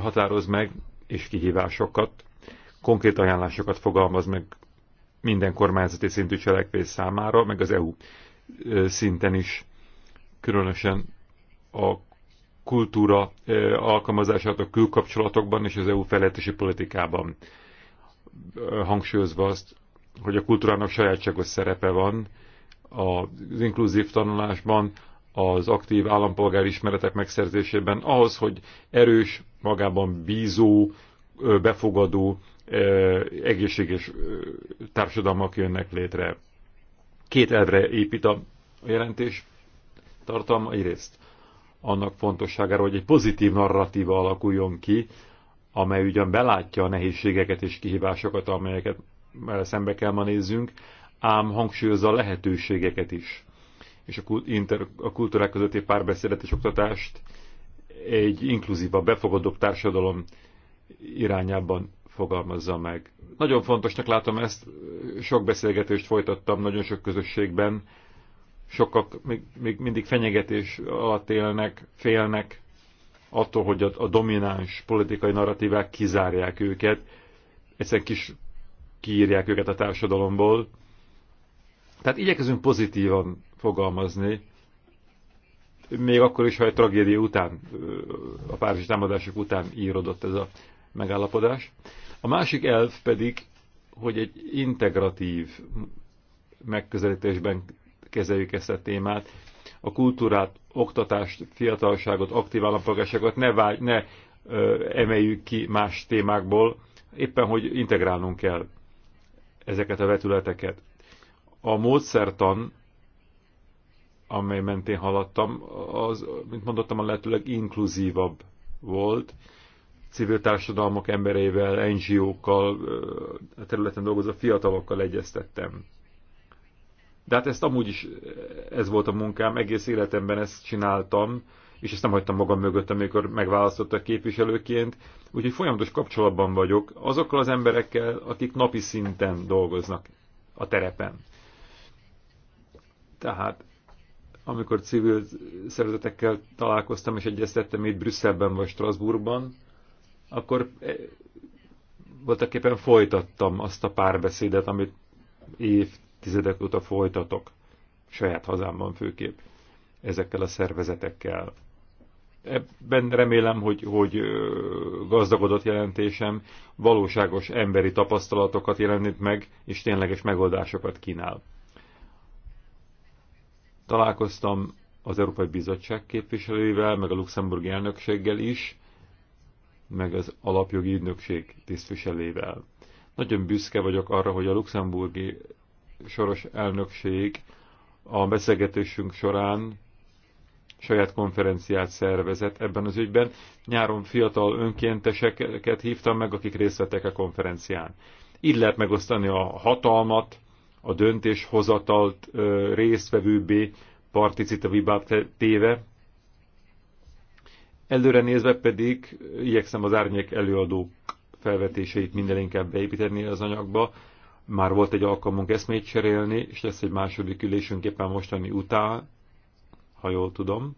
határoz meg, és kihívásokat, konkrét ajánlásokat fogalmaz meg minden kormányzati szintű cselekvés számára, meg az EU szinten is, különösen a kultúra alkalmazását a külkapcsolatokban és az EU felettesi politikában hangsúlyozva azt, hogy a kultúrának sajátságos szerepe van az inkluzív tanulásban, az aktív állampolgári ismeretek megszerzésében ahhoz, hogy erős, magában bízó, befogadó, egészséges társadalmak jönnek létre. Két elvre épít a jelentés tartalma egyrészt annak fontosságára, hogy egy pozitív narratíva alakuljon ki, amely ugyan belátja a nehézségeket és kihívásokat, amelyeket szembe kell ma nézzünk, ám hangsúlyozza a lehetőségeket is és a, inter, a kultúrák közötti párbeszédet és oktatást egy inkluzívabb, befogadóbb társadalom irányában fogalmazza meg. Nagyon fontosnak látom ezt, sok beszélgetést folytattam nagyon sok közösségben, sokak még, még mindig fenyegetés alatt élnek, félnek attól, hogy a, a domináns politikai narratívák kizárják őket, egyszerűen kis kiírják őket a társadalomból. Tehát igyekezünk pozitívan fogalmazni, még akkor is, ha egy tragédia után, a párizsi támadások után írodott ez a megállapodás. A másik elv pedig, hogy egy integratív megközelítésben kezeljük ezt a témát, a kultúrát, oktatást, fiatalságot, aktív állampolgárságot ne, vágy, ne ö, emeljük ki más témákból, éppen hogy integrálnunk kell ezeket a vetületeket. A módszertan amely mentén haladtam, az, mint mondottam, a lehetőleg inkluzívabb volt. Civil társadalmak embereivel, NGO-kkal, a területen dolgozó fiatalokkal egyeztettem. De hát ezt amúgy is, ez volt a munkám, egész életemben ezt csináltam, és ezt nem hagytam magam mögött, amikor megválasztottak képviselőként, úgyhogy folyamatos kapcsolatban vagyok azokkal az emberekkel, akik napi szinten dolgoznak a terepen. Tehát amikor civil szervezetekkel találkoztam és egyeztettem itt Brüsszelben vagy Strasbourgban, akkor eh, voltak éppen folytattam azt a párbeszédet, amit évtizedek óta folytatok, saját hazámban főképp, ezekkel a szervezetekkel. Ebben remélem, hogy, hogy gazdagodott jelentésem valóságos emberi tapasztalatokat jelenít meg, és tényleges megoldásokat kínál. Találkoztam az Európai Bizottság képviselőivel, meg a luxemburgi elnökséggel is, meg az alapjogi ügynökség tisztviselével. Nagyon büszke vagyok arra, hogy a luxemburgi soros elnökség a beszélgetésünk során saját konferenciát szervezett ebben az ügyben. Nyáron fiatal önkénteseket hívtam meg, akik részt vettek a konferencián. Így lehet megosztani a hatalmat, a döntéshozatalt résztvevőbbé, participatívvá téve. Előre nézve pedig igyekszem az árnyék előadók felvetéseit minden inkább beépíteni az anyagba. Már volt egy alkalmunk eszmét cserélni, és lesz egy második ülésünk éppen mostani után, ha jól tudom.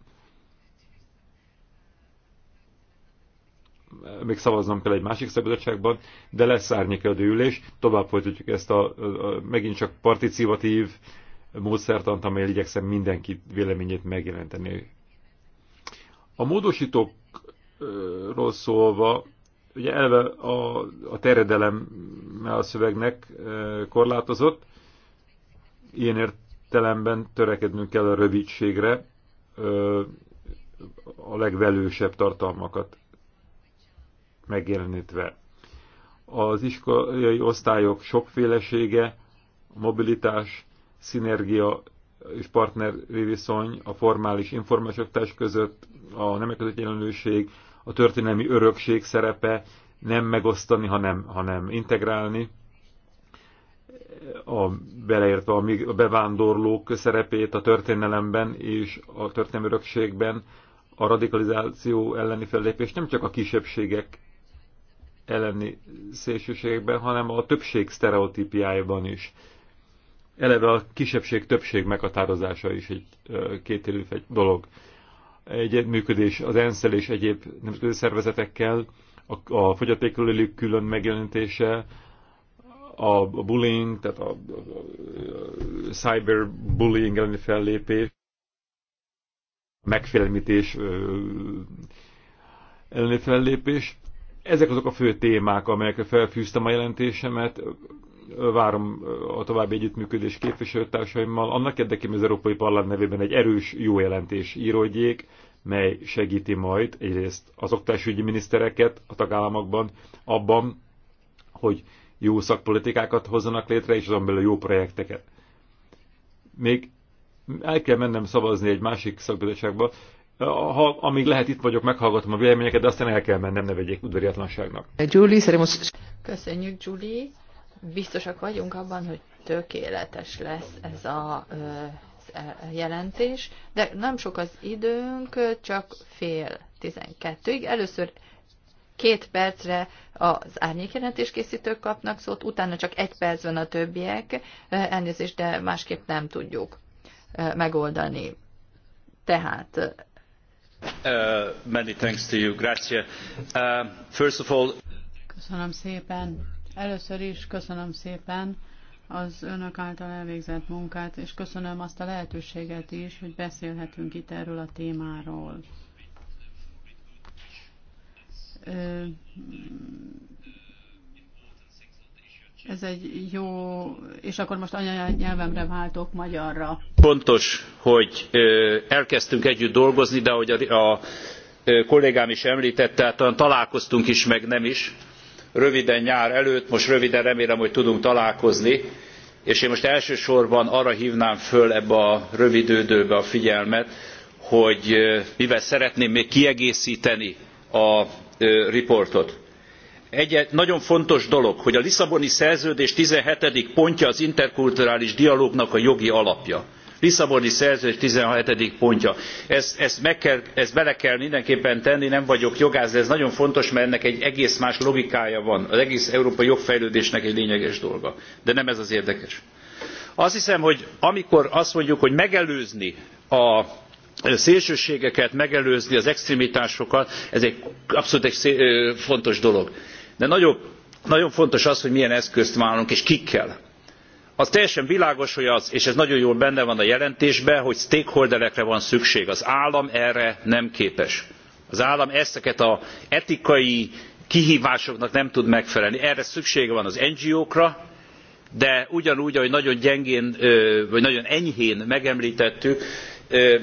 még szavaznom kell egy másik szabadságban, de lesz árnyékelő ülés, tovább folytatjuk ezt a, a, a megint csak participatív módszertant, amelyel igyekszem mindenki véleményét megjelenteni. A módosítókról szólva, ugye elve a, a terjedelem a szövegnek korlátozott, ilyen értelemben törekednünk kell a rövidségre, a legvelősebb tartalmakat megjelenítve. Az iskolai osztályok sokfélesége, mobilitás, szinergia és partneri viszony, a formális informális oktatás között, a nemek között jelenlőség, a történelmi örökség szerepe, nem megosztani, hanem, hanem integrálni, a, beleértve a, bevándorlók szerepét a történelemben és a történelmi örökségben, a radikalizáció elleni fellépés nem csak a kisebbségek elleni szélsőségekben, hanem a többség sztereotípiájában is. Eleve a kisebbség-többség meghatározása is egy kétélű dolog. Egy működés az ensz és egyéb nemzetközi szervezetekkel, a, a külön megjelenítése, a bullying, tehát a, a, a cyberbullying elleni fellépés, megfélemítés elleni fellépés, ezek azok a fő témák, amelyekre felfűztem a jelentésemet. Várom a további együttműködés képviselőtársaimmal. Annak érdekében az Európai Parlament nevében egy erős, jó jelentés íródjék, mely segíti majd egyrészt az oktatásügyi minisztereket a tagállamokban abban, hogy jó szakpolitikákat hozzanak létre, és azon belül jó projekteket. Még el kell mennem szavazni egy másik szakbizottságba, ha, amíg lehet itt vagyok, meghallgatom a véleményeket, de aztán el kell mennem, ne vegyék udvariatlanságnak. Julie, most Köszönjük, Julie. Biztosak vagyunk abban, hogy tökéletes lesz ez a jelentés, de nem sok az időnk, csak fél tizenkettőig. Először két percre az árnyékjelentés készítők kapnak szót, utána csak egy van a többiek, elnézést, de másképp nem tudjuk megoldani. Tehát Uh, uh, köszönöm szépen. Először is köszönöm szépen az önök által elvégzett munkát, és köszönöm azt a lehetőséget is, hogy beszélhetünk itt erről a témáról. Ez egy jó, és akkor most anyanyelvemre váltok magyarra. Fontos, hogy elkezdtünk együtt dolgozni, de ahogy a kollégám is említette, hát találkoztunk is, meg nem is. Röviden nyár előtt, most röviden remélem, hogy tudunk találkozni. És én most elsősorban arra hívnám föl ebbe a rövid időbe a figyelmet, hogy mivel szeretném még kiegészíteni a riportot egy nagyon fontos dolog hogy a lisszaboni szerződés seventeen pontja az interkulturális dialógnak a jogi alapja lisszaboni szerződés seventeen pontja ezt, kell, bele kell mindenképpen tenni nem vagyok jogász de ez nagyon fontos mert ennek egy egész más logikája van az egész európai jogfejlődésnek egy lényeges dolga de nem ez az érdekes. azt hiszem hogy amikor azt mondjuk hogy megelőzni a szélsőségeket megelőzni az extremitásokat ez egy abszolút fontos dolog de nagyobb, nagyon fontos az hogy milyen eszközt vállalunk és kikkel. az teljesen világos hogy az és ez nagyon jól benne van a jelentésben hogy stakeholderekre van szükség az állam erre nem képes. az állam ezeket az etikai kihvásoknak nem tud megfelelni erre szüksége van az ngo kra de ugyanúgy ahogy nagyon gyengén vagy nagyon enyhén megemltettük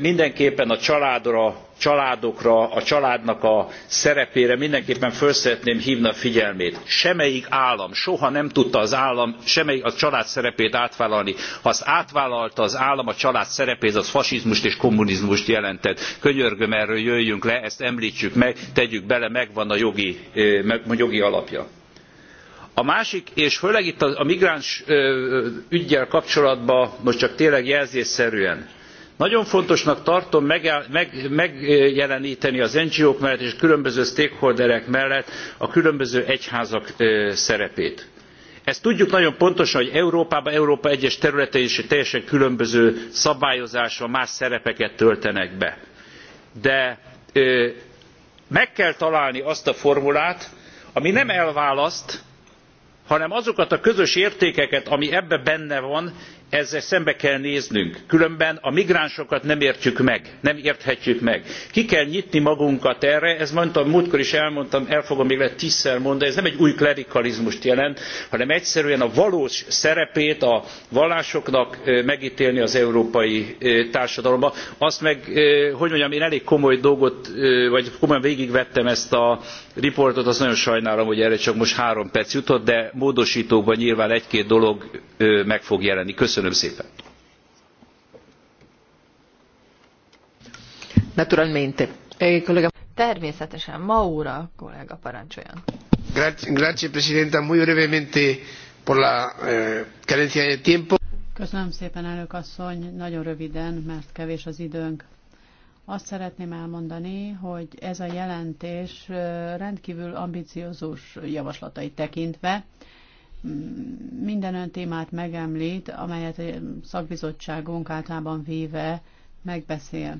mindenképpen a családra családokra a családnak a szerepére mindenképpen föl szeretném hvni a figyelmét semmelyik állam soha nem tudta az állam semmelyik a család szerepét átvállalni ha azt átvállalta az állam a család szerepét az fasizmust és kommunizmust jelentett könyörgöm erről jöjjünk le ezt emltsük meg tegyük bele megvan a jogi, jogi alapja. A másik, és főleg itt a, migráns ügyjel kapcsolatban, most csak tényleg jelzésszerűen, nagyon fontosnak tartom megjelenteni az ngo k mellett és a különböző stakeholderek mellett a különböző egyházak szerepét. ezt tudjuk nagyon pontosan hogy európában európa egyes területein is teljesen különböző van más szerepeket töltenek be de meg kell találni azt a formulát ami nem elválaszt hanem azokat a közös értékeket ami ebben benne van ezzel szembe kell néznünk különben a migránsokat nem értjük meg nem érthetjük meg. ki kell nyitni magunkat erre ezt mondtam múltkor is elmondtam el fogom még lehet tzszer mondani ez nem egy új klerikalizmust jelent hanem egyszerűen a valós szerepét a vallásoknak megtélni az európai társadalomban. azt meg hogy mondjam én elég komoly dolgot vagy komolyan végigvettem ezt a riportot azt nagyon sajnálom hogy erre csak most három perc jutott de módostókban nyilván egy két dolog meg fog jelenni. Köszönöm szépen. Naturalmente. Eh, Természetesen, óra, kollega parancsoljon. Grazie, grazie Presidenta, muy brevemente por la eh, carencia de tiempo. Köszönöm szépen, elnök asszony, nagyon röviden, mert kevés az időnk. Azt szeretném elmondani, hogy ez a jelentés eh, rendkívül ambiciózus javaslatait tekintve, minden olyan témát megemlít, amelyet a szakbizottságunk általában véve megbeszél.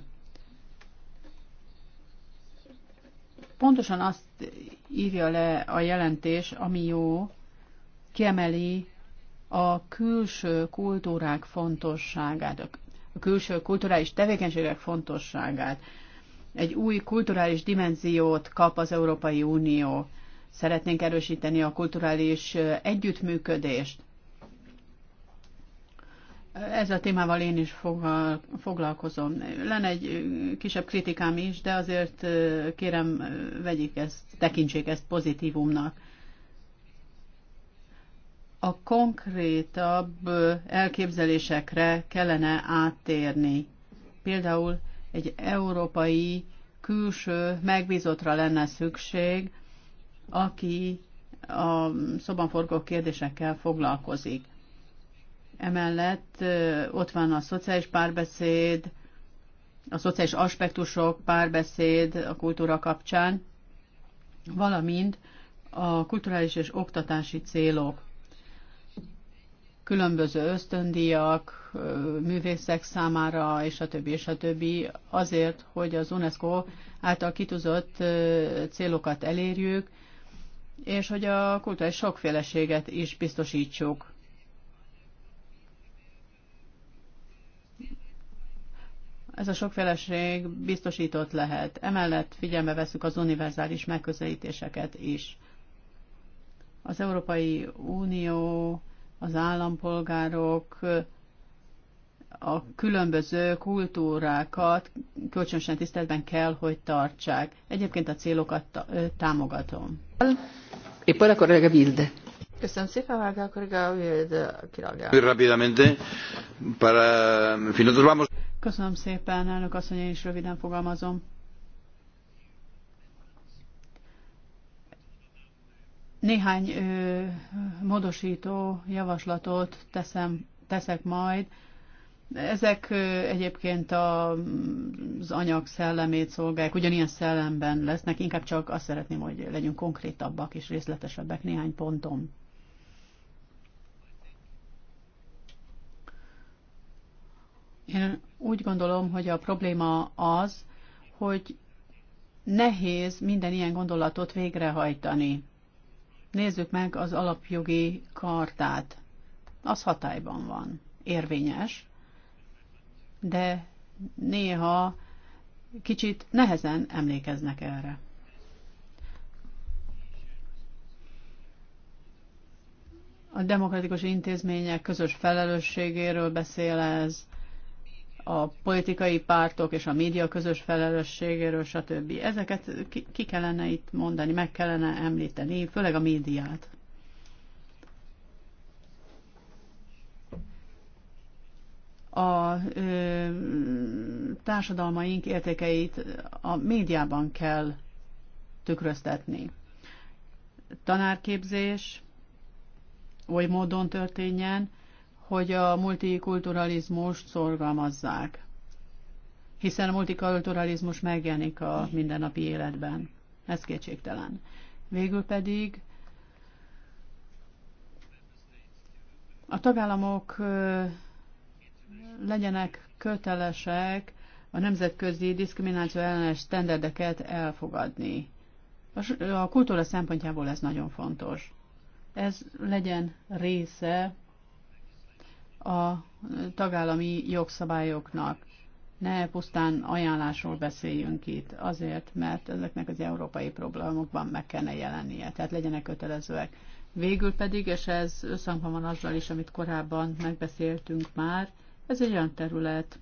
Pontosan azt írja le a jelentés, ami jó, kiemeli a külső kultúrák fontosságát, a külső kulturális tevékenységek fontosságát. Egy új kulturális dimenziót kap az Európai Unió Szeretnénk erősíteni a kulturális együttműködést. Ez a témával én is foglalkozom. Lenne egy kisebb kritikám is, de azért kérem, vegyék ezt, tekintsék ezt pozitívumnak. A konkrétabb elképzelésekre kellene áttérni. Például egy európai külső megbízottra lenne szükség, aki a szobanforgó kérdésekkel foglalkozik. Emellett ott van a szociális párbeszéd, a szociális aspektusok párbeszéd a kultúra kapcsán, valamint a kulturális és oktatási célok. Különböző ösztöndíjak, művészek számára, és a többi, és a többi, azért, hogy az UNESCO által kitúzott célokat elérjük, és hogy a kulturális sokféleséget is biztosítsuk. Ez a sokféleség biztosított lehet. Emellett figyelme veszük az univerzális megközelítéseket is. Az Európai Unió, az állampolgárok, a különböző kultúrákat kölcsönösen tiszteletben kell, hogy tartsák. Egyébként a célokat támogatom. Éppen e a kollega Bilde. Köszönöm szépen, Vágá a Wilde, Rapidamente, para... vamos... Köszönöm szépen, elnök asszony, én is röviden fogalmazom. Néhány ö, módosító javaslatot teszem, teszek majd, ezek egyébként az anyag szellemét szolgálják, ugyanilyen szellemben lesznek, inkább csak azt szeretném, hogy legyünk konkrétabbak és részletesebbek néhány ponton. Én úgy gondolom, hogy a probléma az, hogy nehéz minden ilyen gondolatot végrehajtani. Nézzük meg az alapjogi kartát. Az hatályban van, érvényes, de néha kicsit nehezen emlékeznek erre. A demokratikus intézmények közös felelősségéről beszél ez, a politikai pártok és a média közös felelősségéről, stb. Ezeket ki kellene itt mondani, meg kellene említeni, főleg a médiát. a ö, társadalmaink értékeit a médiában kell tükröztetni. Tanárképzés oly módon történjen, hogy a multikulturalizmust szorgalmazzák, hiszen a multikulturalizmus megjelenik a mindennapi életben. Ez kétségtelen. Végül pedig a tagállamok legyenek kötelesek a nemzetközi diszkrimináció ellenes standardeket elfogadni. A kultúra szempontjából ez nagyon fontos. Ez legyen része a tagállami jogszabályoknak. Ne pusztán ajánlásról beszéljünk itt, azért, mert ezeknek az európai problémokban meg kellene jelennie, tehát legyenek kötelezőek. Végül pedig, és ez összhangban van azzal is, amit korábban megbeszéltünk már, ez egy olyan terület,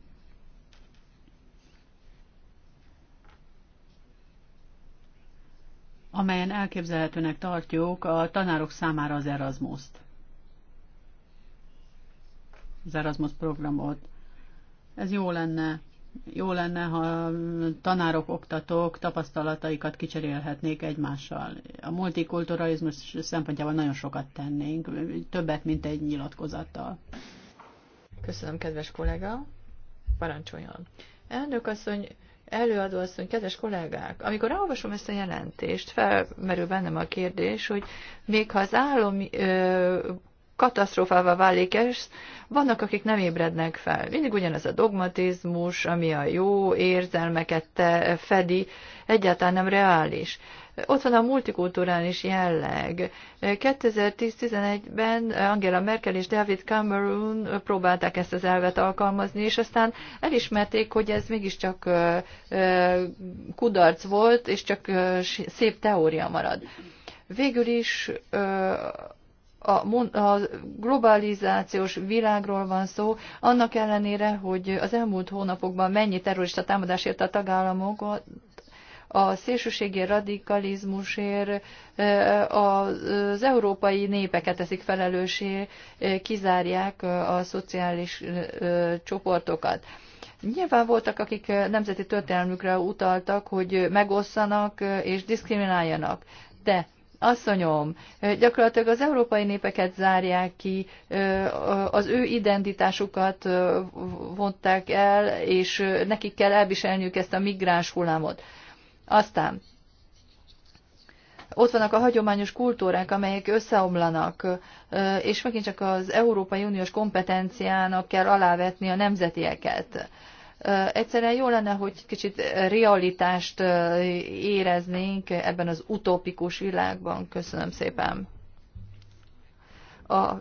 amelyen elképzelhetőnek tartjuk a tanárok számára az Erasmus-t. Az Erasmus programot. Ez jó lenne. Jó lenne, ha tanárok, oktatók tapasztalataikat kicserélhetnék egymással. A multikulturalizmus szempontjából nagyon sokat tennénk, többet, mint egy nyilatkozattal. Köszönöm, kedves kollega. Parancsoljon. Elnök asszony, előadó asszony, kedves kollégák, amikor olvasom ezt a jelentést, felmerül bennem a kérdés, hogy még ha az állami ö, katasztrófává válik ez, vannak, akik nem ébrednek fel. Mindig ugyanez a dogmatizmus, ami a jó érzelmeket te fedi, egyáltalán nem reális. Ott van a multikulturális jelleg. 2010-11-ben Angela Merkel és David Cameron próbálták ezt az elvet alkalmazni, és aztán elismerték, hogy ez mégiscsak kudarc volt, és csak szép teória marad. Végül is a, a globalizációs világról van szó, annak ellenére, hogy az elmúlt hónapokban mennyi terrorista támadás érte a tagállamokat, a szélsőségi radikalizmusért az európai népeket teszik felelősé, kizárják a szociális csoportokat. Nyilván voltak, akik nemzeti történelmükre utaltak, hogy megosszanak és diszkrimináljanak, de Asszonyom, gyakorlatilag az európai népeket zárják ki, az ő identitásukat vonták el, és nekik kell elviselniük ezt a migráns hullámot. Aztán ott vannak a hagyományos kultúrák, amelyek összeomlanak, és megint csak az Európai Uniós kompetenciának kell alávetni a nemzetieket. Egyszerűen jó lenne, hogy kicsit realitást éreznénk ebben az utópikus világban. Köszönöm szépen. A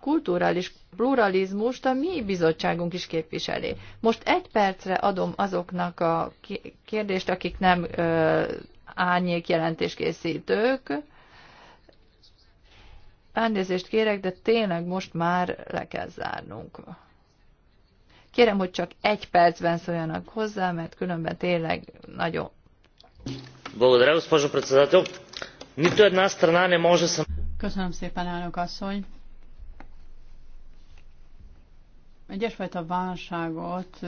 kulturális pluralizmust a mi bizottságunk is képviseli. Most egy percre adom azoknak a kérdést, akik nem árnyék jelentéskészítők. Elnézést kérek, de tényleg most már le kell zárnunk. Kérem, hogy csak egy percben szóljanak hozzá, mert különben tényleg nagyon. Köszönöm szépen, elnök asszony. Egy válságot,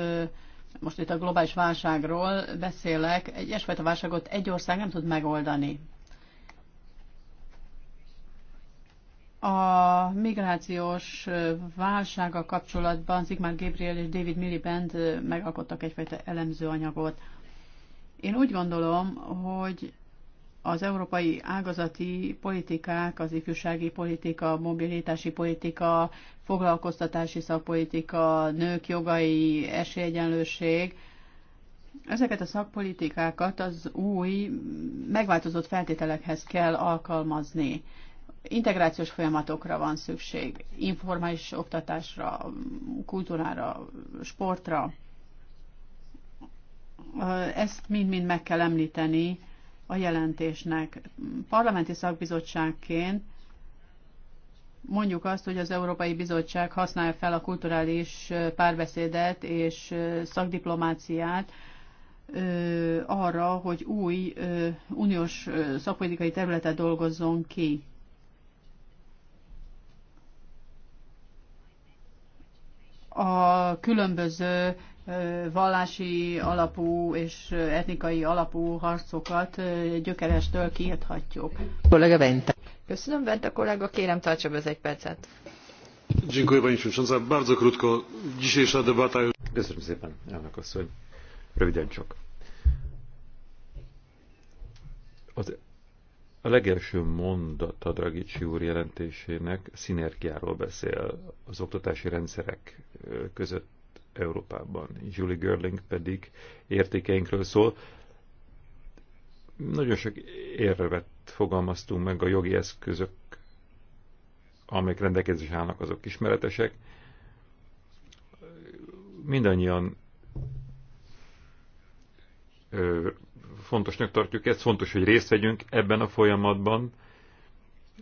most itt a globális válságról beszélek, egy egyfajta válságot egy ország nem tud megoldani. A migrációs válsága kapcsolatban Zigmár Gabriel és David Miliband megalkottak egyfajta elemző anyagot. Én úgy gondolom, hogy az európai ágazati politikák, az ifjúsági politika, mobilitási politika, foglalkoztatási szakpolitika, nők jogai, esélyegyenlőség, ezeket a szakpolitikákat az új, megváltozott feltételekhez kell alkalmazni integrációs folyamatokra van szükség, informális oktatásra, kultúrára, sportra. Ezt mind-mind meg kell említeni a jelentésnek. Parlamenti szakbizottságként mondjuk azt, hogy az Európai Bizottság használja fel a kulturális párbeszédet és szakdiplomáciát arra, hogy új uniós szakpolitikai területet dolgozzon ki a különböző vallási alapú és etnikai alapú harcokat gyökerestől kiadhatjuk. Kollega Bente. Köszönöm, Bente kollega, kérem tartsa be az egy percet. Dziękuję Pani Przewodnicząca. Bardzo krótko. Dzisiejsza debata... Köszönöm szépen, elnök asszony. Röviden csak. Az a legelső mondat a Dragicsi úr jelentésének szinergiáról beszél az oktatási rendszerek között Európában. Julie Görling pedig értékeinkről szól. Nagyon sok érvet fogalmaztunk meg a jogi eszközök, amelyek rendelkezés állnak, azok ismeretesek. Mindannyian fontosnak tartjuk ezt, fontos, hogy részt vegyünk ebben a folyamatban,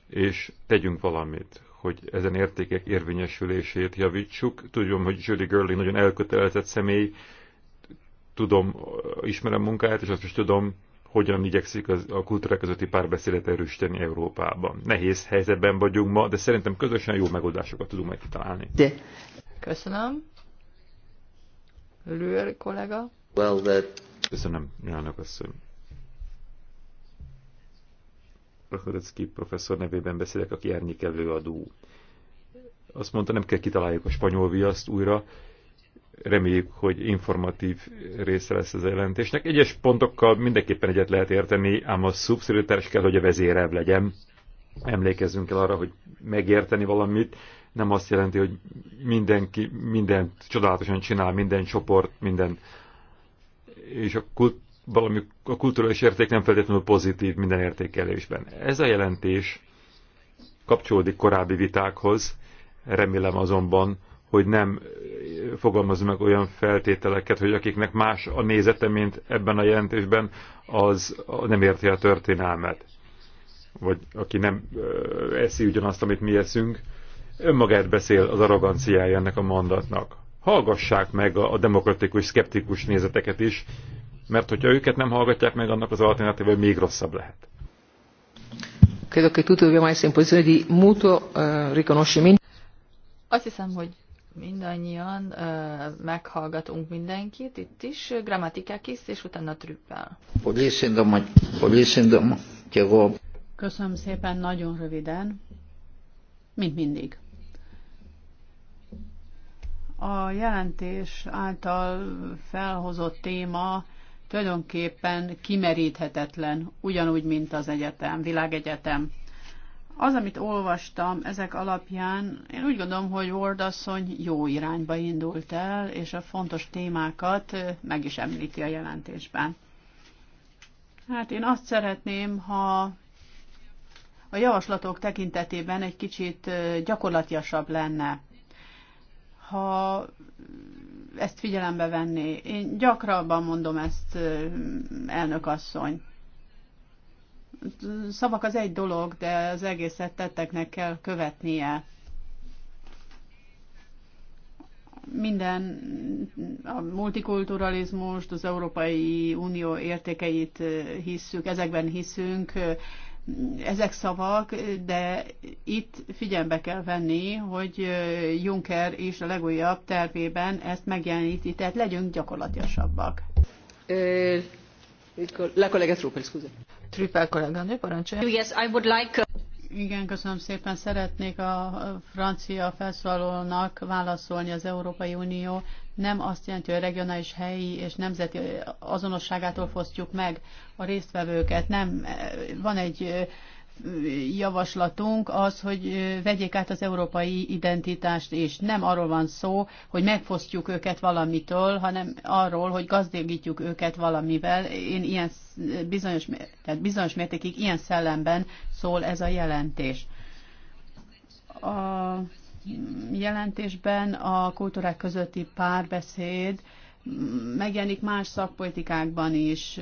és tegyünk valamit, hogy ezen értékek érvényesülését javítsuk. Tudom, hogy Judy Görling nagyon elkötelezett személy, tudom, ismerem munkáját, és azt is tudom, hogyan igyekszik az, a kultúra közötti párbeszédet erősíteni Európában. Nehéz helyzetben vagyunk ma, de szerintem közösen jó megoldásokat tudunk megtalálni. kitalálni. De. Köszönöm. Lőr kollega. Well, that... Köszönöm, Jánok asszony. Rakodecki professzor nevében beszélek, aki árnyék előadó. Azt mondta, nem kell kitaláljuk a spanyol viaszt újra, reméljük, hogy informatív része lesz az jelentésnek. Egyes pontokkal mindenképpen egyet lehet érteni, ám a szubszidiaritás kell, hogy a vezérebb legyen. Emlékezzünk el arra, hogy megérteni valamit nem azt jelenti, hogy mindenki mindent csodálatosan csinál, minden csoport, minden és a, kult, valami, a kulturális érték nem feltétlenül pozitív minden értékelésben. Ez a jelentés kapcsolódik korábbi vitákhoz, remélem azonban, hogy nem fogalmaz meg olyan feltételeket, hogy akiknek más a nézete, mint ebben a jelentésben, az nem érti a történelmet. Vagy aki nem eszi ugyanazt, amit mi eszünk, önmagát beszél az arroganciája ennek a mondatnak hallgassák meg a demokratikus, szkeptikus nézeteket is, mert hogyha őket nem hallgatják meg, annak az alternatíva még rosszabb lehet. Credo che tutti dobbiamo essere in posizione di mutuo uh, eh, riconoscimento. Azt hiszem, hogy mindannyian uh, meghallgatunk mindenkit, itt is, grammatikákis, és utána trüppel. Köszönöm szépen, nagyon röviden, mint mindig. A jelentés által felhozott téma tulajdonképpen kimeríthetetlen, ugyanúgy, mint az egyetem, világegyetem. Az, amit olvastam ezek alapján, én úgy gondolom, hogy Ward asszony jó irányba indult el, és a fontos témákat meg is említi a jelentésben. Hát én azt szeretném, ha a javaslatok tekintetében egy kicsit gyakorlatiasabb lenne ha ezt figyelembe venné. Én gyakrabban mondom ezt, elnök asszony. Szavak az egy dolog, de az egészet tetteknek kell követnie. Minden a multikulturalizmust, az Európai Unió értékeit hisszük, ezekben hiszünk, ezek szavak, de itt figyelembe kell venni, hogy Juncker és a legújabb tervében ezt megjeleníti, tehát legyünk gyakorlatilasabbak. Uh, Igen, köszönöm szépen. Szeretnék a francia felszólalónak válaszolni az Európai Unió nem azt jelenti, hogy a regionális, helyi és nemzeti azonosságától fosztjuk meg a résztvevőket. Nem, van egy javaslatunk az, hogy vegyék át az európai identitást, és nem arról van szó, hogy megfosztjuk őket valamitől, hanem arról, hogy gazdagítjuk őket valamivel. Én ilyen bizonyos, tehát bizonyos mértékig ilyen szellemben szól ez a jelentés. A jelentésben a kultúrák közötti párbeszéd megjelenik más szakpolitikákban is,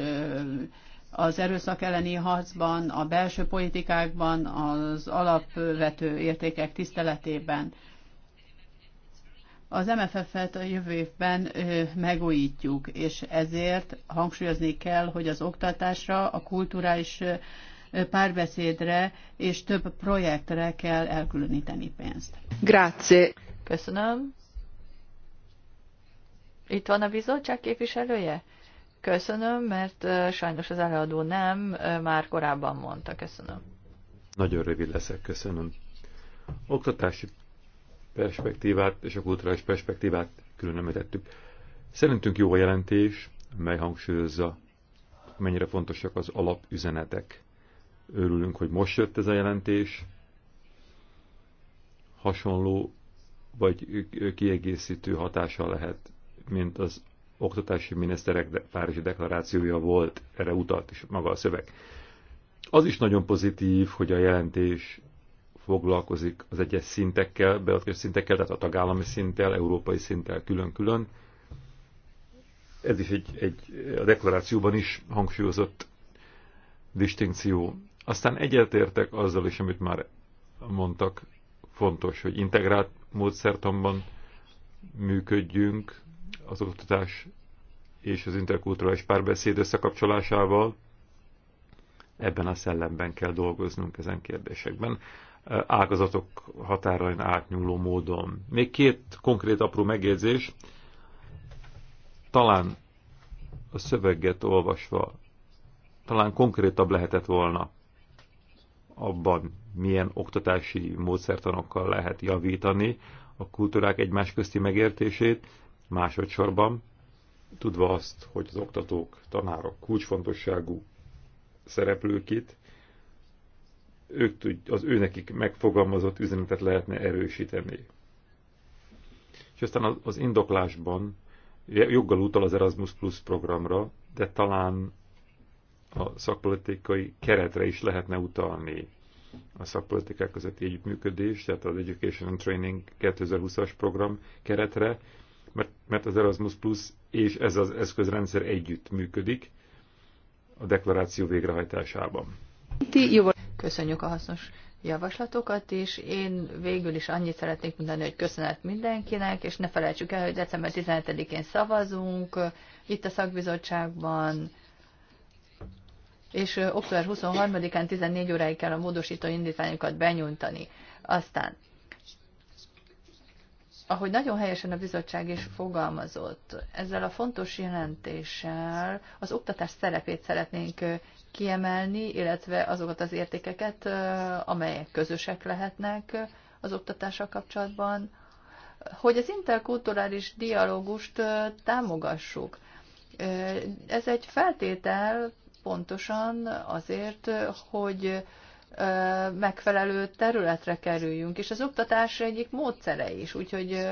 az erőszak elleni harcban, a belső politikákban, az alapvető értékek tiszteletében. Az MFF-et a jövő évben megújítjuk, és ezért hangsúlyozni kell, hogy az oktatásra, a kulturális párbeszédre és több projektre kell elkülöníteni pénzt. Grazie. Köszönöm. Itt van a bizottság képviselője? Köszönöm, mert sajnos az előadó nem, már korábban mondta. Köszönöm. Nagyon rövid leszek, köszönöm. Oktatási perspektívát és a kulturális perspektívát külön említettük. Szerintünk jó a jelentés, mely hangsúlyozza, mennyire fontosak az alapüzenetek Örülünk, hogy most jött ez a jelentés. Hasonló vagy kiegészítő hatása lehet, mint az oktatási miniszterek de Párizsi deklarációja volt, erre utalt is maga a szöveg. Az is nagyon pozitív, hogy a jelentés foglalkozik az egyes szintekkel, beadatkozó szintekkel, tehát a tagállami szinttel, európai szinttel külön-külön. Ez is egy, egy a deklarációban is hangsúlyozott distinkció. Aztán egyetértek azzal is, amit már mondtak, fontos, hogy integrált módszertanban működjünk az oktatás és az interkulturális párbeszéd összekapcsolásával. Ebben a szellemben kell dolgoznunk ezen kérdésekben, ágazatok határain átnyúló módon. Még két konkrét apró megjegyzés. Talán a szöveget olvasva talán konkrétabb lehetett volna abban, milyen oktatási módszertanokkal lehet javítani a kultúrák egymás közti megértését, másodszorban tudva azt, hogy az oktatók, tanárok kulcsfontosságú szereplők itt, ők tud, az nekik megfogalmazott üzenetet lehetne erősíteni. És aztán az indoklásban joggal utal az Erasmus Plus programra, de talán a szakpolitikai keretre is lehetne utalni a szakpolitikák közötti együttműködés, tehát az Education and Training 2020-as program keretre, mert, mert az Erasmus Plus és ez az eszközrendszer együtt működik a deklaráció végrehajtásában. Köszönjük a hasznos javaslatokat, és én végül is annyit szeretnék mondani, hogy köszönet mindenkinek, és ne felejtsük el, hogy december 17-én szavazunk itt a szakbizottságban, és október 23-án 14 óráig kell a módosító indítványokat benyújtani. Aztán, ahogy nagyon helyesen a bizottság is fogalmazott, ezzel a fontos jelentéssel az oktatás szerepét szeretnénk kiemelni, illetve azokat az értékeket, amelyek közösek lehetnek az oktatással kapcsolatban, hogy az interkulturális dialógust támogassuk. Ez egy feltétel pontosan azért, hogy megfelelő területre kerüljünk, és az oktatás egyik módszere is, úgyhogy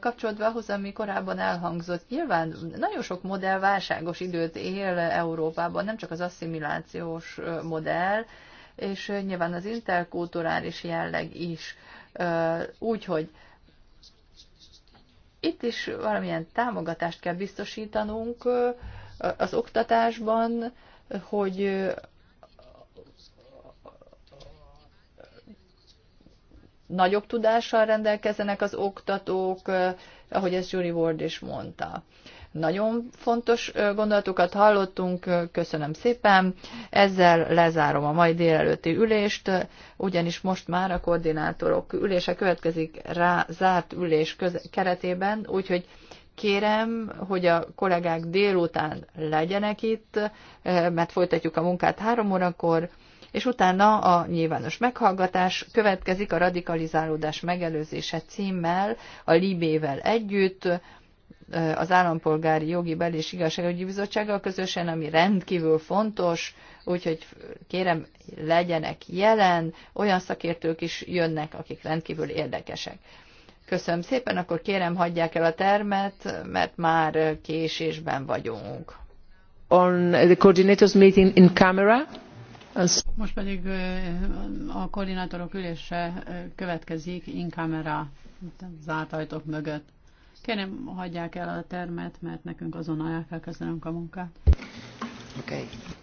kapcsolódva ahhoz, ami korábban elhangzott, nyilván nagyon sok modell válságos időt él Európában, nem csak az asszimilációs modell, és nyilván az interkulturális jelleg is. Úgyhogy itt is valamilyen támogatást kell biztosítanunk az oktatásban, hogy nagyobb tudással rendelkezenek az oktatók, ahogy ezt Julie Ward is mondta. Nagyon fontos gondolatokat hallottunk, köszönöm szépen. Ezzel lezárom a mai délelőtti ülést, ugyanis most már a koordinátorok ülése következik rá zárt ülés keretében, úgyhogy kérem, hogy a kollégák délután legyenek itt, eh, mert folytatjuk a munkát három órakor, és utána a nyilvános meghallgatás következik a radikalizálódás megelőzése címmel, a Libével együtt, eh, az Állampolgári Jogi Bel és Igazságügyi Bizottsággal közösen, ami rendkívül fontos, úgyhogy kérem, legyenek jelen, olyan szakértők is jönnek, akik rendkívül érdekesek. Köszönöm szépen, akkor kérem hagyják el a termet, mert már késésben vagyunk. On the coordinators meeting in camera. Most pedig a koordinátorok ülése következik in camera, zárt ajtók mögött. Kérem, hagyják el a termet, mert nekünk azonnal el kell kezdenünk a munkát. Okay.